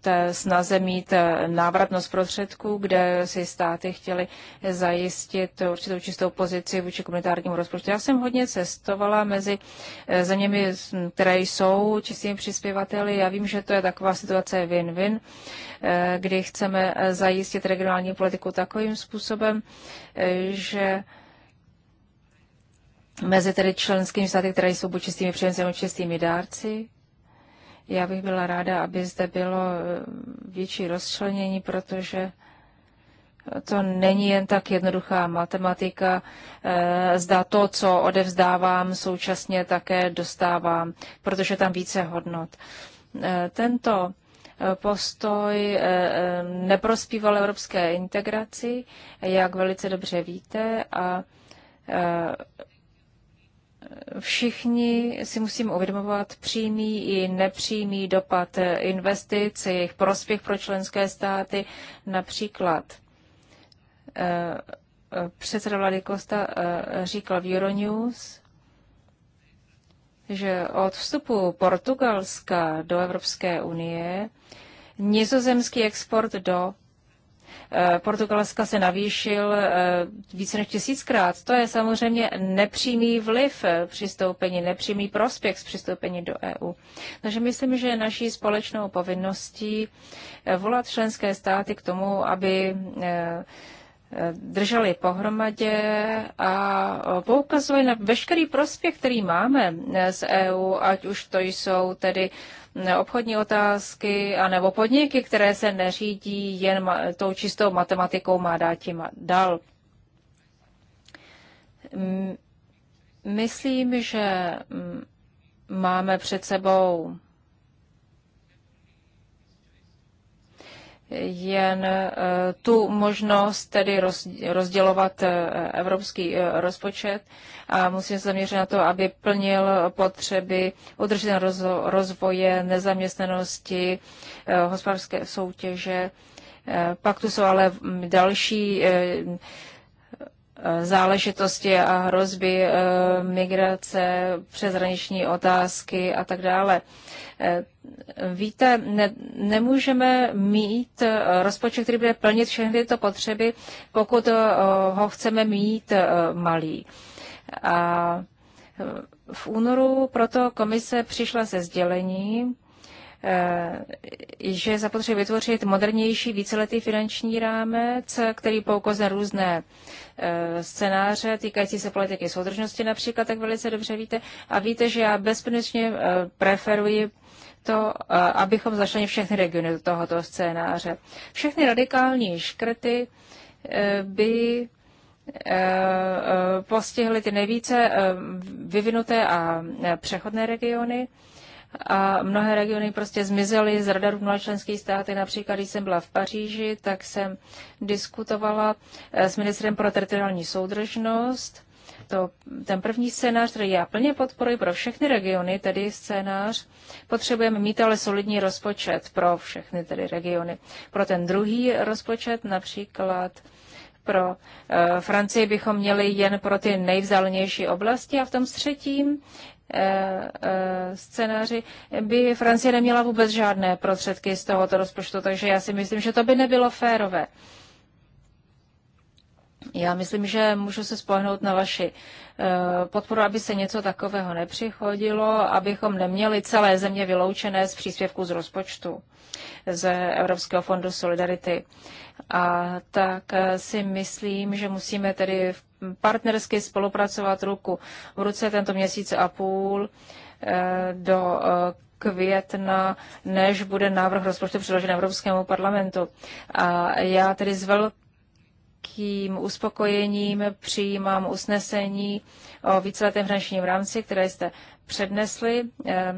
A: té snaze mít eh, návratnost prostředků, kde si státy chtěly zajistit určitou čistou pozici vůči komunitárnímu rozpočtu. Já jsem hodně cestovala mezi zeměmi, které jsou čistými přispěvateli. Já vím, že to je taková situace win-win, kdy chceme zajistit regionální politiku takovým způsobem, že mezi tedy členskými státy, které jsou buď čistými příjemci nebo čistými dárci. Já bych byla ráda, aby zde bylo eh, větší rozčlenění, protože to není jen tak jednoduchá matematika. Eh, zda to, co odevzdávám, současně také dostávám, protože tam více hodnot. Eh, tento postoj neprospíval evropské integraci, jak velice dobře víte, a Všichni si musíme uvědomovat přímý i nepřímý dopad investic, jejich prospěch pro členské státy. Například eh, předseda vlády Kosta eh, říkal v Euronews, že od vstupu Portugalska do Evropské unie nizozemský export do Eh, Portugalska se navýšil eh, více než tisíckrát. To je samozřejmě nepřímý vliv eh, přistoupení, nepřímý prospěch z přistoupení do EU. Takže myslím, že naší společnou povinností volat členské státy k tomu, aby drželi pohromadě a poukazovali na veškerý prospěch, který máme z EU, ať už to jsou tedy obchodní otázky anebo podniky, které se neřídí jen tou čistou matematikou má dát tím dal. Myslím, že máme před sebou jen eh, tu možnost tedy rozdělovat eh, evropský eh, rozpočet a musíme se zaměřit na to, aby plnil potřeby udržitelného rozvoje, nezaměstnanosti, hospodářské soutěže. Pak tu jsou ale další záležitosti a hrozby eh, migrace, přezraniční otázky a tak dále. Eh, víte, ne, nemůžeme mít rozpočet, který bude plnit všechny tyto potřeby, pokud eh, ho chceme mít malý. A v únoru proto komise přišla se sdělením, Eh, že je zapotřebí vytvořit modernější víceletý finanční rámec, který poukazuje různé eh, scénáře týkající se politiky soudržnosti například, tak velice dobře víte. A víte, že já bezpečně eh, preferuji to, abychom začali všechny regiony do tohoto scénáře. Všechny radikální škrty by postihly ty nejvíce vyvinuté a přechodné regiony a mnohé regiony prostě zmizely z radarů mnoha členských státy. Například, když jsem byla v Paříži, tak jsem diskutovala eh, s ministrem pro teritoriální soudržnost. To, ten první scénář, který já plně podporuji pro všechny regiony, tedy scénář, potřebujeme mít ale solidní rozpočet pro všechny tedy regiony. Pro ten druhý rozpočet například pro eh, Francii bychom měli jen pro ty nejvzdálenější oblasti a v tom třetím Eh, eh, scénáři, by Francie neměla vůbec žádné prostředky z tohoto rozpočtu, takže já si myslím, že to by nebylo férové. Já myslím, že můžu se spolehnout na vaši eh, podporu, aby se něco takového nepřichodilo, abychom neměli celé země vyloučené z příspěvku z rozpočtu z Evropského fondu Solidarity. A tak si myslím, že musíme tedy v partnersky spolupracovat ruku v ruce tento měsíc a půl eh, do eh, května, než bude návrh rozpočtu předložen Evropskému parlamentu. A já tedy s velkým uspokojením přijímám usnesení o víceletém hraničním rámci, které jste přednesli. Eh,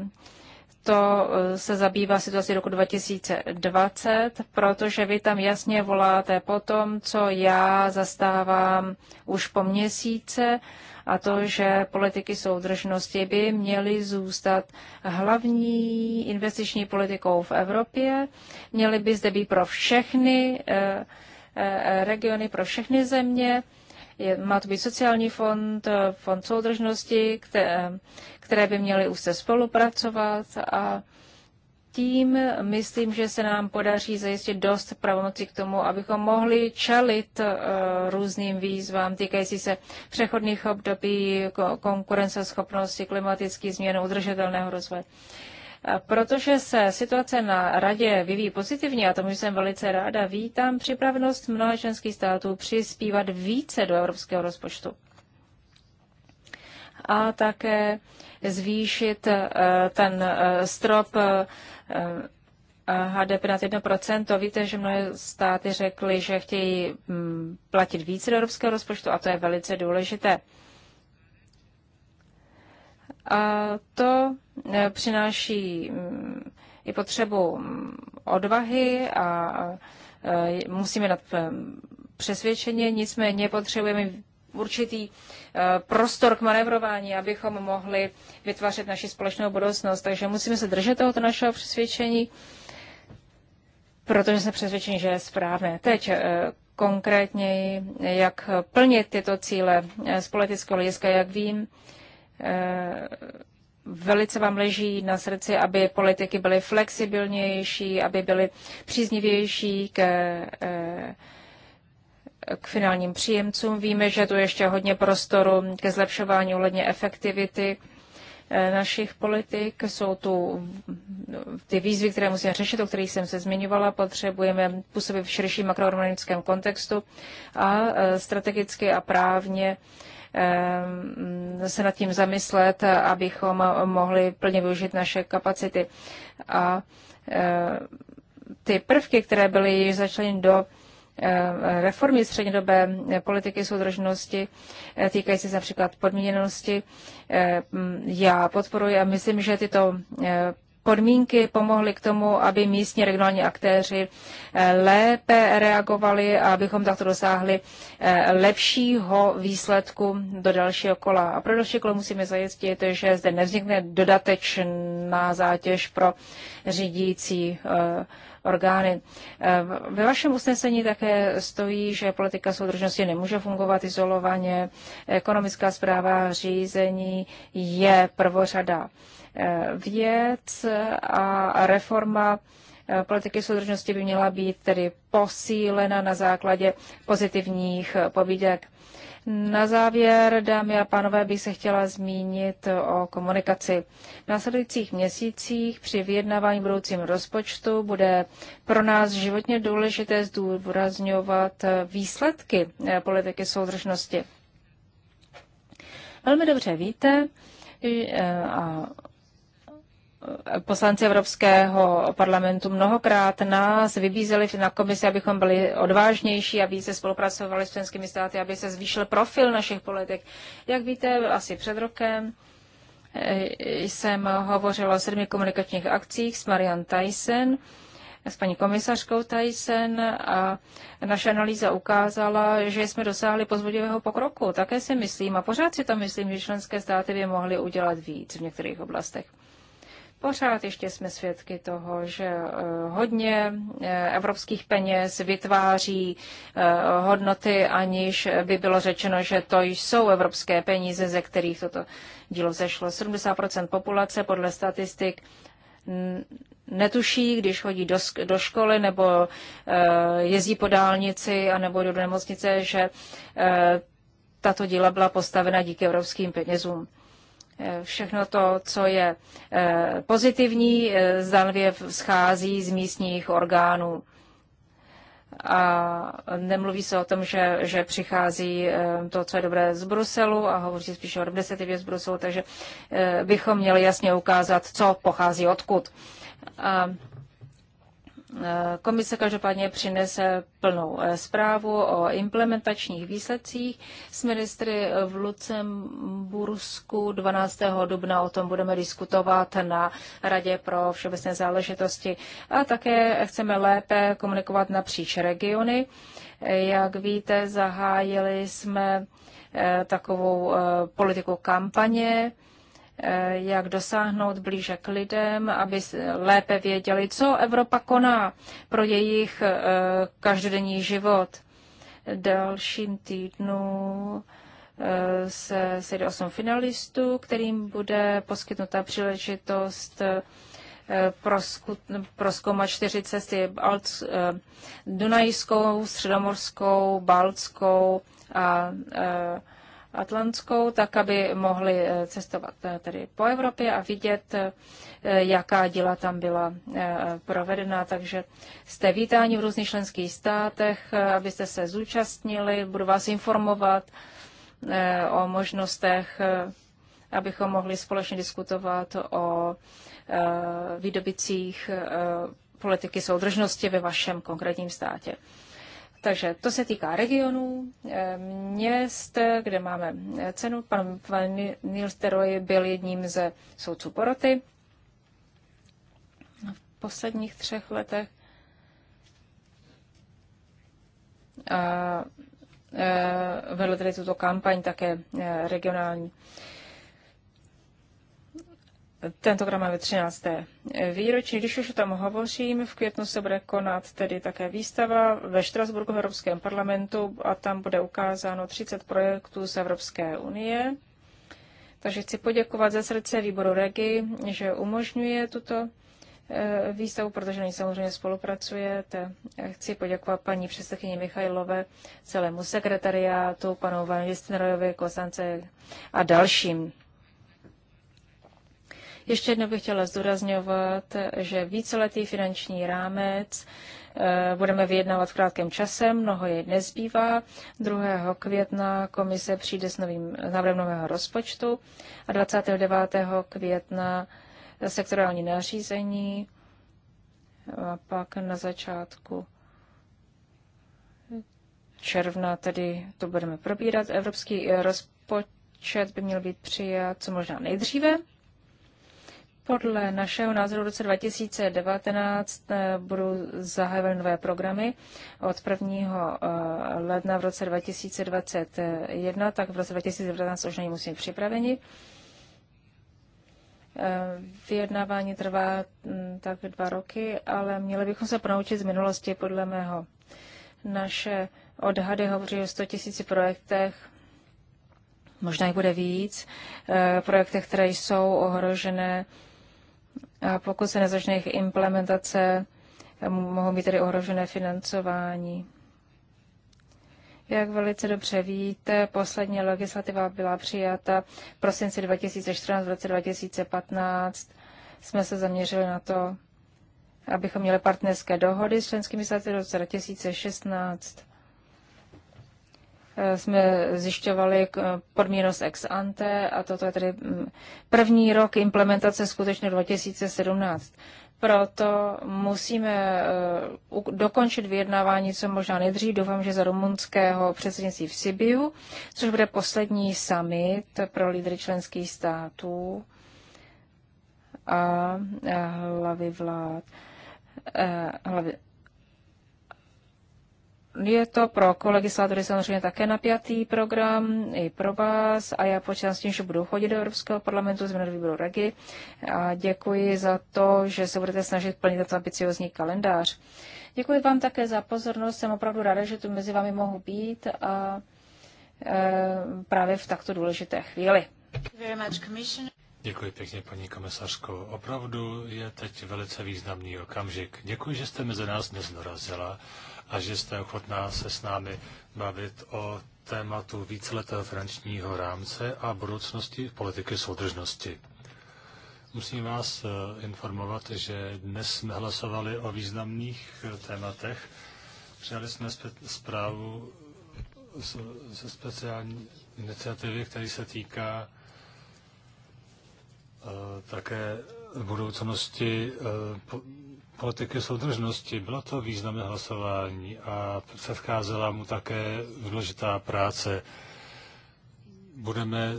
A: to eh, se zabývá situací roku 2020, protože vy tam jasně voláte po tom, co já zastávám už po měsíce, a to, že politiky soudržnosti by měly zůstat hlavní investiční politikou v Evropě, měly by zde být pro všechny eh, eh, regiony, pro všechny země. Má to být sociální fond, fond soudržnosti, které by měly už se spolupracovat a tím myslím, že se nám podaří zajistit dost pravomocí k tomu, abychom mohli čelit eh, různým výzvám týkající se přechodných období, konkurenceschopnosti, klimatických změn, udržitelného rozvoje. Protože se situace na radě vyvíjí pozitivně, a tomu jsem velice ráda, vítám připravenost mnoha členských států přispívat více do evropského rozpočtu. A také zvýšit eh, ten eh, strop HDP eh, nad 1%. To víte, že mnohé státy řekly, že chtějí mm, platit více do evropského rozpočtu a to je velice důležité. A to přináší mm, i potřebu mm, odvahy a musíme dát přesvědčeně, nicméně potřebujeme určitý eh, prostor k manevrování, abychom mohli vytvářet naši společnou budoucnost. Takže musíme se držet tohoto našeho přesvědčení, protože jsme přesvědčeni, že je správné. Teď eh, konkrétněji, jak plnit tyto cíle eh, z politického hlediska, jak vím, velice vám leží na srdci, aby politiky byly flexibilnější, aby byly příznivější ke k finálním příjemcům. Víme, že tu ještě hodně prostoru ke zlepšování ohledně efektivity eh, našich politik. Jsou tu mm, ty výzvy, které musíme řešit, o kterých jsem se zmiňovala. Potřebujeme působit v širším makroekonomickém kontextu a eh, strategicky a právně eh, se nad tím zamyslet, abychom mohli plně využít naše kapacity. A ty prvky, které byly začleny do Eh, reformy střednědobé eh, politiky soudržnosti, eh, týkající se například podmíněnosti. Já podporuji a myslím, že tyto podmínky pomohly k tomu, aby místní regionální aktéři lépe reagovali a abychom takto dosáhli lepšího výsledku do dalšího kola. A pro další kolo musíme zajistit, že zde nevznikne dodatečná zátěž pro řídící orgány. E, ve vašem usnesení také stojí, že politika soudržnosti nemůže fungovat izolovaně. Ekonomická zpráva řízení je prvořada e, věc a reforma e, politiky soudržnosti by měla být tedy posílena na základě pozitivních pobídek. Na závěr, dámy a pánové, bych se chtěla zmínit o komunikaci. V následujících měsících při vyjednávání budoucím rozpočtu bude pro nás životně důležité zdůrazňovat výsledky eh, politiky soudržnosti. Velmi dobře víte, eh, a poslanci Evropského parlamentu mnohokrát nás vybízeli na komisi, abychom byli odvážnější a více spolupracovali s členskými státy, aby se zvýšil profil našich politik. Jak víte, asi před rokem eh, jsem hovořila o sedmi komunikačních akcích s Marian Tyson, s paní komisařkou Tyson a naše analýza ukázala, že jsme dosáhli pozvodivého pokroku. Také si myslím a pořád si to myslím, že členské státy by mohly udělat víc v některých oblastech. Pořád ještě jsme svědky toho, že eh, hodně eh, evropských peněz vytváří eh, hodnoty, aniž by bylo řečeno, že to jsou evropské peníze, ze kterých toto dílo zešlo. 70 populace podle statistik netuší, když chodí do, do školy nebo jezdí po dálnici a nebo do nemocnice, že tato díla byla postavena díky evropským penězům všechno to, co je eh, pozitivní, eh, zdanlivě schází z místních orgánů. A nemluví se o tom, že, že přichází eh, to, co je dobré z Bruselu a hovoří spíše o dobré z Bruselu, takže bychom měli jasně ukázat, co pochází odkud. A Komise každopádně přinese plnou eh, zprávu o implementačních výsledcích. S ministry v Lucembursku 12. dubna o tom budeme diskutovat na Radě pro všeobecné záležitosti a také chceme lépe komunikovat napříč regiony. Jak víte, zahájili jsme eh, takovou eh, politiku kampaně Eh, jak dosáhnout blíže k lidem, aby lépe věděli, co Evropa koná pro jejich eh, každodenní život. Dalším týdnu eh, se sejde osm finalistů, kterým bude poskytnuta příležitost proskoumat čtyři cesty Alts, Dunajskou, Středomorskou, Baltskou a, a atlantskou, tak aby mohli eh, cestovat eh, tedy po Evropě a vidět, eh, jaká díla tam byla provedena. Takže jste vítáni v různých členských státech, abyste se zúčastnili, budu vás informovat o možnostech, abychom mohli společně diskutovat o výdobicích politiky soudržnosti ve vašem konkrétním státě. Takže to se týká regionů, eh, měst, kde máme cenu. Pan, pan Nils Teroy byl jedním ze soudců poroty v posledních třech letech. A eh, vedl tedy tuto kampaň také eh, regionální. Tentokrát máme 13. výročí. Když už o tom hovořím, v květnu se bude konat tedy také výstava ve Štrasburku v Evropském parlamentu a tam bude ukázáno 30 projektů z Evropské unie. Takže chci poděkovat ze srdce výboru REGI, že umožňuje tuto eh, výstavu, protože na samozřejmě spolupracujete. Eh, chci poděkovat paní předsedkyni Michajlové, celému sekretariátu, panu Van Listenerovi, Kosance a dalším. Ještě jednou bych chtěla zdůrazňovat, že víceletý finanční rámec eh, budeme vyjednávat v krátkém čase, mnoho jej nezbývá. 2. května komise přijde s novým návrhem nového rozpočtu a 29. května sektorální nařízení a pak na začátku června tedy to budeme probírat. Evropský eh, rozpočet by měl být přijat co možná nejdříve. Podle našeho názoru v roce 2019 eh, budou zahájeny nové programy od 1. Eh, ledna v roce 2021, tak v roce 2019 už na musí být připraveni. Eh, vyjednávání trvá hm, tak dva roky, ale měli bychom se ponaučit z minulosti, podle mého. Naše odhady hovoří o 100 000 projektech, možná jich bude víc, projektech, které jsou ohrožené a pokud se nezačne jejich implementace, mohou být tedy ohrožené financování. Jak velice dobře víte, poslední legislativa byla přijata v prosinci 2014, v roce 2015. Jsme se zaměřili na to, abychom měli partnerské dohody s členskými státy v roce 2016. Eh, jsme zjišťovali eh, podmínost ex ante a toto je tedy mm, první rok implementace skutečně 2017. Proto musíme eh, dokončit vyjednávání co možná nejdřív. Doufám, že za rumunského předsednictví v Sibiu, což bude poslední summit pro lídry členských států a hlavy vlád. Hlavy je to pro kolegislátory samozřejmě také napjatý program, i pro vás, a já počítám s tím, že budu chodit do Evropského parlamentu, změnu do výboru Regi, a děkuji za to, že se budete snažit plnit tento ambiciozní kalendář. Děkuji vám také za pozornost, jsem opravdu ráda, že tu mezi vámi mohu být a e, právě v takto důležité chvíli.
C: Děkuji pěkně, paní komisařko. Opravdu je teď velice významný okamžik. Děkuji, že jste mezi nás dnes dorazila a že jste ochotná se s námi bavit o tématu víceletého finančního rámce a budoucnosti politiky soudržnosti. Musím vás eh, informovat, že dnes jsme hlasovali o významných eh, tématech. Přijali jsme zprávu ze speciální iniciativy, který se týká eh, také budoucnosti politiky soudržnosti. Bylo to významné hlasování a předcházela mu také důležitá práce. Budeme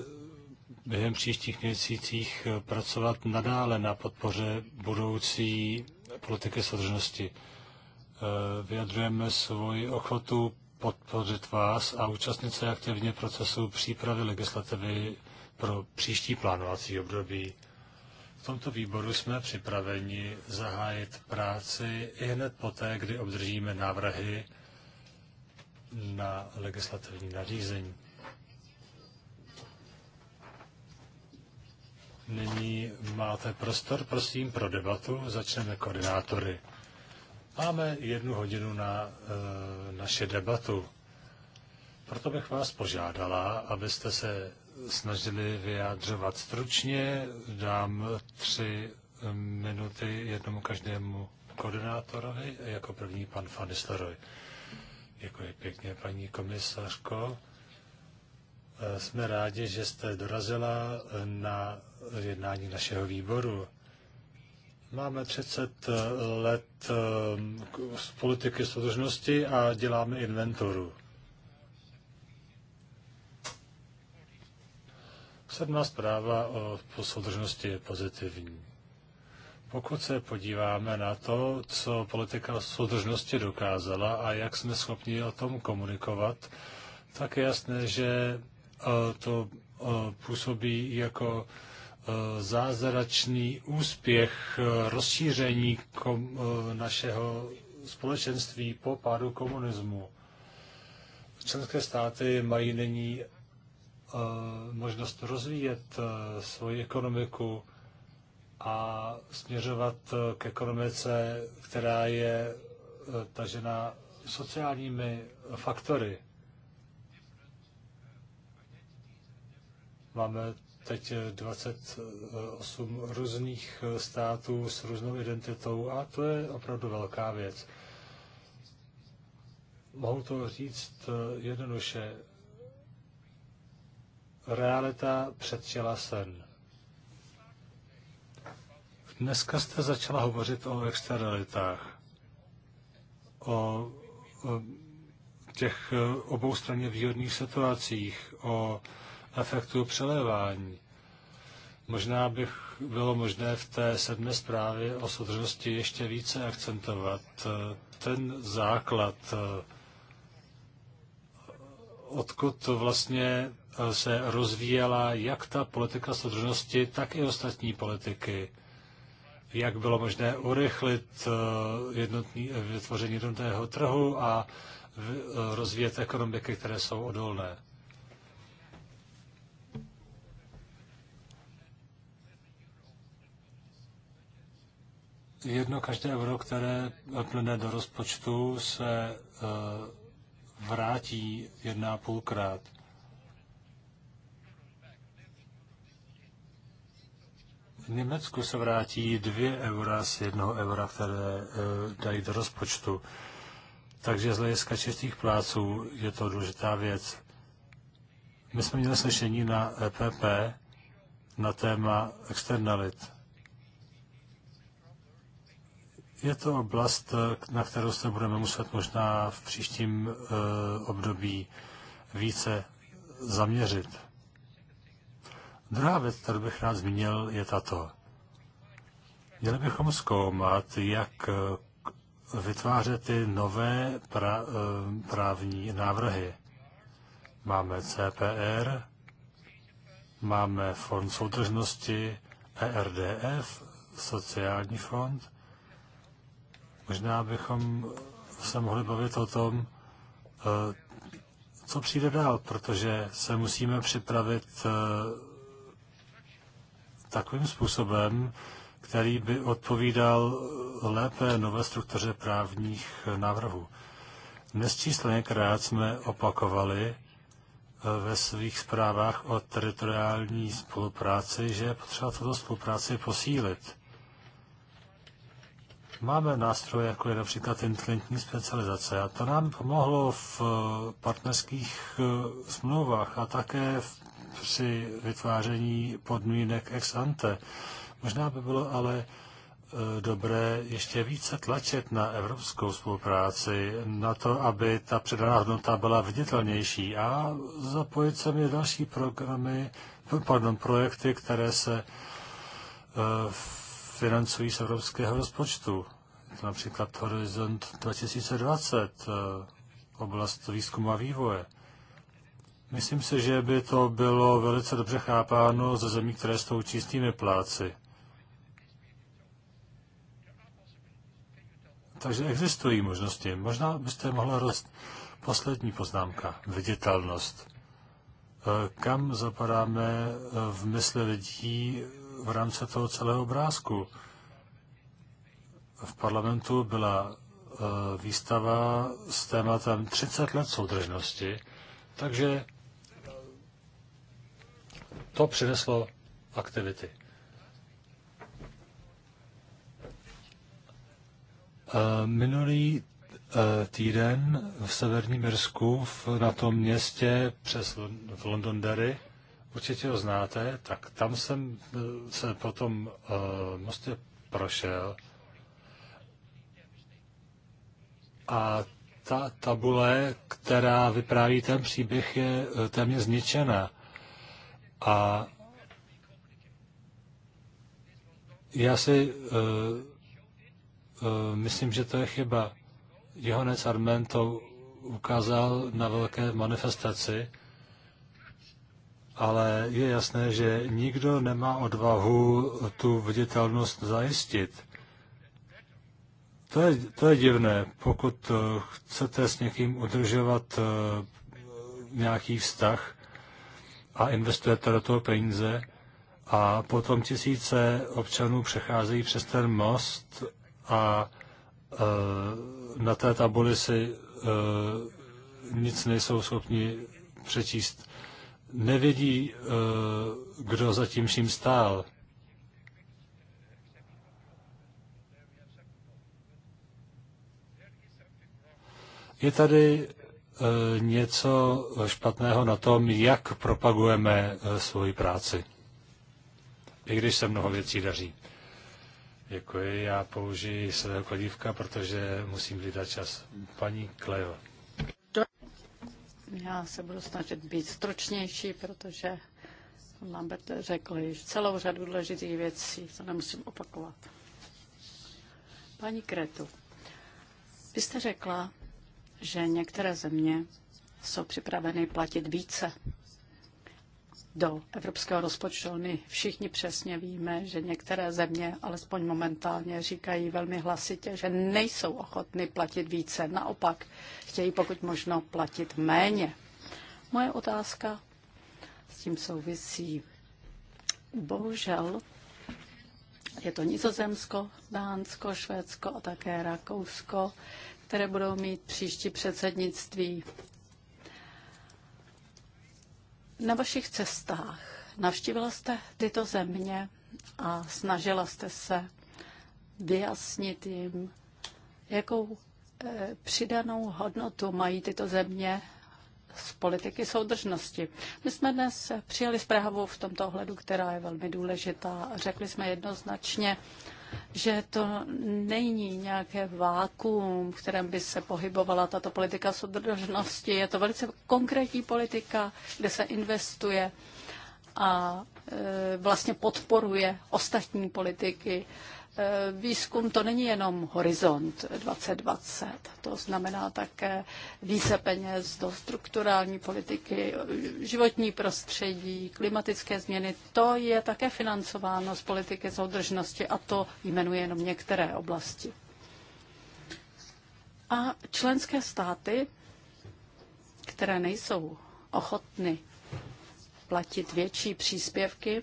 C: během příštích měsících pracovat nadále na podpoře budoucí politiky soudržnosti. Eh, vyjadřujeme svoji ochotu podpořit vás a účastnit se aktivně procesu přípravy legislativy pro příští plánovací období tomto výboru jsme připraveni zahájit práci i hned poté, kdy obdržíme návrhy na legislativní nařízení. Nyní máte prostor, prosím, pro debatu. Začneme koordinátory. Máme jednu hodinu na e, naše debatu. Proto bych vás požádala, abyste se snažili vyjádřovat stručně. Dám tři minuty jednomu každému koordinátorovi, jako první pan Fanistorovi. Děkuji pěkně, paní komisařko. Jsme rádi, že jste dorazila na jednání našeho výboru. Máme 30 let eh, z politiky soudržnosti a děláme inventuru. Sedmá zpráva o soudržnosti je pozitivní. Pokud se podíváme na to, co politika soudržnosti dokázala a jak jsme schopni o tom komunikovat, tak je jasné, že e, to e, působí jako e, zázračný úspěch rozšíření našeho společenství po pádu komunismu. Členské státy mají nyní Eh, možnost rozvíjet eh, svoji ekonomiku a směřovat eh, k ekonomice, která je tažena sociálními faktory. Máme teď 28 různých států s různou identitou a to je opravdu velká věc. Mohu to říct jednoduše. Realita předčila sen. Dneska jste začala hovořit o externalitách, o, o těch oboustranně výhodných situacích, o efektu přelévání. Možná bych bylo možné v té sedmé zprávě o soudržnosti ještě více akcentovat eh, ten základ, eh, odkud vlastně se rozvíjela jak ta politika soudržnosti, tak i ostatní politiky. Jak bylo možné urychlit eh, jednotný, eh, vytvoření jednotného trhu a eh, rozvíjet ekonomiky, které jsou odolné. Jedno každé euro, které plyne do rozpočtu, se vrátí jedna půlkrát. V Německu se vrátí 2 eura z 1 eura, které e, dají do rozpočtu. Takže z hlediska čistých pláců je to důležitá věc. My jsme měli slyšení na EPP na téma externalit. Je to oblast, eh, na kterou se budeme muset možná v příštím e, období více zaměřit. Druhá věc, kterou bych rád zmínil, je tato. Měli bychom zkoumat, jak eh, vytvářet ty nové pra, eh, právní návrhy. Máme CPR, máme Fond soudržnosti, ERDF, sociální fond. Možná bychom se mohli bavit o tom, eh, co přijde dál, protože se musíme připravit takovým způsobem, který by odpovídal lépe nové struktuře právních návrhů. Nesčísleněkrát jsme opakovali eh, ve svých zprávách o teritoriální spolupráci, že je potřeba tuto spolupráci posílit. Máme nástroje, jako je například inteligentní specializace a to nám pomohlo v eh, partnerských eh, smlouvách a také v při vytváření podmínek ex ante. Možná by bylo ale e, dobré ještě více tlačit na evropskou spolupráci, na to, aby ta předaná hodnota byla viditelnější a zapojit se mi další programy, pardon, projekty, které se e, financují z evropského rozpočtu. Například Horizont 2020, e, oblast výzkumu a vývoje. Myslím si, že by to bylo velice dobře chápáno ze zemí, které jsou čistými pláci. Takže existují možnosti. Možná byste mohla rost poslední poznámka. Viditelnost. E, kam zapadáme v mysli lidí v rámci toho celého obrázku? V parlamentu byla e, výstava s tématem 30 let soudržnosti, takže to přineslo aktivity. Eh, minulý eh, týden v severním Irsku na tom městě přes v Londonderry, určitě ho znáte, tak tam jsem eh, se potom mostě prošel a ta tabule, která vypráví ten příběh, je téměř zničena. A já si uh, uh, myslím, že to je chyba. Johannes Arment to ukázal na velké manifestaci, ale je jasné, že nikdo nemá odvahu tu viditelnost zajistit. To je, to je divné. Pokud eh, chcete s někým udržovat nějaký vztah, a investujete do toho peníze a potom tisíce občanů přecházejí přes ten most a e, na té tabuli si e, nic nejsou schopni přečíst. Nevědí, e, kdo za tím vším stál. Je tady E, něco špatného na tom, jak propagujeme e, svoji práci. I když se mnoho věcí daří. Děkuji, já použiji svého kladívka, protože musím vydat čas. Paní Klejo.
B: Já se budu snažit být stročnější, protože pan Lambert řekl již celou řadu důležitých věcí, to nemusím opakovat. Paní Kretu, vy jste řekla, že některé země jsou připraveny platit více do evropského rozpočtu. My všichni přesně víme, že některé země, alespoň momentálně, říkají velmi hlasitě, že nejsou ochotny platit více. Naopak chtějí pokud možno platit méně. Moje otázka s tím souvisí. Bohužel je to Nizozemsko, Dánsko, Švédsko a také Rakousko, které budou mít příští předsednictví. Na vašich cestách navštívila jste tyto země a snažila jste se vyjasnit jim, jakou eh, přidanou hodnotu mají tyto země z politiky soudržnosti. My jsme dnes přijali zprávu v tomto ohledu, která je velmi důležitá. Řekli jsme jednoznačně, že to není nějaké vákuum, v kterém by se pohybovala tato politika soudržnosti. Je to velice konkrétní politika, kde se investuje a e, vlastně podporuje ostatní politiky Eh, výzkum to není jenom horizont 2020, to znamená také více peněz do strukturální politiky, životní prostředí, klimatické změny. To je také financováno z politiky soudržnosti a to jmenuje jenom některé oblasti. A členské státy, které nejsou ochotny platit větší příspěvky,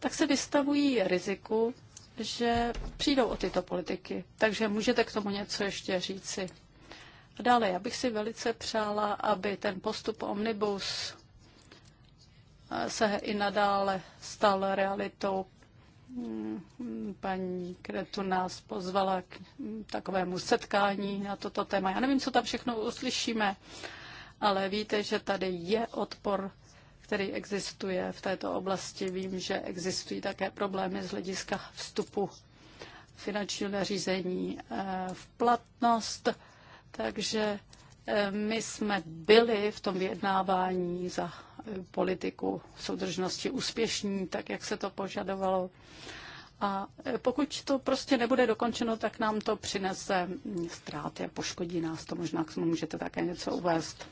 B: tak se vystavují riziku, že přijdou o tyto politiky. Takže můžete k tomu něco ještě říci. A dále, já bych si velice přála, aby ten postup Omnibus eh, se i nadále stal realitou. Hmm, paní Kretu nás pozvala k hm, takovému setkání na toto téma. Já nevím, co tam všechno uslyšíme, ale víte, že tady je odpor který existuje v této oblasti. Vím, že existují také problémy z hlediska vstupu finančního nařízení eh, v platnost, takže eh, my jsme byli v tom vyjednávání za eh, politiku soudržnosti úspěšní, tak jak se to požadovalo. A pokud to prostě nebude dokončeno, tak nám to přinese mm, ztráty a poškodí nás to. Možná k tomu můžete také něco uvést.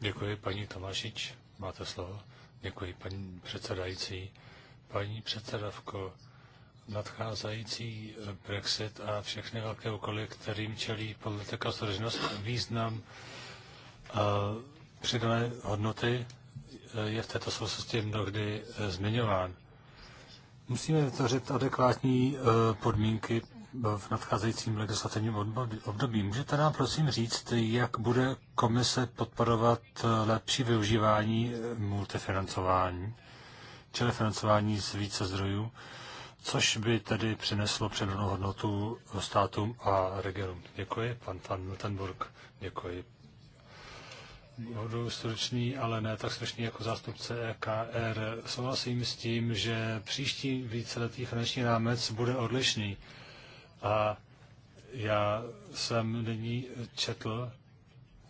C: Děkuji, paní Tomášič máte slovo. Děkuji, paní předsedající. Paní předsedavko, nadcházející eh, Brexit a všechny velké úkoly, kterým čelí politika soudržnost, význam eh, přidané hodnoty eh, je v této souvislosti mnohdy zmiňován. Musíme vytvořit adekvátní podmínky v nadcházejícím legislativním období. Můžete nám prosím říct, jak bude komise podporovat eh, lepší využívání eh, multifinancování, čili financování z více zdrojů, což by tedy přineslo předanou hodnotu státům a regionům. Děkuji, pan van Miltenburg. Děkuji. Budu stručný, ale ne tak stručný jako zástupce EKR. Souhlasím s tím, že příští víceletý finanční rámec bude odlišný. A já jsem nyní četl,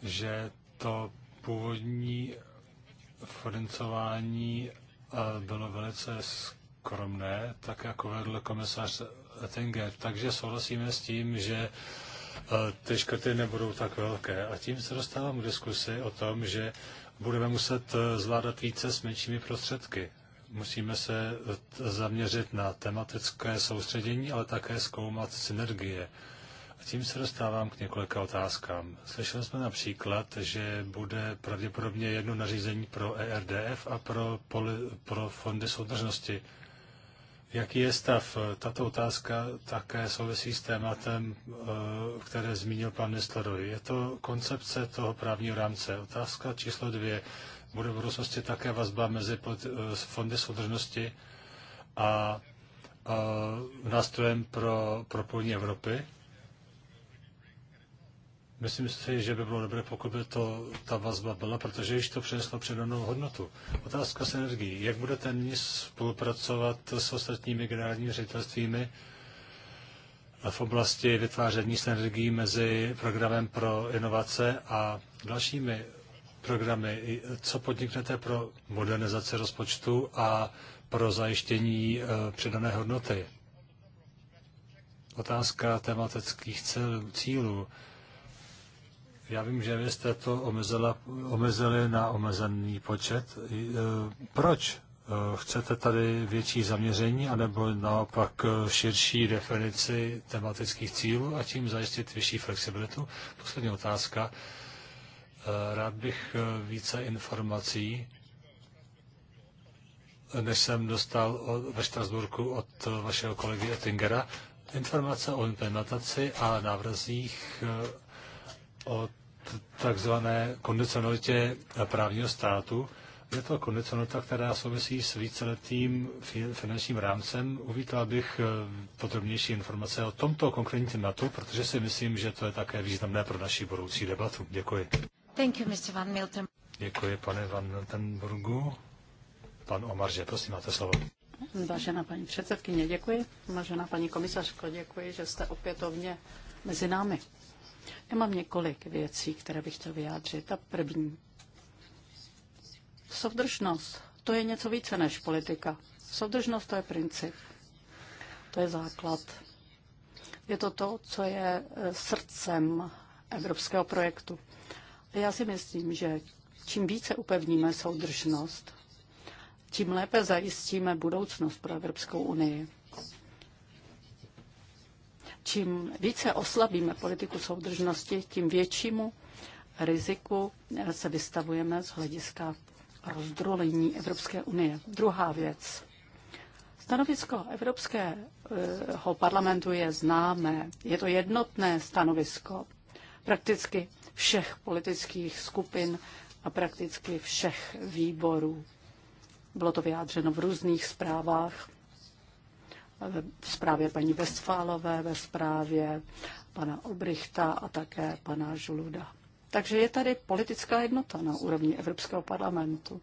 C: že to původní financování eh, bylo velice skromné, tak jako vedl komisař Ettinger. Takže souhlasíme s tím, že eh, ty škrty nebudou tak velké. A tím se dostávám k diskusi o tom, že budeme muset eh, zvládat více s menšími prostředky musíme se zaměřit na tematické soustředění, ale také zkoumat synergie. A tím se dostávám k několika otázkám. Slyšeli jsme například, že bude pravděpodobně jedno nařízení pro ERDF a pro, poli, pro fondy soudržnosti. Jaký je stav? Tato otázka také souvisí s tématem, eh, které zmínil pan Nestleroy. Je to koncepce toho právního rámce. Otázka číslo dvě bude v budoucnosti také vazba mezi eh, fondy soudržnosti a nástrojem pro propojení Evropy. Myslím si, že by bylo dobré, pokud by to, ta vazba byla, protože již to přineslo přidanou hodnotu. Otázka energií. Jak budete nyní spolupracovat s ostatními generálními ředitelstvími v oblasti vytváření synergií mezi programem pro inovace a dalšími programy, co podniknete pro modernizaci rozpočtu a pro zajištění e, přidané hodnoty. Otázka tematických cílů. Já vím, že vy jste to omezila, omezili na omezený počet. E, proč? E, chcete tady větší zaměření anebo naopak širší definici tematických cílů a tím zajistit vyšší flexibilitu? Poslední otázka. Eh, rád bych eh, více informací, eh, než jsem dostal ve Štrasburku od vašeho kolegy Ettingera, informace o implementaci a návrzích o takzvané kondicionalitě právního státu. Je to kondicionalita, která souvisí s víceletým finančním rámcem. Uvítal bych podrobnější informace o tomto konkrétním tématu, protože si myslím, že to je také významné pro naši budoucí debatu. Děkuji. Van Děkuji, pane Van Miltenburgu. Pan Omarže, prosím, máte slovo.
B: Vážená paní předsedkyně, děkuji. Vážená paní komisařko, děkuji, že jste opětovně mezi námi. Já mám několik věcí, které bych chtěl vyjádřit. Ta první. Soudržnost, to je něco více než politika. Soudržnost to je princip. To je základ. Je to to, co je eh, srdcem evropského projektu. Já si myslím, že čím více upevníme soudržnost, tím lépe zajistíme budoucnost pro Evropskou unii. Čím více oslabíme politiku soudržnosti, tím většímu riziku se vystavujeme z hlediska rozdrolení Evropské unie. Druhá věc. Stanovisko Evropského parlamentu je známé. Je to jednotné stanovisko. Prakticky všech politických skupin a prakticky všech výborů. Bylo to vyjádřeno v různých zprávách, v zprávě paní Westfálové, ve zprávě pana Obrichta a také pana Žuluda. Takže je tady politická jednota na úrovni Evropského parlamentu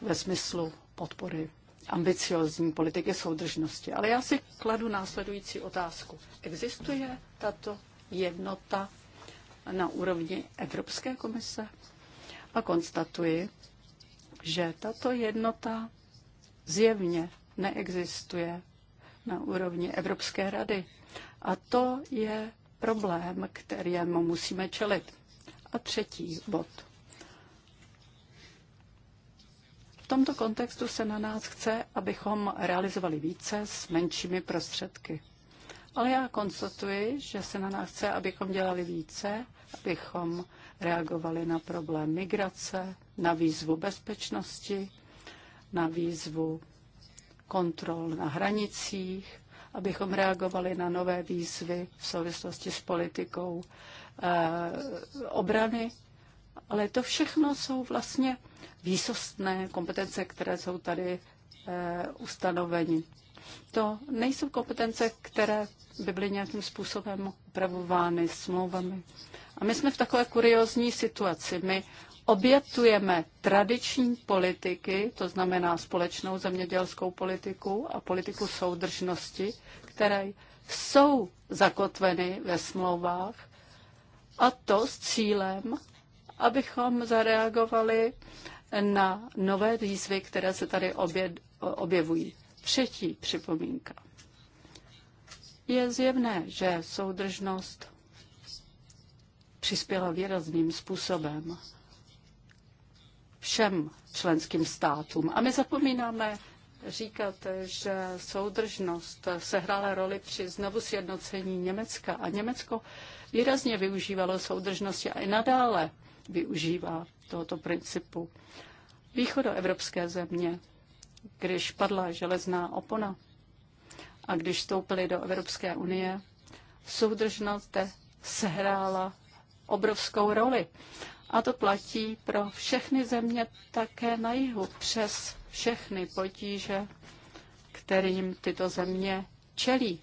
B: ve smyslu podpory ambiciozní politiky soudržnosti. Ale já si kladu následující otázku. Existuje tato jednota na úrovni Evropské komise a konstatuji, že tato jednota zjevně neexistuje na úrovni Evropské rady. A to je problém, kterému musíme čelit. A třetí bod. V tomto kontextu se na nás chce, abychom realizovali více s menšími prostředky. Ale já konstatuji, že se na nás chce, abychom dělali více abychom reagovali na problém migrace, na výzvu bezpečnosti, na výzvu kontrol na hranicích, abychom reagovali na nové výzvy v souvislosti s politikou e, obrany. Ale to všechno jsou vlastně výsostné kompetence, které jsou tady e, eh, ustanoveni. To nejsou kompetence, které by byly nějakým způsobem upravovány smlouvami. A my jsme v takové kuriozní situaci. My obětujeme tradiční politiky, to znamená společnou zemědělskou politiku a politiku soudržnosti, které jsou zakotveny ve smlouvách, a to s cílem, abychom zareagovali na nové výzvy, které se tady objevují. Třetí připomínka. Je zjevné, že soudržnost přispěla výrazným způsobem všem členským státům. A my zapomínáme říkat, že soudržnost sehrála roli při znovu sjednocení Německa a Německo výrazně využívalo soudržnosti a i nadále využívá tohoto principu. Východoevropské země když padla železná opona a když vstoupili do Evropské unie, soudržnost sehrála obrovskou roli. A to platí pro všechny země také na jihu, přes všechny potíže, kterým tyto země čelí.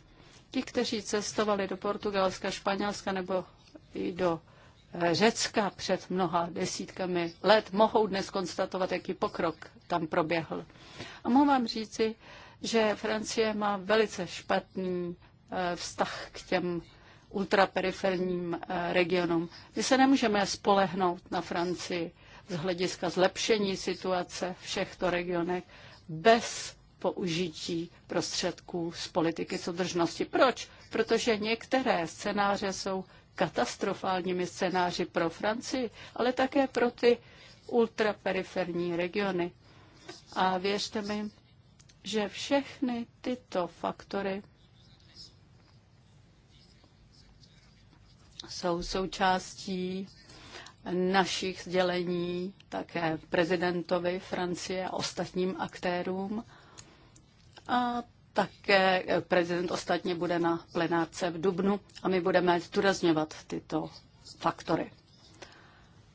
B: Ti, kteří cestovali do Portugalska, Španělska nebo i do Řecka před mnoha desítkami let mohou dnes konstatovat, jaký pokrok tam proběhl. A mohu vám říci, že Francie má velice špatný eh, vztah k těm ultraperiferním eh, regionům. My se nemůžeme spolehnout na Francii z hlediska zlepšení situace v všechto regionech bez použití prostředků z politiky soudržnosti. Proč? Protože některé scénáře jsou katastrofálními scénáři pro Francii, ale také pro ty ultraperiferní regiony. A věřte mi, že všechny tyto faktory jsou součástí našich sdělení také prezidentovi Francie a ostatním aktérům. A také eh, prezident ostatně bude na plenárce v Dubnu a my budeme zdůrazňovat tyto faktory.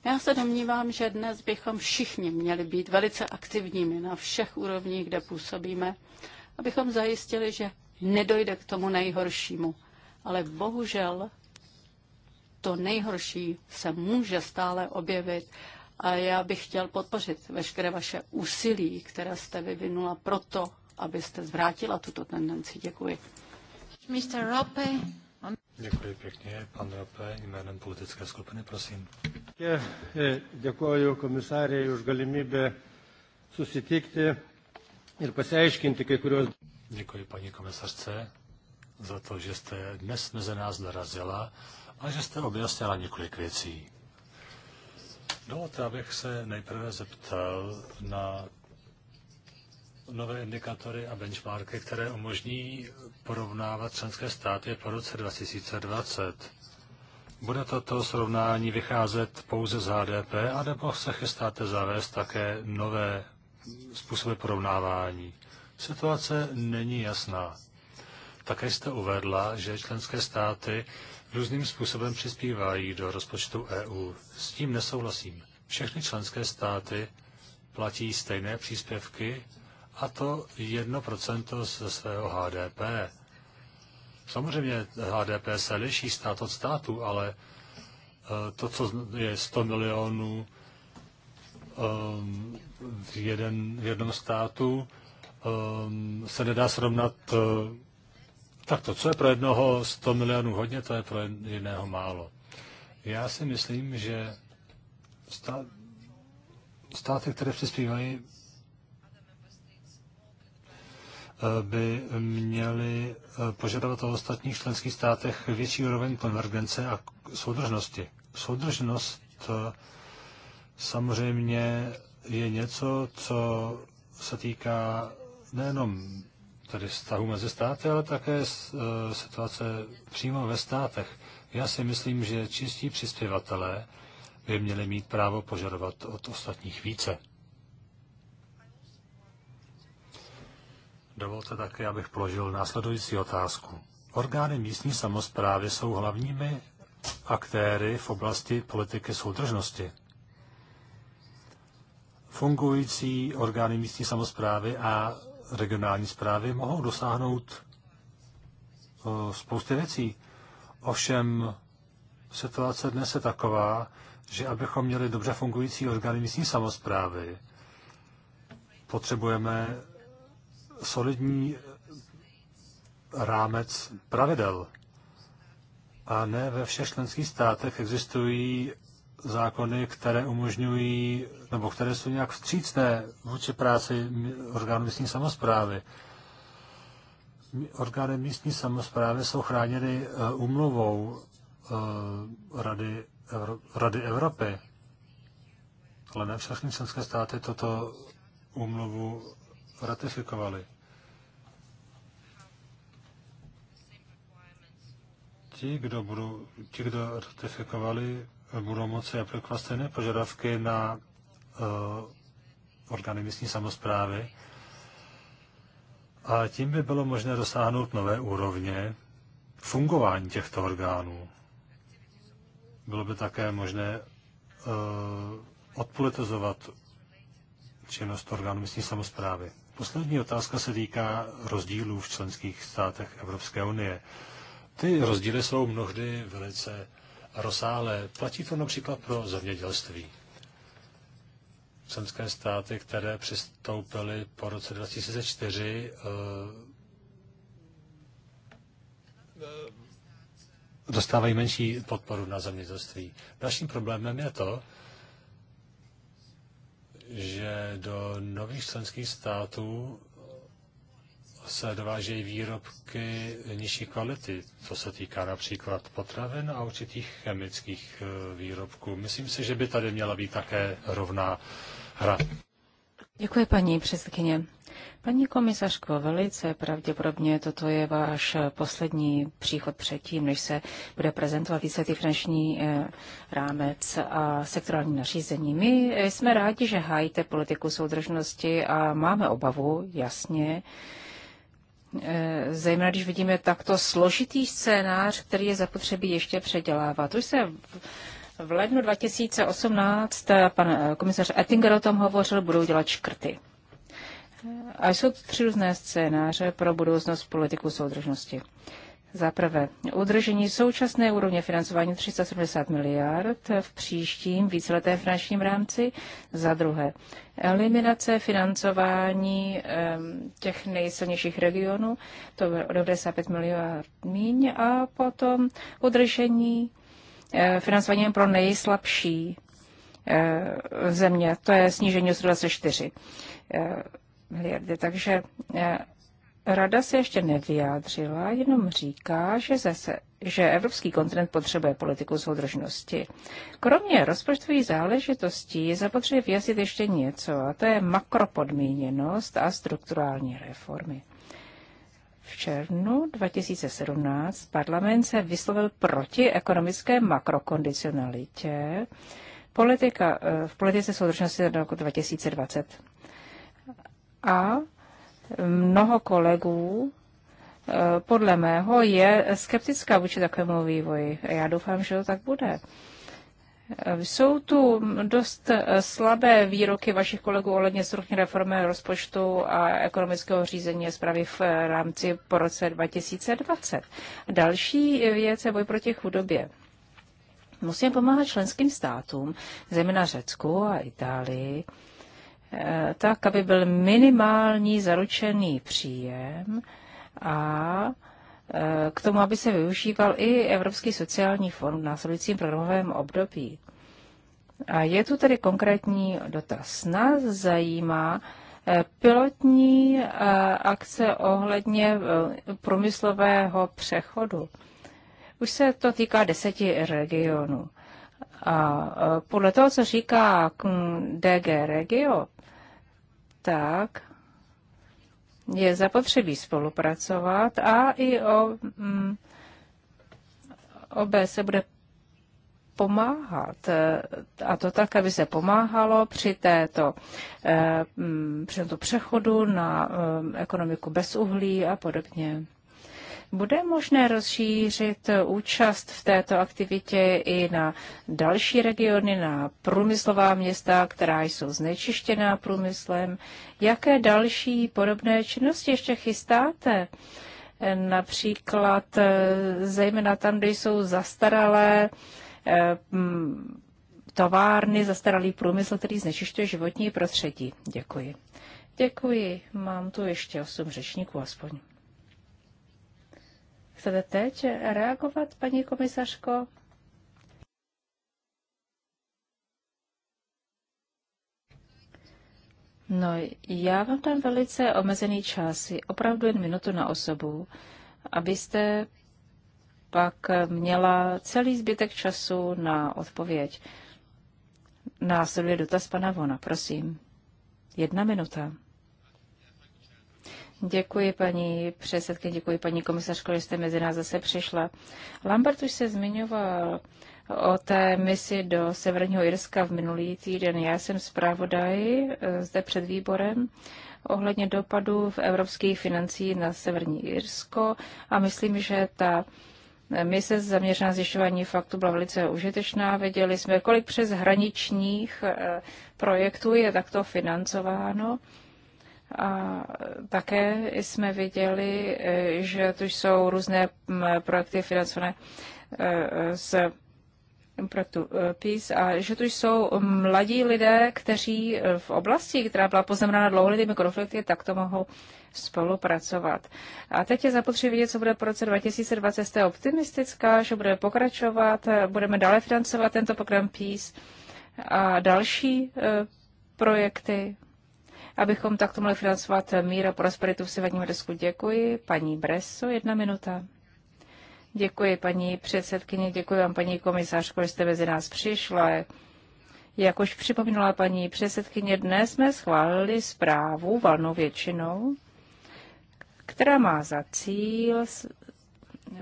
B: Já se domnívám, že dnes bychom všichni měli být velice aktivními na všech úrovních, kde působíme, abychom zajistili, že nedojde k tomu nejhoršímu. Ale bohužel to nejhorší se může stále objevit a já bych chtěl podpořit veškeré vaše úsilí, které jste vyvinula proto, abyste zvrátila tuto tendenci. Děkuji. Mr. Rope.
C: Děkuji pěkně. Pan Rope, jménem politické skupiny, prosím.
B: Eh, děkuji
C: komisáři už galimybę susitikti ir pasiaiškinti kai kurios. Děkuji paní komisařce za to, že jste dnes mezi nás dorazila a že jste objasnila několik věcí. Dovolte, abych se nejprve zeptal na nové indikátory a benchmarky, které umožní porovnávat členské státy po roce 2020. Bude toto srovnání vycházet pouze z HDP, anebo se chystáte zavést také nové způsoby porovnávání? Situace není jasná. Také jste uvedla, že členské státy různým způsobem přispívají do rozpočtu EU. S tím nesouhlasím. Všechny členské státy platí stejné příspěvky a to 1% ze svého HDP. Samozřejmě HDP se liší stát od státu, ale eh, to, co je 100 milionů ehm, v, jeden, v jednom státu, ehm, se nedá srovnat eh, tak to, co je pro jednoho 100 milionů hodně, to je pro jiného málo. Já si myslím, že stát, státy, které přispívají by měly eh, požadovat o ostatních členských státech větší úroveň konvergence a soudržnosti. Soudržnost eh, samozřejmě je něco, co se týká nejenom tedy vztahu mezi státy, ale také eh, situace přímo ve státech. Já si myslím, že čistí přispěvatelé by měli mít právo požadovat od ostatních více. Dovolte také, abych položil následující otázku. Orgány místní samozprávy jsou hlavními aktéry v oblasti politiky soudržnosti. Fungující orgány místní samozprávy a regionální zprávy mohou dosáhnout eh, spousty věcí. Ovšem situace dnes je taková, že abychom měli dobře fungující orgány místní samozprávy, potřebujeme solidní rámec pravidel. A ne ve všech členských státech existují zákony, které umožňují, nebo které jsou nějak vstřícné vůči práci orgánů místní samozprávy. Orgány místní samozprávy jsou chráněny umluvou eh, eh, Rady, Evro- Rady Evropy, ale ne všechny členské státy toto úmluvu ratifikovali. Ti, kdo, budou, ti, kdo ratifikovali, budou moci aplikovat stejné požadavky na uh, orgány místní samozprávy a tím by bylo možné dosáhnout nové úrovně fungování těchto orgánů. Bylo by také možné uh, odpolitizovat činnost orgánů místní samozprávy. Poslední otázka se týká rozdílů v členských státech Evropské unie. Ty rozdíly jsou mnohdy velice rozsáhlé. Platí to například pro zemědělství. Členské státy, které přistoupily po roce 2004, eh, dostávají menší podporu na zemědělství. Dalším problémem je to, že do nových členských států se dovážejí výrobky nižší kvality. To se týká například potravin a určitých chemických eh, výrobků. Myslím si, že by tady měla být také rovná hra.
A: Děkuji, paní předsedkyně. Paní komisařko, velice pravděpodobně toto je váš poslední příchod předtím, než se bude prezentovat výsledky finanční eh, rámec a sektorální nařízení. My jsme rádi, že hájíte politiku soudržnosti a máme obavu, jasně, eh, zejména když vidíme takto složitý scénář, který je zapotřebí ještě předělávat. Už se v lednu 2018 eh, pan komisař Ettinger o tom hovořil, budou dělat škrty. A jsou to tři různé scénáře pro budoucnost politiku soudržnosti. Za prvé, udržení současné úrovně financování 370 miliard v příštím víceletém finančním rámci. Za druhé, eliminace financování těch nejsilnějších regionů, to o 95 miliard míň, a potom udržení eh, financování pro nejslabší eh, země, to je snížení o 24 miliardy. Takže eh, Rada se ještě nevyjádřila, jenom říká, že, zase, že evropský kontinent potřebuje politiku soudržnosti. Kromě rozpočtových záležitostí je zapotřebí vyjasnit ještě něco, a to je makropodmíněnost a strukturální reformy. V červnu 2017 parlament se vyslovil proti ekonomické makrokondicionalitě politika, eh, v politice soudržnosti do roku 2020. A mnoho kolegů eh, podle mého je skeptická vůči takovému vývoji. Já doufám, že to tak bude. Eh, jsou tu dost eh, slabé výroky vašich kolegů ohledně struchní reformy rozpočtu a ekonomického řízení a zprávy v rámci po roce 2020. Další věc je boj proti chudobě. Musíme pomáhat členským státům, zejména Řecku a Itálii, Eh, tak, aby byl minimální zaručený příjem a eh, k tomu, aby se využíval i Evropský sociální fond v následujícím programovém období. A je tu tedy konkrétní dotaz. Nás zajímá eh, pilotní akce ohledně průmyslového přechodu. Už se to týká deseti regionů. A podle toho, co říká DG Regio, tak je zapotřebí spolupracovat a i o, mm, OBS se bude pomáhat. A to tak, aby se pomáhalo při, této, eh, mm, při přechodu na eh, ekonomiku bez uhlí a podobně. Bude možné rozšířit účast v této aktivitě i na další regiony, na průmyslová města, která jsou znečištěná průmyslem? Jaké další podobné činnosti ještě chystáte? Například eh, zejména tam, kde jsou zastaralé eh, mm, továrny, zastaralý průmysl, který znečišťuje životní prostředí. Děkuji. Děkuji. Mám tu ještě osm řečníků aspoň. Chcete teď reagovat, paní komisařko? No, já vám tam velice omezený čas, opravdu jen minutu na osobu, abyste pak měla celý zbytek času na odpověď. Následuje dotaz pana Vona, prosím. Jedna minuta. Děkuji paní předsedkyně, děkuji paní komisařko, že jste mezi nás zase přišla. Lambert už se zmiňoval o té misi do Severního Irska v minulý týden. Já jsem zpravodaj eh, zde před výborem ohledně dopadu v evropských financí na Severní Irsko a myslím, že ta mise zaměřená zjišťování faktu byla velice užitečná. Věděli jsme, kolik přes hraničních eh, projektů je takto financováno. A také jsme viděli, e, že tu jsou různé projekty financované e, z projektu e, PIS a že tu jsou mladí lidé, kteří v oblasti, která byla poznamenána dlouholetými konflikty, tak to mohou spolupracovat. A teď je zapotřebí vidět, co bude po roce 2020. Jste optimistická, že bude pokračovat, budeme dále financovat tento program PIS a další projekty? abychom takto mohli financovat mír a prosperitu v Severním Hrdesku. Děkuji. Paní Breso, jedna minuta. Děkuji, paní předsedkyně, děkuji vám, paní komisářko, že jste mezi nás přišla. Jak už připomínala paní předsedkyně, dnes jsme schválili zprávu valnou většinou, která má za cíl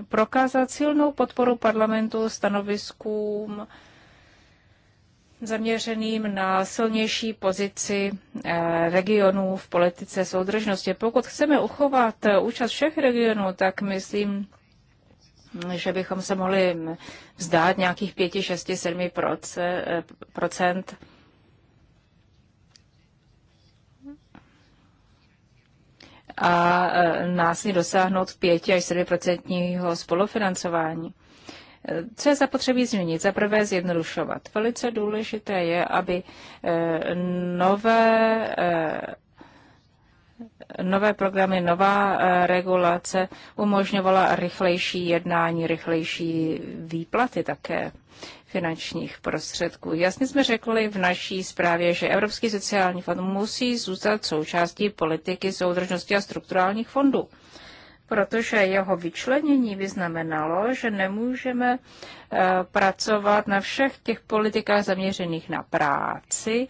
A: prokázat silnou podporu parlamentu stanoviskům zaměřeným na silnější pozici eh, regionů v politice soudržnosti. Pokud chceme uchovat eh, účast všech regionů, tak myslím, že bychom se mohli mm, vzdát nějakých 5, 6, 7 procent. a eh, následně dosáhnout 5 až 7 procentního spolufinancování. Co je zapotřebí změnit? Za prvé zjednodušovat. Velice důležité je, aby eh, nové eh, nové programy, nová eh, regulace umožňovala rychlejší jednání, rychlejší výplaty také finančních prostředků. Jasně jsme řekli v naší zprávě, že Evropský sociální fond musí zůstat součástí politiky soudržnosti a strukturálních fondů protože jeho vyčlenění by znamenalo, že nemůžeme eh, pracovat na všech těch politikách zaměřených na práci,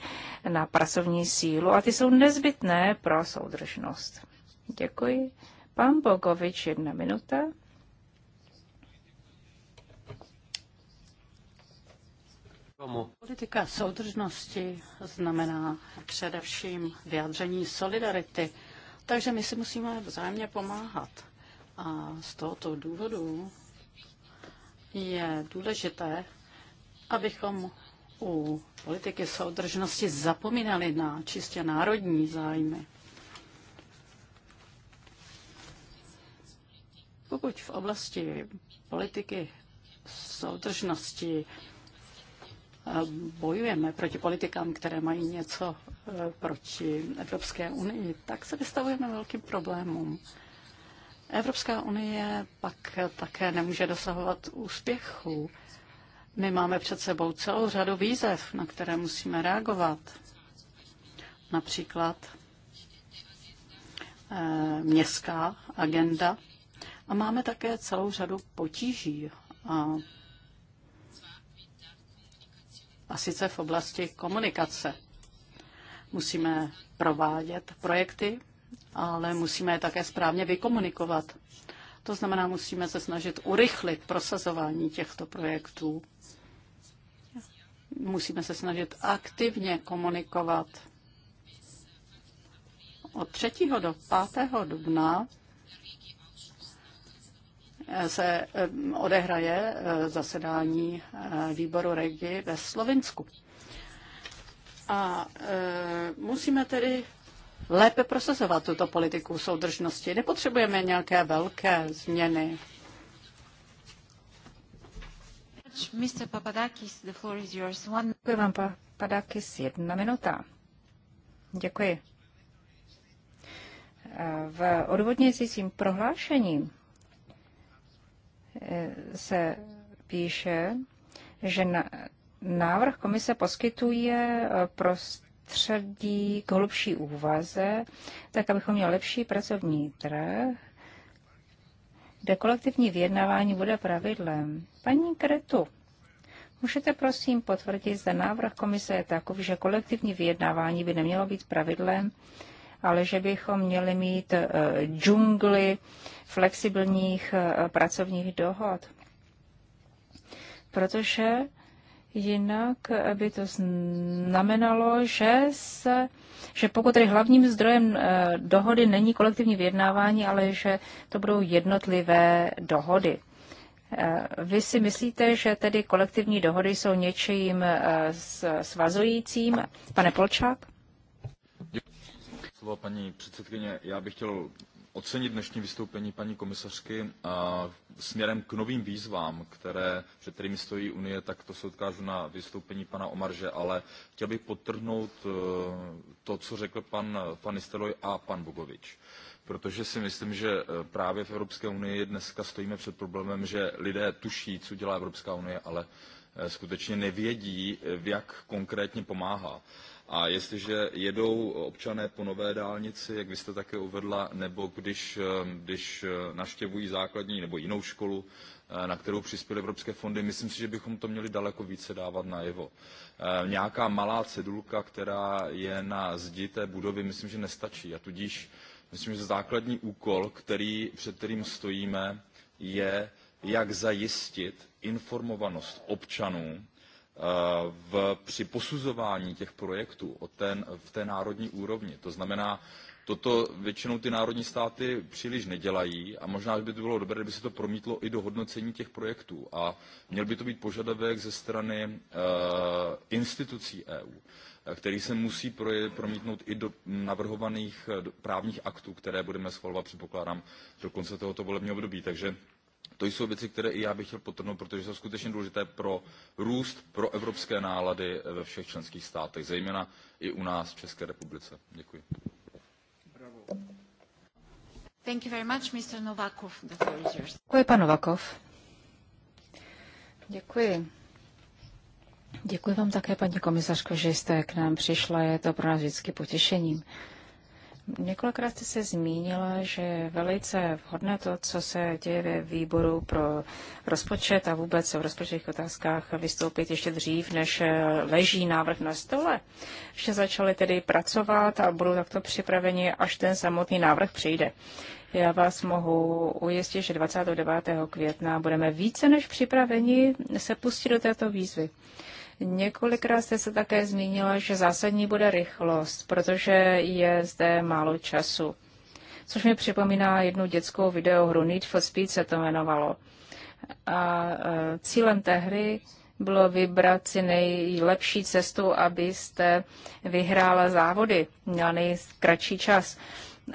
A: na pracovní sílu a ty jsou nezbytné pro soudržnost. Děkuji. Pan Bogovič, jedna minuta.
B: Politika soudržnosti znamená především vyjádření solidarity takže my si musíme vzájemně pomáhat. A z tohoto důvodu je důležité, abychom u politiky soudržnosti zapomínali na čistě národní zájmy. Pokud v oblasti politiky soudržnosti bojujeme proti politikám, které mají něco e, proti Evropské unii, tak se vystavujeme velkým problémům. Evropská unie pak také nemůže dosahovat úspěchů. My máme před sebou celou řadu výzev, na které musíme reagovat. Například e, městská agenda. A máme také celou řadu potíží a a sice v oblasti komunikace. Musíme provádět projekty, ale musíme je také správně vykomunikovat. To znamená, musíme se snažit urychlit prosazování těchto projektů. Musíme se snažit aktivně komunikovat. Od 3. do 5. dubna se odehraje eh, zasedání eh, výboru regi ve Slovinsku. A eh, musíme tedy lépe prosazovat tuto politiku soudržnosti. Nepotřebujeme nějaké velké změny.
A: Mr. Papadakis, the floor is yours. One... Děkuji vám, Papadakis, jedna minuta. Děkuji. V odvodnějícím prohlášením se píše, že návrh komise poskytuje eh, prostředí k hlubší úvaze, tak abychom měli lepší pracovní trh, kde kolektivní vyjednávání bude pravidlem. Paní Kretu, můžete prosím potvrdit, zda návrh komise je takový, že kolektivní vyjednávání by nemělo být pravidlem, ale že bychom měli mít eh, džungly flexibilních eh, pracovních dohod. Protože jinak eh, by to znamenalo, že, se, že pokud tedy hlavním zdrojem dohody není kolektivní vyjednávání, ale že to budou jednotlivé dohody. Vy si myslíte, že tedy kolektivní dohody jsou něčím svazujícím? Pane Polčák?
D: paní předsedkyně, já bych chtěl ocenit dnešní vystoupení paní komisařky a směrem k novým výzvám, které, před kterými stojí Unie, tak to se odkážu na vystoupení pana Omarže, ale chtěl bych podtrhnout eh, to, co řekl pan Van a pan Bogovič protože si myslím, že eh, právě v Evropské unii dneska stojíme před problémem, že lidé tuší, co dělá Evropská unie, ale eh, skutečně nevědí, jak konkrétně pomáhá a jestliže jedou občané po nové dálnici, jak vy jste také uvedla, nebo když, eh, když eh, naštěvují základní nebo jinou školu, eh, na kterou přispěly evropské fondy, myslím si, že bychom to měli daleko více dávat najevo. Nějaká malá cedulka, která je na zdi té budovy, myslím, že nestačí. A tudíž myslím, že základní úkol, který, před kterým stojíme, je, jak zajistit informovanost občanů v, při posuzování těch projektů v té národní úrovni. To znamená, toto většinou ty národní státy příliš nedělají a možná by to bylo dobré, kdyby se to promítlo i do hodnocení těch projektů a měl by to být požadavek ze strany eh, institucí EU, který se musí promítnout i do navrhovaných eh, právních aktů, které budeme schvalovat, předpokládám, do konce tohoto volebního období. Takže to jsou věci, které i já bych chtěl potrhnout, protože jsou skutečně důležité pro růst, pro evropské nálady ve všech členských státech, zejména i u nás v České republice. Děkuji.
A: Děkuji, pan Novakov. Děkuji. Děkuji vám také, paní komisařko, že jste k nám přišla. Je to pro nás vždycky potěšením. Několikrát jste se zmínila, že je velice vhodné to, co se děje ve výboru pro rozpočet a vůbec v rozpočtových otázkách vystoupit ještě dřív, než leží návrh na stole. že začali tedy pracovat a budou takto připraveni, až ten samotný návrh přijde. Já vás mohu ujistit, že 29. května budeme více než připraveni se pustit do této výzvy. Několikrát jste se také zmínila, že zásadní bude rychlost, protože je zde málo času. Což mi připomíná jednu dětskou videohru, Need for Speed se to jmenovalo. A e, cílem té hry bylo vybrat si nejlepší cestu, abyste vyhrála závody, měla nejkratší čas.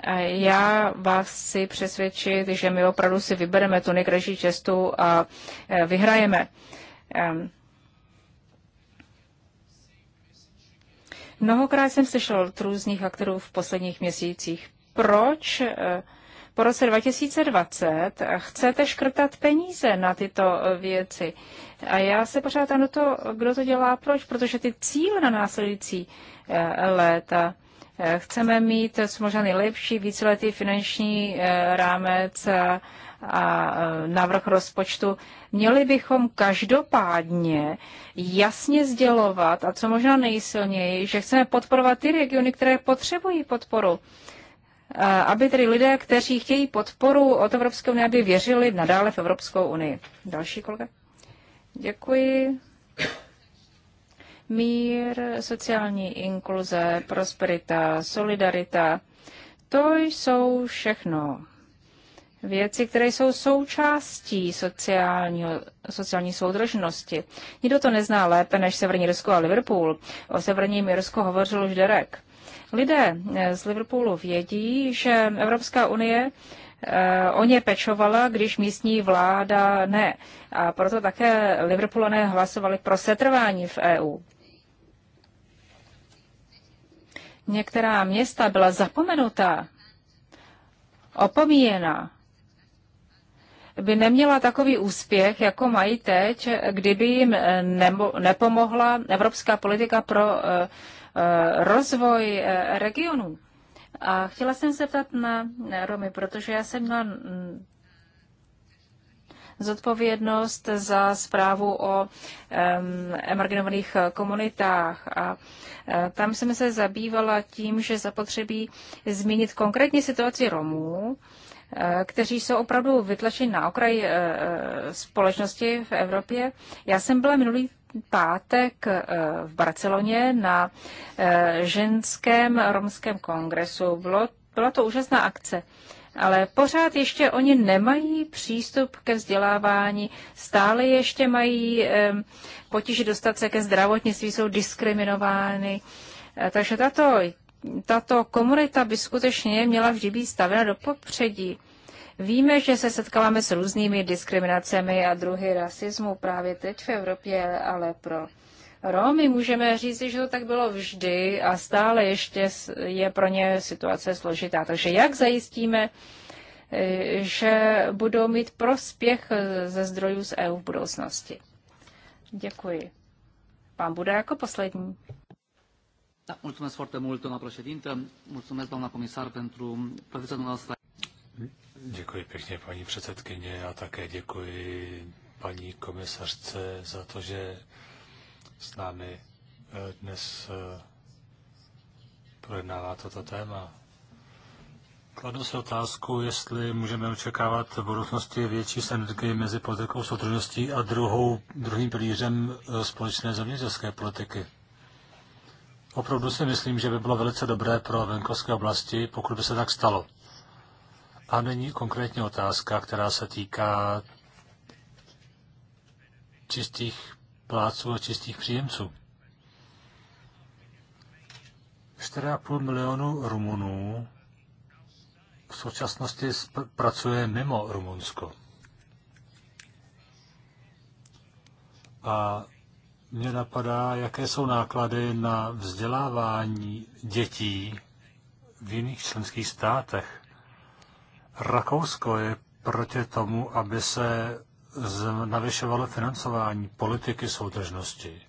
A: A já vás chci přesvědčit, že my opravdu si vybereme tu nejkratší cestu a e, vyhrajeme. Mnohokrát jsem slyšel od různých aktorů v posledních měsících, proč eh, po roce 2020 chcete škrtat peníze na tyto eh, věci. A já se pořád na no to, kdo to dělá, proč, protože ty cíle na následující eh, léta chceme mít možná nejlepší víceletý finanční rámec a e, návrh rozpočtu, měli bychom každopádně jasně sdělovat, a co možná nejsilněji, že chceme podporovat ty regiony, které potřebují podporu. E, aby tedy lidé, kteří chtějí podporu od Evropské unie, aby věřili nadále v Evropskou unii. Další kolega. Děkuji. Mír, sociální inkluze, prosperita, solidarita. To jsou všechno věci, které jsou součástí sociálního, sociální soudržnosti. Nikdo to nezná lépe než Severní Rusko a Liverpool. O Severním Irsku hovořil už Derek. Lidé eh, z Liverpoolu vědí, že Evropská unie eh, o ně pečovala, když místní vláda ne. A proto také Liverpoolané hlasovali pro setrvání v EU. Některá města byla zapomenutá, opomíjena by neměla takový úspěch, jako mají teď, kdyby jim eh, nebo, nepomohla evropská politika pro eh, eh, rozvoj regionů. A chtěla jsem se ptat na Romy, protože já jsem měla mm, zodpovědnost za zprávu o um, emarginovaných komunitách. A tam jsem se zabývala tím, že zapotřebí zmínit konkrétní situaci Romů Eh, kteří jsou opravdu vytlačeni na okraj eh, eh, společnosti v Evropě. Já jsem byla minulý pátek v Barceloně na ženském romském kongresu. Bylo, byla to úžasná akce ale pořád ještě oni nemají přístup ke vzdělávání, stále ještě mají potíže dostat se ke zdravotnictví, jsou diskriminovány. Takže tato tato komunita by skutečně měla vždy být stavena do popředí. Víme, že se setkáváme s různými diskriminacemi a druhy rasismu právě teď v Evropě, ale pro Romy můžeme říct, že to tak bylo vždy a stále ještě je pro ně situace složitá. Takže jak zajistíme, eh, že budou mít prospěch eh, ze zdrojů z EU v budoucnosti? Děkuji. Pán bude jako poslední.
B: Da, mulțumesc foarte mult, doamna președintă. Mulțumesc, doamna comisar, pentru prezența noastră. Děkuji
C: pěkně, paní předsedkyně, a také děkuji paní komisařce za to, že s námi eh, dnes eh, projednává toto téma. Kladu si otázku, jestli můžeme očekávat v budoucnosti větší synergii mezi politikou soudržností a druhou, druhým pilířem eh, společné zemědělské politiky. Opravdu si myslím, že by bylo velice dobré pro venkovské oblasti, pokud by se tak stalo. A není konkrétně otázka, která se týká čistých pláců a čistých příjemců. 4,5 milionu Rumunů v současnosti pracuje mimo Rumunsko. A mě napadá, jaké jsou náklady na vzdělávání dětí v jiných členských státech. Rakousko je proti tomu, aby se navyšovalo financování politiky soudržnosti.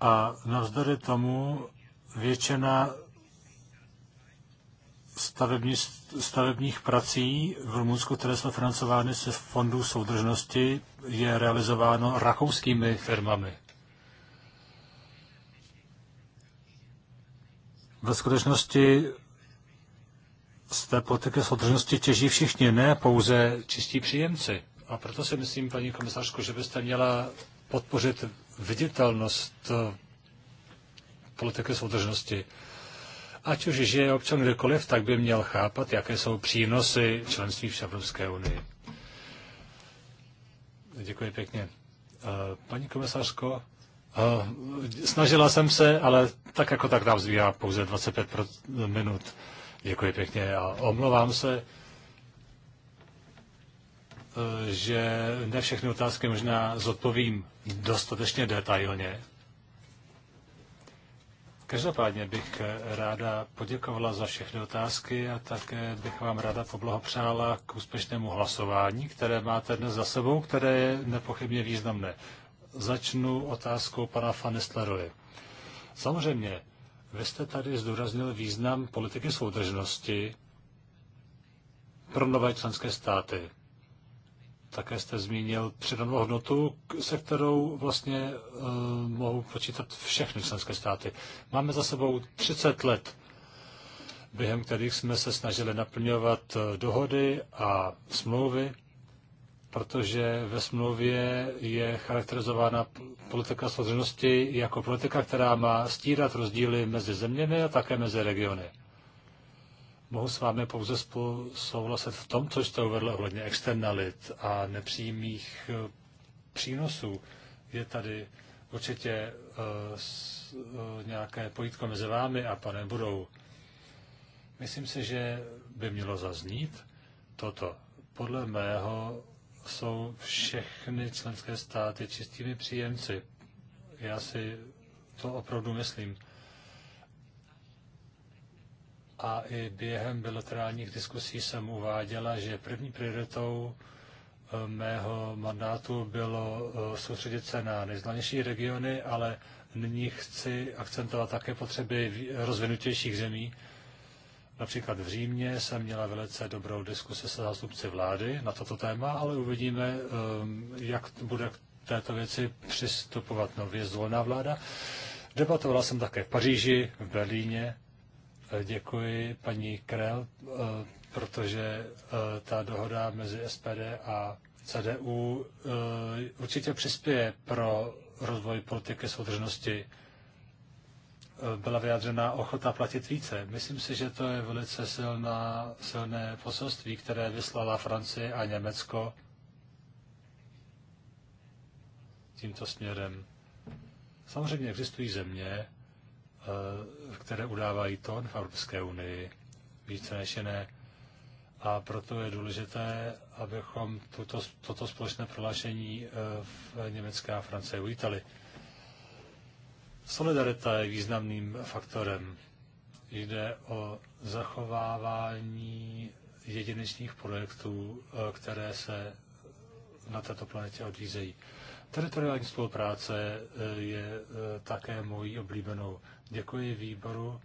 C: A navzdory tomu většina stavební, stavebních prací v Rumunsku, které jsou financovány se fondů soudržnosti, je realizováno rakouskými firmami. Ve skutečnosti z té politiky soudržnosti těží všichni, ne pouze čistí příjemci. A proto si myslím, paní komisařko, že byste měla podpořit viditelnost politiky soudržnosti. Ať už žije občan kdekoliv, tak by měl chápat, jaké jsou přínosy členství v Evropské unii. Děkuji pěkně. Eh, paní komisařko, eh, snažila jsem se, ale tak jako tak nám zbývá pouze 25 minut. Děkuji pěkně a omlouvám se, eh, že ne všechny otázky možná zodpovím dostatečně detailně. Každopádně bych eh, ráda poděkovala za všechny otázky a také bych vám ráda poblahopřála k úspěšnému hlasování, které máte dnes za sebou, které je nepochybně významné. Začnu otázkou pana Fanestlerovi. Samozřejmě, vy jste tady zdůraznil význam politiky soudržnosti pro nové členské státy. Také jste zmínil přidanou hodnotu, se kterou vlastně uh, mohou počítat všechny členské státy. Máme za sebou 30 let, během kterých jsme se snažili naplňovat eh, dohody a smlouvy, protože ve smlouvě je charakterizována politika soudržnosti jako politika, která má stírat rozdíly mezi zeměmi a také mezi regiony. Mohu s vámi pouze souhlasit v tom, co jste uvedl ohledně externalit a nepřímých eh, přínosů. Je tady určitě eh, eh, nějaké pojítko mezi vámi a panem Budou. Myslím si, že by mělo zaznít toto. Podle mého jsou všechny členské státy čistými příjemci. Já si to opravdu myslím a i během bilaterálních diskusí jsem uváděla, že první prioritou eh, mého mandátu bylo eh, soustředit se na nejznámější regiony, ale nyní chci akcentovat také potřeby rozvinutějších zemí. Například v Římě jsem měla velice dobrou diskusi se zástupci vlády na toto téma, ale uvidíme, eh, jak bude k této věci přistupovat nově zvolená vláda. Debatovala jsem také v Paříži, v Berlíně Eh, děkuji paní Krell, eh, protože eh, ta dohoda mezi SPD a CDU určitě přispěje pro rozvoj politiky soudržnosti. Byla vyjádřena ochota platit více. Myslím si, že to je velice silná, silné poselství, které vyslala Francie a Německo tímto směrem. Samozřejmě existují země, Eh, které udávají tón v Evropské unii, více než jiné. A proto je důležité, abychom tuto, toto společné prohlášení eh, v Německé a Francii uvítali. Solidarita je významným faktorem. Jde o zachovávání jedinečných projektů, eh, které se na této planetě odvízejí. Teritoriální spolupráce je také mojí oblíbenou Děkuji výboru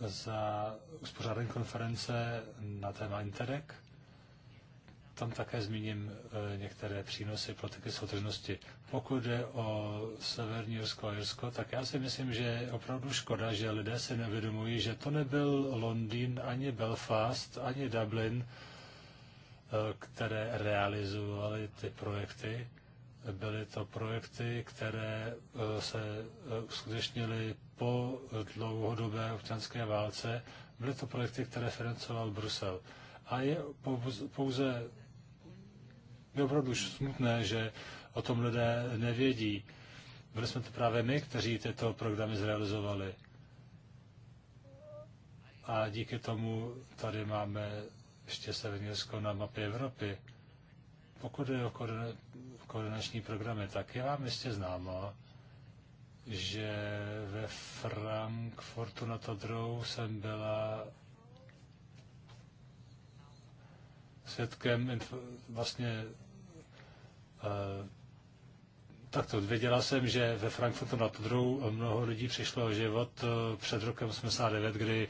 C: za uspořádání konference na téma Interreg. Tam také zmíním eh, některé přínosy politiky soudržnosti. Pokud jde o Severní Jirsko a Jirsko, tak já si myslím, že je opravdu škoda, že lidé si nevědomují, že to nebyl Londýn, ani Belfast, ani Dublin, Eh, které realizovaly ty projekty. Byly to projekty, které eh, se eh, uskutečnily po dlouhodobé občanské válce. Byly to projekty, které financoval Brusel. A je pouze je opravdu smutné, že o tom lidé nevědí. Byli jsme to právě my, kteří tyto programy zrealizovali. A díky tomu tady máme ještě Severní Irsko na mapě Evropy. Pokud je o koordinační programy, tak je vám jistě známo, že ve Frankfurtu na Todrou jsem byla svědkem vlastně eh, takto. Věděla jsem, že ve Frankfurtu na Todrou mnoho lidí přišlo o život eh, před rokem 89, kdy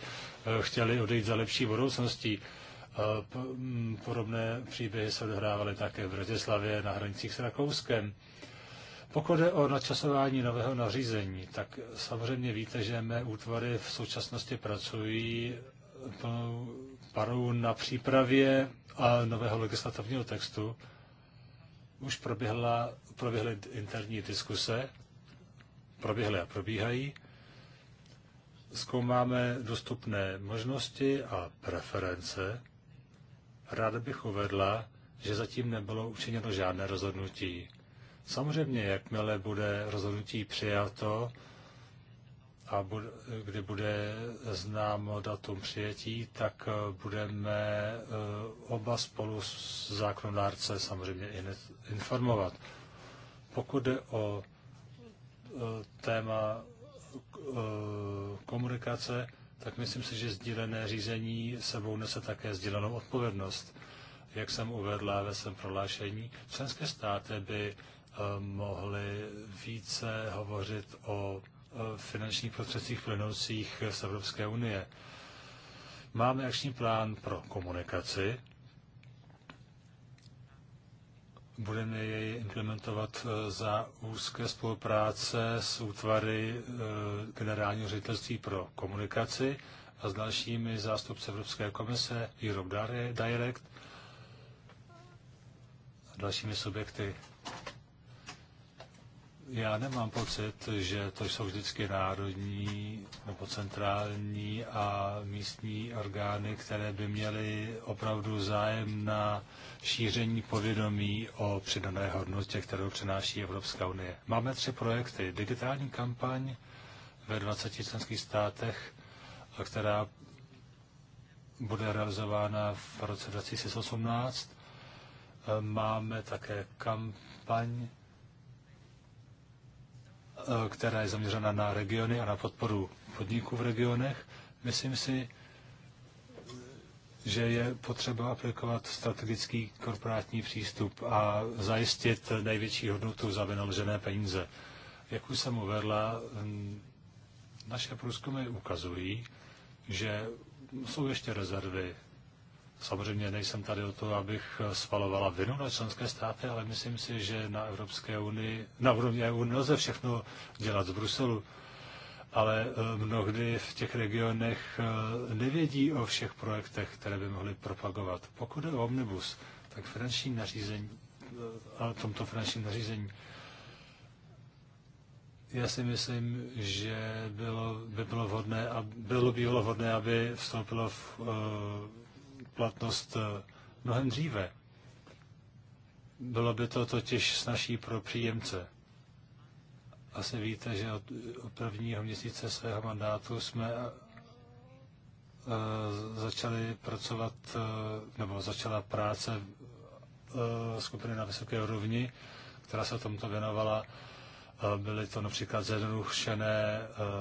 C: eh, chtěli odejít za lepší budoucností. Eh, mm, podobné příběhy se odehrávaly také v Bratislavě na hranicích s Rakouskem. Pokud je o načasování nového nařízení, tak samozřejmě víte, že mé útvary v současnosti pracují plnou parou na přípravě a nového legislativního textu. Už proběhla, proběhly interní diskuse, proběhly a probíhají. Zkoumáme dostupné možnosti a preference Ráda bych uvedla, že zatím nebylo učiněno žádné rozhodnutí. Samozřejmě, jakmile bude rozhodnutí přijato a bude, kdy bude známo datum přijetí, tak eh, budeme eh, oba spolu s zákonodárce samozřejmě informovat. Pokud jde o eh, téma komunikace, tak myslím si, že sdílené řízení sebou nese také sdílenou odpovědnost. Jak jsem uvedla ve svém prohlášení, členské státy by eh, mohly více hovořit o eh, finančních prostředcích plynoucích z Evropské unie. Máme akční plán pro komunikaci, Budeme jej implementovat eh, za úzké spolupráce s útvary eh, Generálního ředitelství pro komunikaci a s dalšími zástupci Evropské komise, Europe Direct a dalšími subjekty já nemám pocit, že to jsou vždycky národní nebo centrální a místní orgány, které by měly opravdu zájem na šíření povědomí o přidané hodnotě, kterou přináší Evropská unie. Máme tři projekty. Digitální kampaň ve 20 členských státech, která bude realizována v roce 2018. Máme také kampaň Eh, která je zaměřena na regiony a na podporu podniků v regionech. Myslím si, že je potřeba aplikovat strategický korporátní přístup a zajistit největší hodnotu za vynaložené peníze. Jak už jsem uvedla, hm, naše průzkumy ukazují, že jsou ještě rezervy Samozřejmě nejsem tady o to, abych svalovala vinu na členské státy, ale myslím si, že na Evropské unii, na úrovni EU nelze všechno dělat z Bruselu, ale eh, mnohdy v těch regionech eh, nevědí o všech projektech, které by mohly propagovat. Pokud je o omnibus, tak finanční nařízení, eh, a tomto finančním nařízení, já si myslím, že bylo, by bylo vhodné, a bylo by bylo vhodné, aby vstoupilo v platnost eh, mnohem dříve. Bylo by to totiž snažší pro příjemce. Asi víte, že od prvního měsíce svého mandátu jsme eh, začali pracovat, eh, nebo začala práce skupiny na vysoké úrovni, která se tomuto věnovala. Byly to například zjednodušené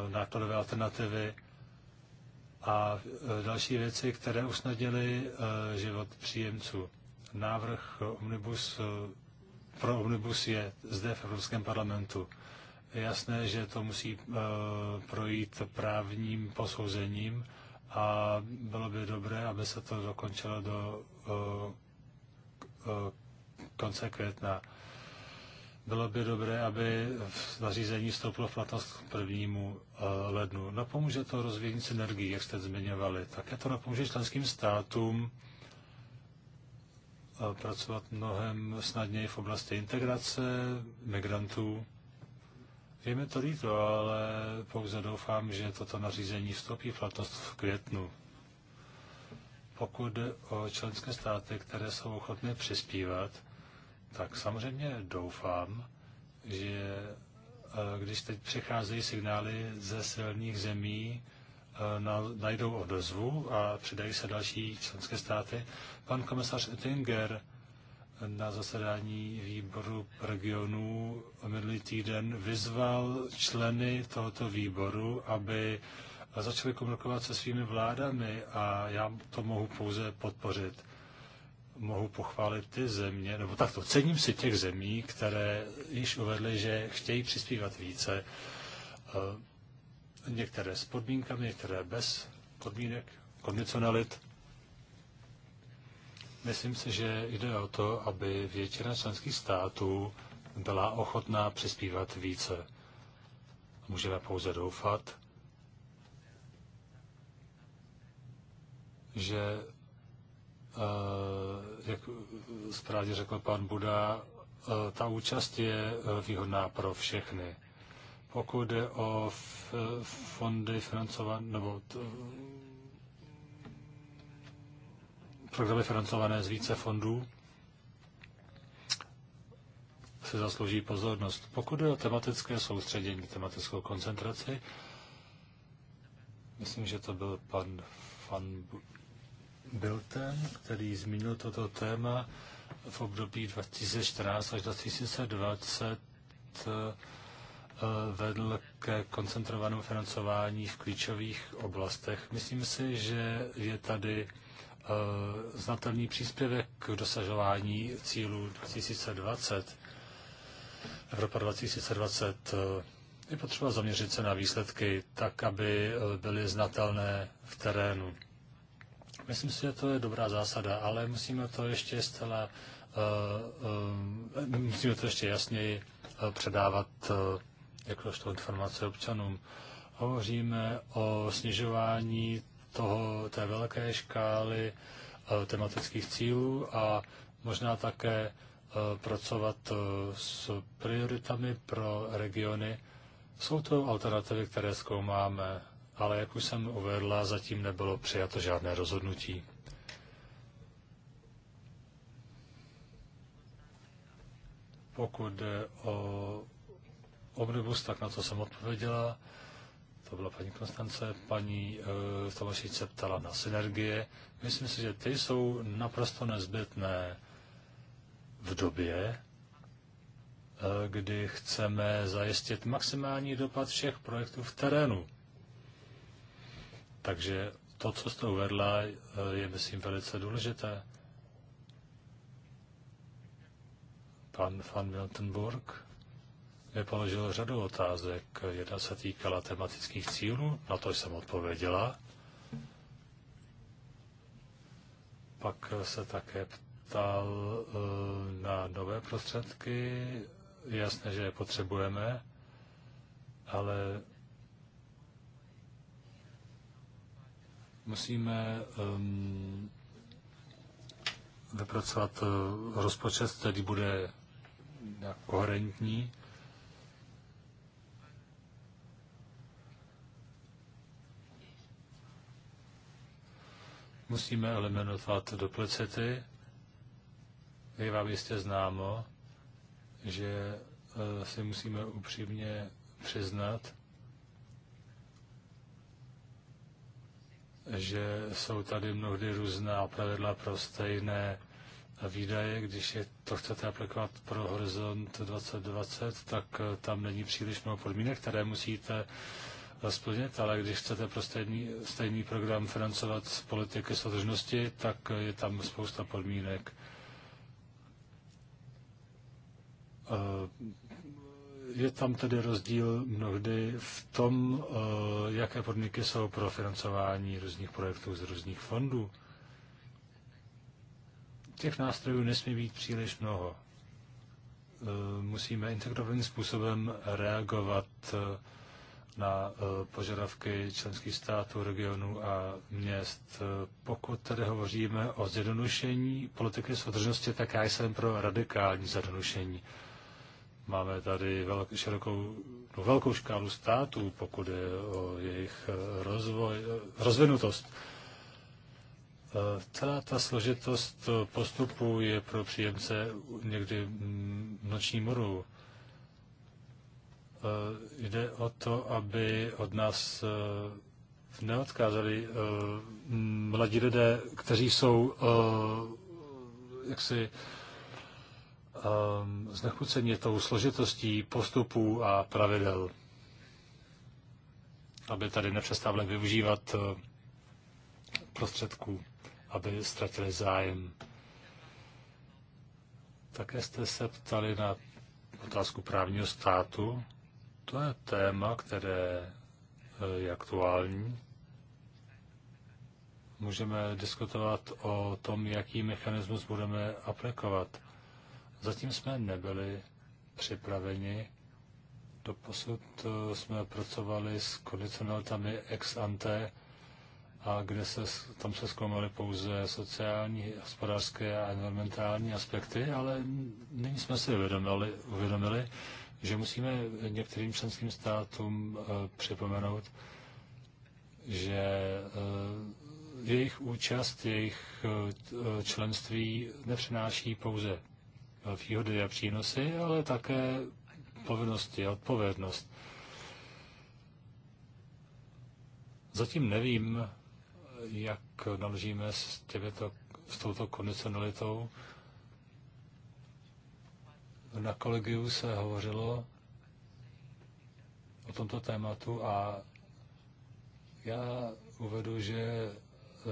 C: nákladové alternativy, a e, další věci, které usnadnily e, život příjemců. Návrh omnibus, e, pro omnibus je zde v Evropském parlamentu. Je jasné, že to musí projít právním posouzením a bylo by dobré, aby se to dokončilo do konce května. Bylo by dobré, aby nařízení vstoupilo v platnost k prvnímu eh, lednu. Napomůže to rozvíjení synergii, jak jste zmiňovali. Také to napomůže členským státům eh, pracovat mnohem snadněji v oblasti integrace migrantů. Je mi to líto, ale pouze doufám, že toto nařízení vstoupí v platnost v květnu. Pokud o členské státy, které jsou ochotné přispívat, tak samozřejmě doufám, že e, když teď přecházejí signály ze silných zemí, e, najdou odezvu a přidají se další členské státy. Pan komisař Ettinger na zasedání výboru regionů minulý týden vyzval členy tohoto výboru, aby začali komunikovat se svými vládami a já to mohu pouze podpořit mohu pochválit ty země, nebo takto cením si těch zemí, které již uvedly, že chtějí přispívat více. Eh, některé s podmínkami, některé bez podmínek, kondicionalit. Myslím si, že jde o to, aby většina členských států byla ochotná přispívat více. Můžeme pouze doufat, že jak správně řekl pan Buda, ta účast je výhodná pro všechny. Pokud jde o fondy financované, nebo programy financované z více fondů, se zaslouží pozornost. Pokud je o tematické soustředění, tematickou koncentraci, myslím, že to byl pan Van byl ten, který zmínil toto téma v období 2014 až 2020 eh, vedl ke koncentrovanému financování v klíčových oblastech. Myslím si, že je tady eh, znatelný příspěvek k dosažování cílů 2020. Evropa 2020 eh, je potřeba zaměřit se na výsledky tak, aby byly znatelné v terénu. Myslím si, že to je dobrá zásada, ale musíme to ještě zcela, uh, uh, musíme to ještě jasněji eh, předávat uh, jakožto informace občanům. Hovoříme o snižování toho, té velké škály tematických cílů a možná také pracovat s prioritami pro regiony. Jsou to alternativy, které zkoumáme ale jak už jsem uvedla, zatím nebylo přijato žádné rozhodnutí. Pokud jde o omnibus, tak na to jsem odpověděla. To byla paní Konstance. Paní e, eh, Tomašíč se ptala na synergie. Myslím si, že ty jsou naprosto nezbytné v době, eh, kdy chceme zajistit maximální dopad všech projektů v terénu. Takže to, co jste uvedla, je, myslím, velice důležité. Pan van Miltenburg mi položil řadu otázek. Jedna se týkala tematických cílů, na to jsem odpověděla. Pak se také ptal eh, na nové prostředky. Jasné, že je potřebujeme, ale Musíme um, vypracovat eh, rozpočet, který bude nějak koherentní. Musíme eliminovat duplicity. Je vám jistě známo, že eh, si musíme upřímně přiznat, že jsou tady mnohdy různá pravidla pro stejné výdaje. Když je to chcete aplikovat pro Horizont 2020, tak eh, tam není příliš mnoho podmínek, které musíte eh, splnit, ale když chcete pro stejný, stejný program financovat z politiky soudržnosti, tak eh, je tam spousta podmínek je tam tedy rozdíl mnohdy v tom, eh, jaké podmínky jsou pro financování různých projektů z různých fondů. Těch nástrojů nesmí být příliš mnoho. Eh, musíme integrovaným způsobem reagovat eh, na požadavky členských států, regionů a měst. Pokud tedy hovoříme o zjednodušení politiky soudržnosti, tak já jsem pro radikální zjednodušení. Máme tady velk, širokou, no, velkou škálu států, pokud je o jejich eh, rozvoj, eh, rozvinutost. Celá eh, ta složitost postupu je pro příjemce někdy mm, noční moru. Jde o to, aby od nás neodkázali mladí lidé, kteří jsou jaksi Um, znechuceni tou složitostí postupů a pravidel, aby tady nepřestávali využívat uh, prostředků, aby ztratili zájem. Také jste se ptali na otázku právního státu. To je téma, které eh, je aktuální. Můžeme diskutovat o tom, jaký mechanismus budeme aplikovat. Zatím jsme nebyli připraveni. Doposud eh, jsme pracovali s kondicionalitami ex ante, a kde se, tam se zkoumaly pouze sociální, hospodářské a environmentální aspekty, ale nyní jsme si uvědomili, uvědomili že musíme některým členským státům eh, připomenout, že eh, jejich účast, jejich členství nepřináší pouze výhody a přínosy, ale také povinnosti a odpovědnost. Zatím nevím, jak naložíme s, těmito, s touto kondicionalitou. Na kolegiu se hovořilo o tomto tématu a já uvedu, že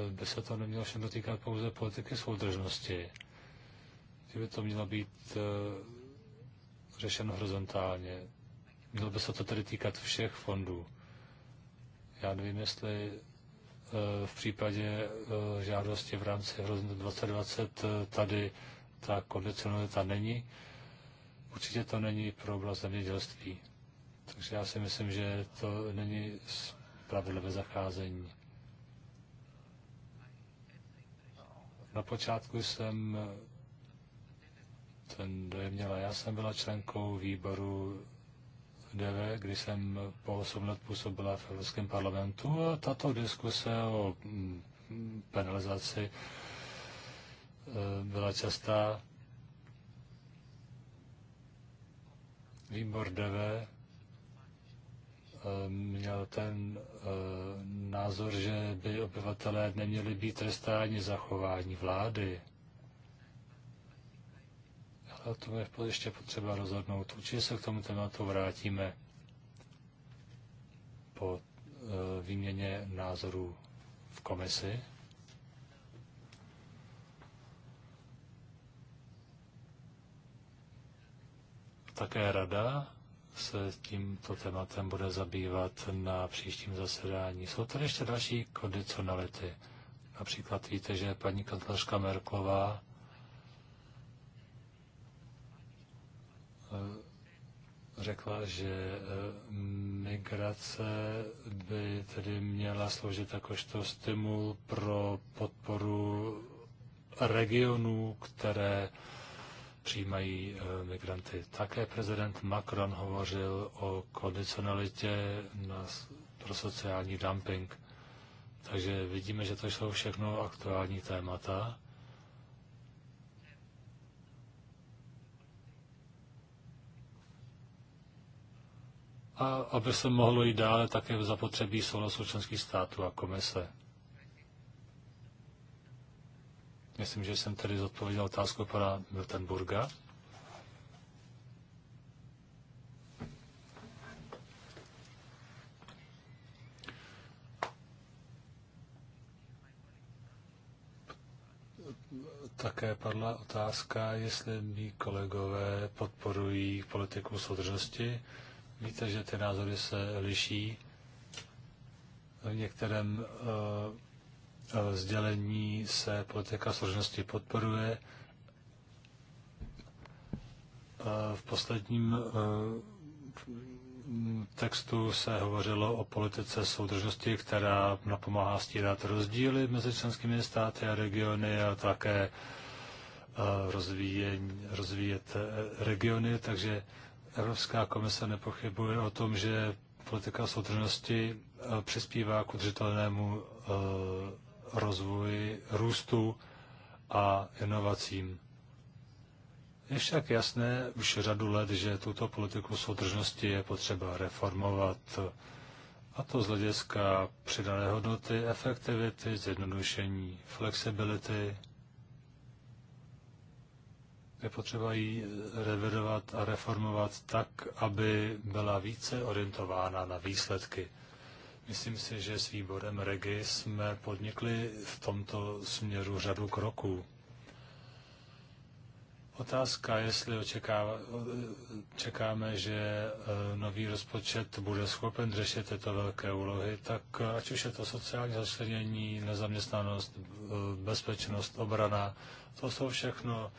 C: by se to nemělo všem dotýkat pouze politiky soudržnosti že by to mělo být eh, řešeno horizontálně. Mělo by se to tedy týkat všech fondů. Já nevím, jestli eh, v případě eh, žádosti v rámci Horizontu 2020 tady ta kondicionalita není. Určitě to není pro oblast zemědělství. Takže já si myslím, že to není spravedlivé zacházení. Na počátku jsem ten dojem měla. Já jsem byla členkou výboru DV, kdy jsem po 8 let působila v Evropském parlamentu a tato diskuse o mm, penalizaci eh, byla častá. Výbor DV eh, měl ten eh, názor, že by obyvatelé neměli být trestáni za chování vlády. Ale to je ještě potřeba rozhodnout. Určitě se k tomu tématu vrátíme po e, výměně názorů v komisi. Také rada se tímto tématem bude zabývat na příštím zasedání. Jsou tady ještě další kondicionality. Například víte, že paní kancelářka Merklová Eh, řekla, že eh, migrace by tedy měla sloužit jakožto stimul pro podporu regionů, které přijímají eh, migranty. Také prezident Macron hovořil o kondicionalitě na, pro sociální dumping. Takže vidíme, že to jsou všechno aktuální témata. a aby se mohlo jít dále také v zapotřebí souhlasu členských států a komise. Myslím, že jsem tedy zodpověděl otázku pana Miltenburga. Také padla otázka, jestli mý kolegové podporují politiku soudržnosti. Víte, že ty názory se liší. V některém uh, sdělení se politika složenosti podporuje. Uh, v posledním uh, textu se hovořilo o politice soudržnosti, která napomáhá stírat rozdíly mezi členskými státy a regiony a také rozvíjet regiony, takže Evropská komise nepochybuje o tom, že politika soudržnosti eh, přispívá k udržitelnému eh, rozvoji, růstu a inovacím. Je však jasné už řadu let, že tuto politiku soudržnosti je potřeba reformovat, a to z hlediska přidané hodnoty, efektivity, zjednodušení, flexibility, je potřeba ji revidovat a reformovat tak, aby byla více orientována na výsledky. Myslím si, že s výborem REGI jsme podnikli v tomto směru řadu kroků. Otázka, jestli očekává, čekáme, že eh, nový rozpočet bude schopen řešit tyto velké úlohy, tak eh, ať už je to sociální začlenění, nezaměstnanost, eh, bezpečnost, obrana, to jsou všechno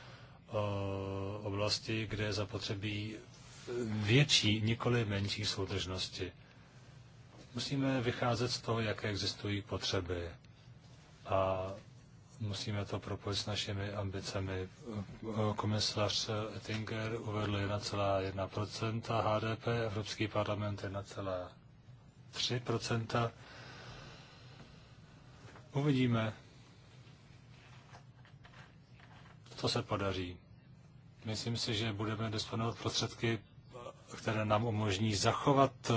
C: oblasti, kde je zapotřebí větší, nikoli menší soudržnosti. Musíme vycházet z toho, jaké existují potřeby a musíme to propojit s našimi ambicemi. Komisař Ettinger uvedl 1,1 HDP, Evropský parlament 1,3 Uvidíme, co se podaří. Myslím si, že budeme disponovat prostředky, které nám umožní zachovat eh,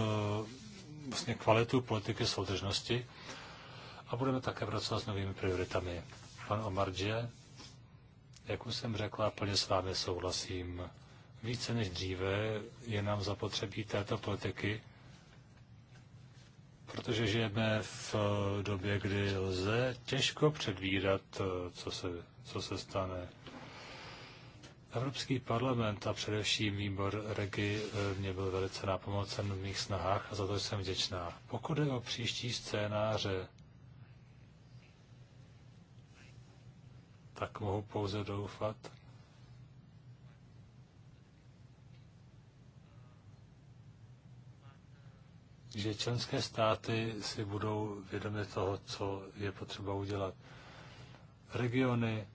C: vlastně kvalitu politiky soudržnosti a budeme také pracovat s novými prioritami. Pan Omarže, jak už jsem řekla, plně s vámi souhlasím. Více než dříve je nám zapotřebí této politiky, protože žijeme v eh, době, kdy lze těžko předvídat, eh, co se, co se stane. Evropský parlament a především výbor Regi eh, mě byl velice nápomocen v mých snahách a za to jsem vděčná. Pokud je o příští scénáře, tak mohu pouze doufat, že členské státy si budou vědomi toho, co je potřeba udělat. Regiony,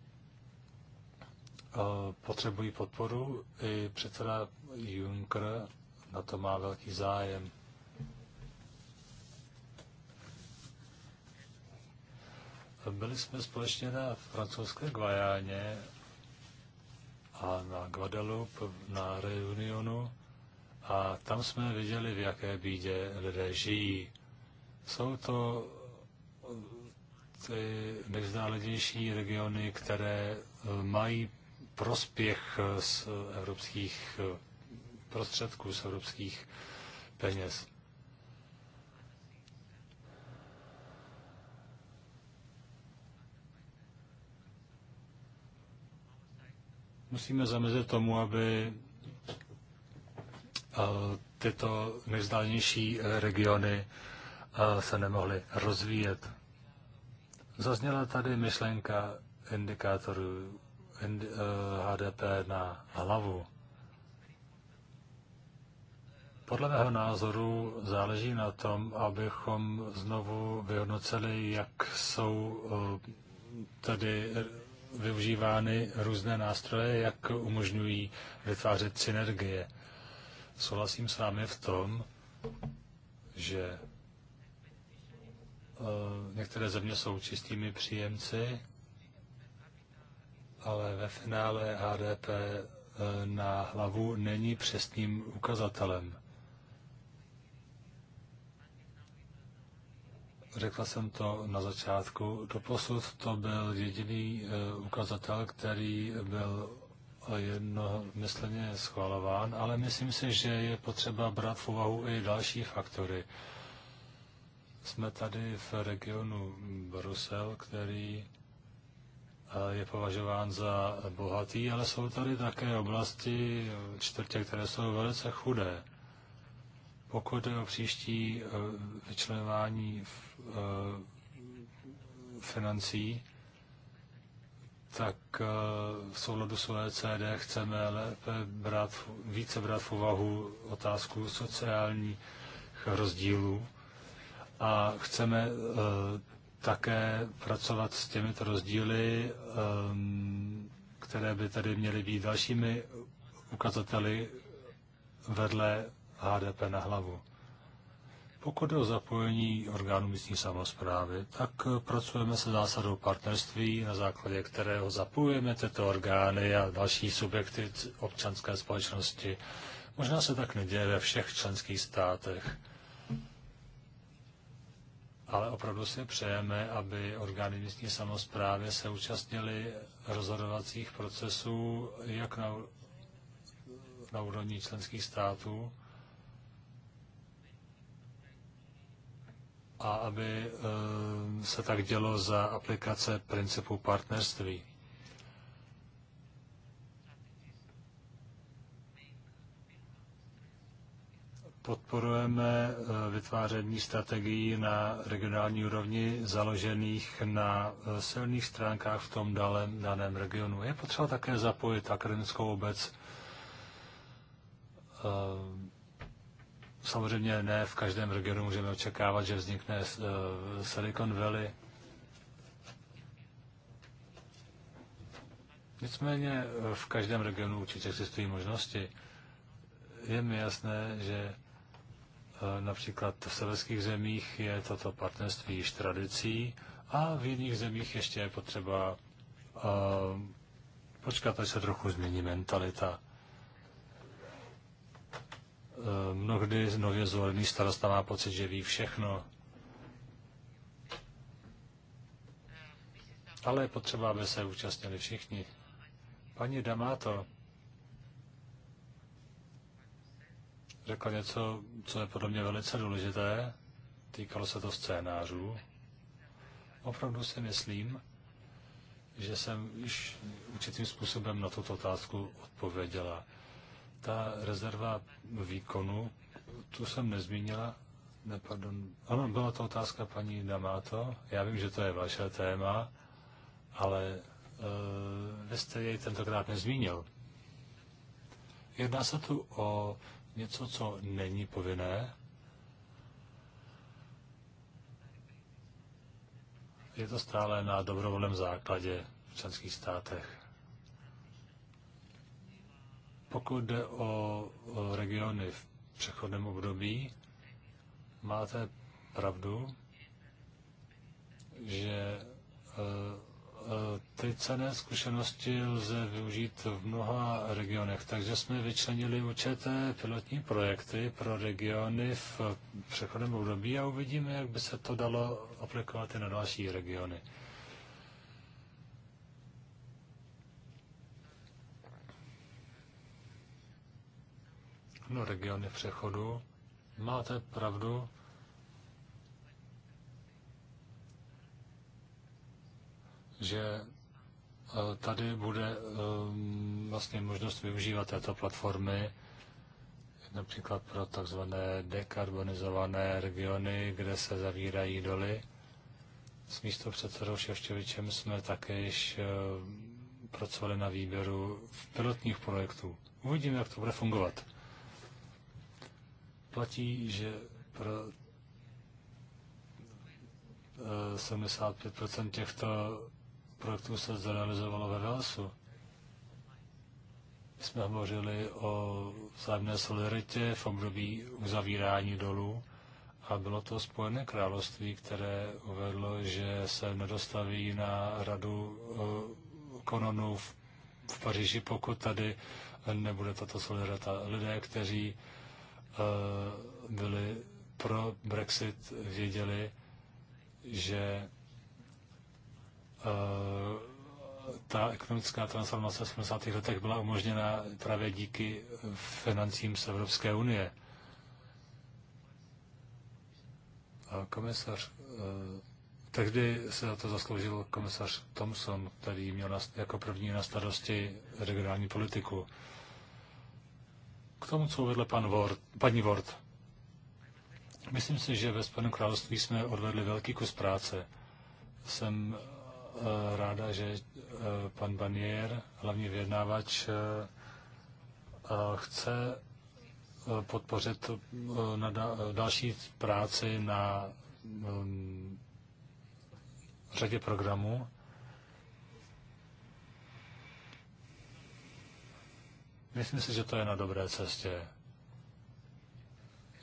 C: potřebují podporu. I předseda Juncker na to má velký zájem. Byli jsme společně na francouzské Guajáně a na Guadeloupe, na Reunionu a tam jsme viděli, v jaké bídě lidé žijí. Jsou to eh, ty nejvzdálenější regiony, které eh, mají prospěch eh, z eh, evropských eh, prostředků, z evropských peněz. Musíme zamezit tomu, aby tyto nejvzdálnější regiony se nemohly rozvíjet. Zazněla tady myšlenka indikátorů HDP eh, na hlavu. Podle mého názoru záleží na tom, abychom znovu vyhodnocili, jak jsou eh, tedy využívány různé nástroje, jak umožňují vytvářet synergie. Souhlasím s vámi v tom, že eh, některé země jsou čistými příjemci ale ve finále HDP eh, na hlavu není přesným ukazatelem. Řekla jsem to na začátku. Doposud to byl jediný eh, ukazatel, který byl jednomyslně schvalován, ale myslím si, že je potřeba brát v úvahu i další faktory. Jsme tady v regionu Brusel, který je považován za bohatý, ale jsou tady také oblasti čtvrtě, které jsou velice chudé. Pokud je o příští e, vyčlenování e, financí, tak e, v souladu s OECD chceme lépe brát, více brát v úvahu otázku sociálních rozdílů a chceme také pracovat s těmito rozdíly, ehm, které by tady měly být dalšími ukazateli vedle HDP na hlavu. Pokud je o zapojení orgánů místní samozprávy, tak pracujeme se zásadou partnerství, na základě kterého zapojujeme tyto orgány a další subjekty občanské společnosti. Možná se tak neděje ve všech členských státech ale opravdu si přejeme, aby orgány místní samozprávy se účastnili rozhodovacích procesů jak na, na úrovni členských států, a aby eh, se tak dělo za aplikace principu partnerství. podporujeme eh, vytváření strategií na regionální úrovni založených na eh, silných stránkách v tom dalém, daném regionu. Je potřeba také zapojit akademickou obec. Eh, samozřejmě ne v každém regionu můžeme očekávat, že vznikne Silicon Valley. Nicméně v každém regionu určitě existují možnosti. Je mi jasné, že Eh, například v severských zemích je toto partnerství již tradicí a v jiných zemích ještě je potřeba eh, počkat, až se trochu změní mentalita. Eh, mnohdy nově zvolený starosta má pocit, že ví všechno. Ale je potřeba, aby se účastnili všichni. Paní Damato, řekl něco, co je podle mě velice důležité. Týkalo se to scénářů. Opravdu si myslím, že jsem již určitým způsobem na tuto otázku odpověděla. Ta rezerva výkonu, tu jsem nezmínila, ne, pardon. Ano, byla to otázka paní Damato. Já vím, že to je vaše téma, ale e, vy jste jej tentokrát nezmínil. Jedná se tu o něco, co není povinné. Je to stále na dobrovolném základě v členských státech. Pokud jde o regiony v přechodném období, máte pravdu, že eh, ty cené zkušenosti lze využít v mnoha regionech, takže jsme vyčlenili určité pilotní projekty pro regiony v přechodném období a uvidíme, jak by se to dalo aplikovat i na další regiony. No, regiony přechodu. Máte pravdu, že eh, tady bude eh, vlastně možnost využívat této platformy například pro takzvané dekarbonizované regiony, kde se zavírají doly. S místo předsedou Šeštěvičem jsme také již eh, pracovali na výběru pilotních projektů. Uvidíme, jak to bude fungovat. Platí, že pro 75 těchto projektů se zrealizovalo ve Velsu. My jsme hovořili o vzájemné solidaritě v období uzavírání dolů a bylo to Spojené království, které uvedlo, že se nedostaví na radu eh, kononů v, v Paříži, pokud tady nebude tato solidarita. Lidé, kteří eh, byli pro Brexit, věděli, že Eh, ta ekonomická transformace v 70. letech byla umožněna právě díky financím z Evropské unie. A komisař, eh, tehdy se o to zasloužil komisař Thomson, který měl jako první na starosti regionální politiku. K tomu, co uvedl pan Ward, paní Ward. Myslím si, že ve Spojeném království jsme odvedli velký kus práce. Jsem Eh, ráda, že eh, pan Banier, hlavní vyjednávač, eh, chce podpořit na další práci na mm, řadě programů. Myslím si, že to je na dobré cestě.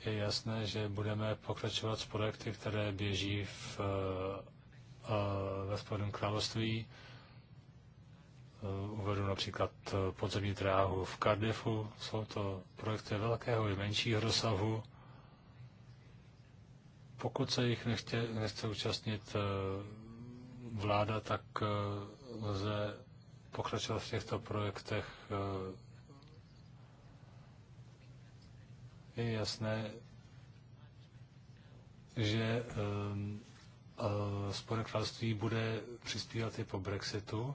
C: Je jasné, že budeme pokračovat s projekty, které běží v ve Spojeném království. E, uvedu například e, podzemní dráhu v Cardiffu. Jsou to projekty velkého i menšího rozsahu. Pokud se jich nechtě, nechce účastnit e, vláda, tak lze pokračovat v těchto projektech. Je jasné, že ehm, Eh, Spojené království bude přispívat i po Brexitu.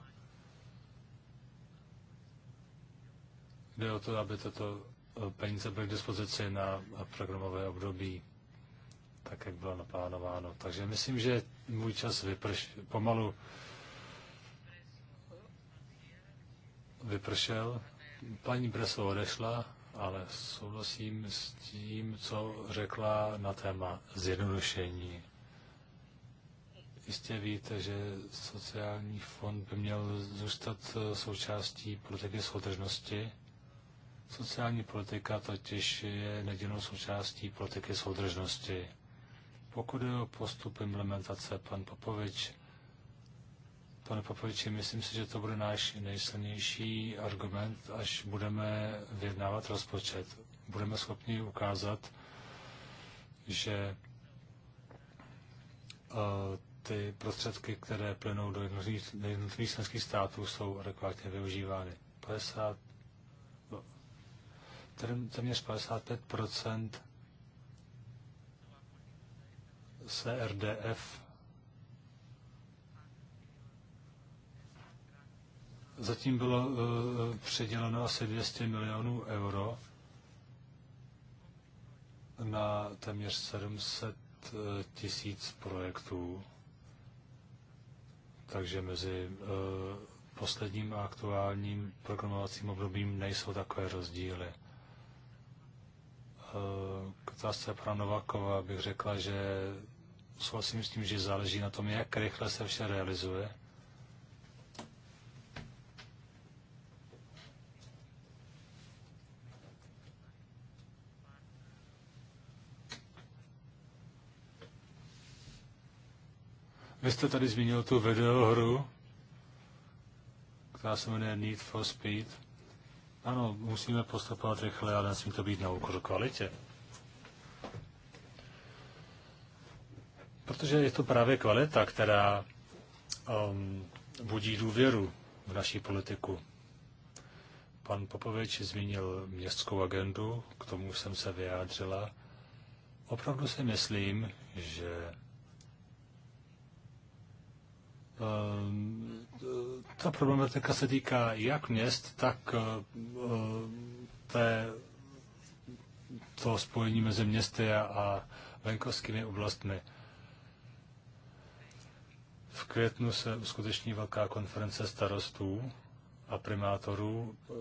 C: Jde o to, aby tato eh, peníze byly k dispozici na programové období, tak jak bylo naplánováno. Takže myslím, že můj čas vyprš, pomalu vypršel. Paní Breslo odešla, ale souhlasím s tím, co řekla na téma zjednodušení. Jistě víte, že sociální fond by měl zůstat eh, součástí politiky soudržnosti. Sociální politika totiž je nedělnou součástí politiky soudržnosti. Pokud je o postup implementace, pan Popovič, pane Popoviči, myslím si, že to bude náš nejsilnější argument, až budeme vyjednávat rozpočet. Budeme schopni ukázat, že uh, ty prostředky, které plynou do jednotlivých členských států, jsou adekvátně využívány. 50, no, téměř 55 CRDF RDF zatím bylo uh, eh, předěleno asi 200 milionů euro na téměř 700 eh, tisíc projektů. Takže mezi eh, posledním a aktuálním programovacím obdobím nejsou takové rozdíly. K eh, otázce pana Novakova bych řekla, že souhlasím s tím, že záleží na tom, jak rychle se vše realizuje. Vy jste tady zmínil tu videohru, která se jmenuje Need for Speed. Ano, musíme postupovat rychle, ale nesmí to být na úkor kvalitě. Protože je to právě kvalita, která um, budí důvěru v naší politiku. Pan Popovič zmínil městskou agendu, k tomu jsem se vyjádřila. Opravdu si myslím, že Ehm, ta problematika se týká jak měst, tak eh, eh, té, spojení mezi městy a venkovskými oblastmi. V květnu se uskuteční velká konference starostů a primátorů. Eh,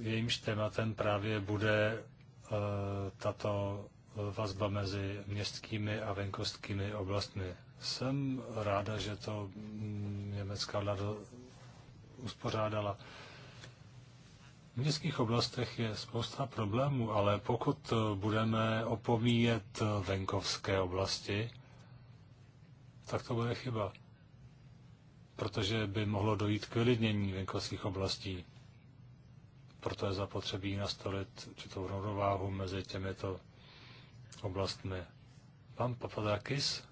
C: jejímž tématem právě bude tato vazba mezi městskými a venkovskými oblastmi. Jsem ráda, že to německá vláda uspořádala. V městských oblastech je spousta problémů, ale pokud budeme opomíjet venkovské oblasti, tak to bude chyba. Protože by mohlo dojít k vylidnění venkovských oblastí. Proto je zapotřebí nastolit určitou rovnováhu mezi těmito oblastmi. Pan Papadakis?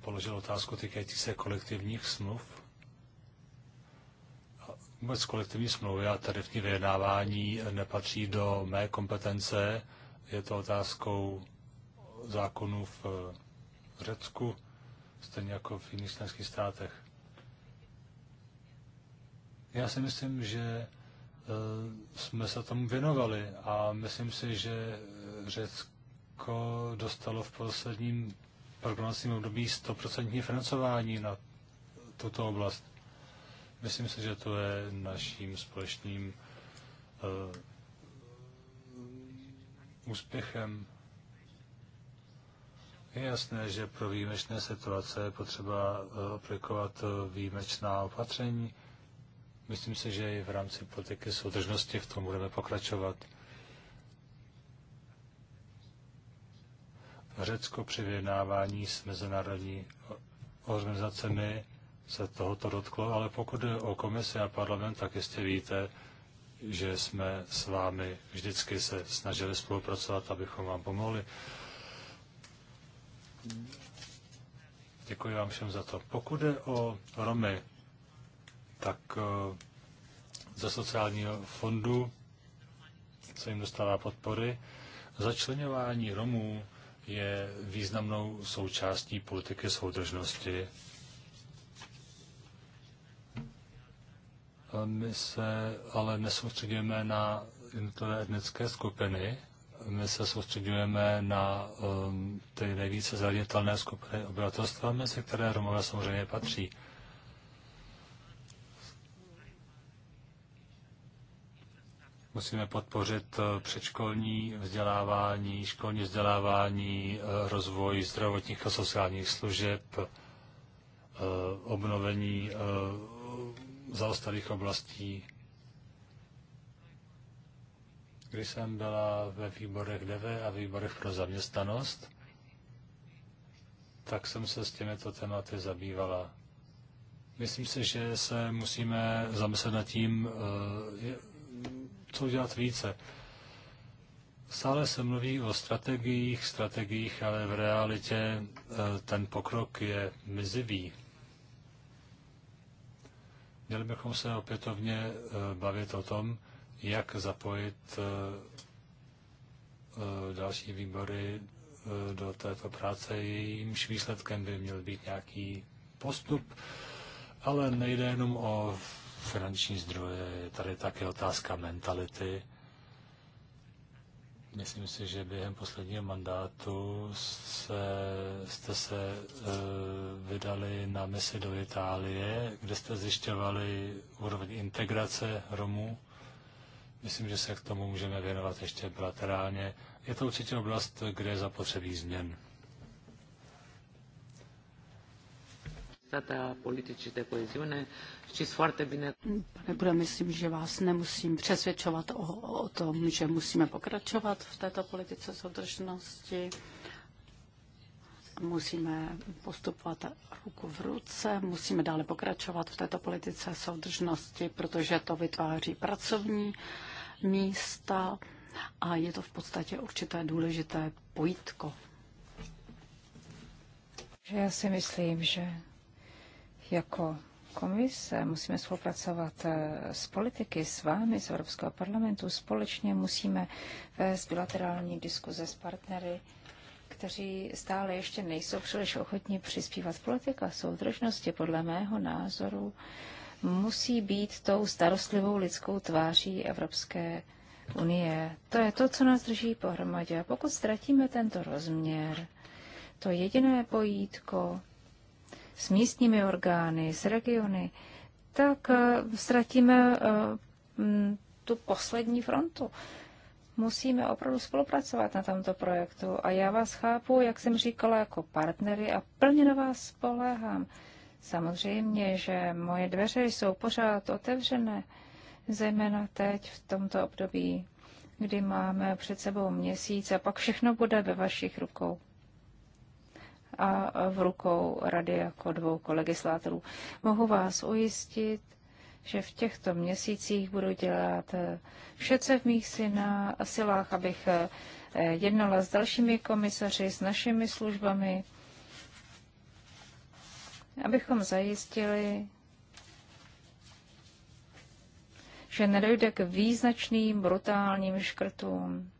C: položil otázku týkající se kolektivních smluv. Vůbec kolektivní smlouvy a tarifní vyjednávání nepatří do mé kompetence. Je to otázkou zákonů v Řecku, stejně jako v jiných členských státech. Já si myslím, že e, jsme se tomu věnovali a myslím si, že Řecko dostalo v posledním programovacím období 100% financování na tuto oblast. Myslím si, že to je naším společným uh, úspěchem. Je jasné, že pro výjimečné situace je potřeba eh, aplikovat eh, výjimečná opatření. Myslím si, že i v rámci politiky soudržnosti v tom budeme pokračovat. Řecko při vyjednávání s mezinárodní organizacemi se tohoto dotklo, ale pokud jde o komisi a parlament, tak jistě víte, že jsme s vámi vždycky se snažili spolupracovat, abychom vám pomohli. Děkuji vám všem za to. Pokud jde o Romy, tak eh, ze sociálního fondu se jim dostává podpory. Začlenování Romů je významnou součástí politiky soudržnosti. My se ale nesoustředujeme na jednotlivé etnické skupiny, my se soustředujeme na um, ty nejvíce zranitelné skupiny obyvatelstva, mezi které Romové samozřejmě patří. Musíme podpořit eh, předškolní vzdělávání, školní vzdělávání, eh, rozvoj zdravotních a sociálních služeb, eh, obnovení zaostalých oblastí. Když jsem byla ve výborech DV a výborech pro zaměstnanost, tak jsem se s těmito tématy zabývala. Myslím si, že se musíme zamyslet nad tím, co dělat více. Stále se mluví o strategiích, strategiích, ale v realitě eh, ten pokrok je mizivý. Měli bychom se opětovně eh, bavit o tom, jak zapojit eh, další výbory do této práce. Jejímž výsledkem by měl být nějaký postup, ale nejde jenom o finanční zdroje, je tady také otázka mentality. Myslím si, že během posledního mandátu se, jste se e, vydali na misi do Itálie, kde jste zjišťovali úroveň integrace Romů. Myslím, že se k tomu můžeme věnovat ještě bilaterálně. Je to určitě oblast, kde je zapotřebí změn.
B: necesitatea politicii de coeziune. Știți foarte bine. Pane Bure, myslím, že vás nemusím přesvědčovat o, o tom, že musíme pokračovat v této politice soudržnosti. Musíme postupovat ruku v ruce, musíme dále pokračovat v této politice soudržnosti, protože to vytváří pracovní místa a je to v podstatě určité důležité pojítko. Já si
A: myslím, že jako komise musíme spolupracovat eh, s politiky, s vámi, z Evropského parlamentu. Společně musíme vést bilaterální diskuze s partnery, kteří stále ještě nejsou příliš ochotní přispívat. Politika soudržnosti podle mého názoru musí být tou starostlivou lidskou tváří Evropské unie. To je to, co nás drží pohromadě. A pokud ztratíme tento rozměr, to jediné pojítko, s místními orgány, s regiony, tak eh, ztratíme eh, mm, tu poslední frontu. Musíme opravdu spolupracovat na tomto projektu a já vás chápu, jak jsem říkala, jako partnery a plně na vás spoléhám. Samozřejmě, že moje dveře jsou pořád otevřené, zejména teď v tomto období, kdy máme před sebou měsíc a pak všechno bude ve vašich rukou a v rukou rady jako dvou kolegislátorů. Mohu vás ujistit, že v těchto měsících budu dělat eh, vše, co v mých syna, silách, abych eh, jednala s dalšími komisaři, s našimi službami, abychom zajistili, že nedojde k význačným brutálním škrtům.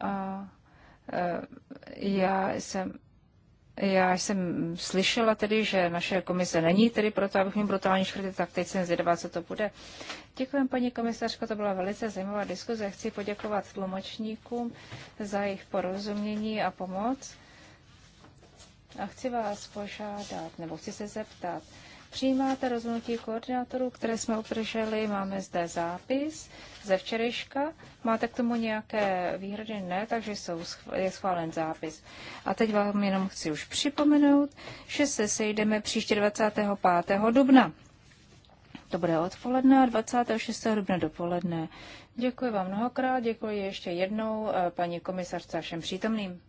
A: A eh, já jsem já jsem slyšela tedy, že naše komise není tedy proto, abych měl brutální škrty, tak teď jsem zvědavá, co to bude. Děkuji, paní komisařko, to byla velice zajímavá diskuze. Chci poděkovat tlumočníkům za jejich porozumění a pomoc. A chci vás požádat, nebo chci se zeptat, Přijímáte rozhodnutí koordinátorů, které jsme obdrželi. Máme zde zápis ze včerejška. Máte k tomu nějaké výhrady? Ne, takže jsou, je schválen zápis. A teď vám jenom chci už připomenout, že se sejdeme příště 25. dubna. To bude odpoledne a 26. dubna dopoledne. Děkuji vám mnohokrát, děkuji ještě jednou eh, paní komisařce a všem přítomným.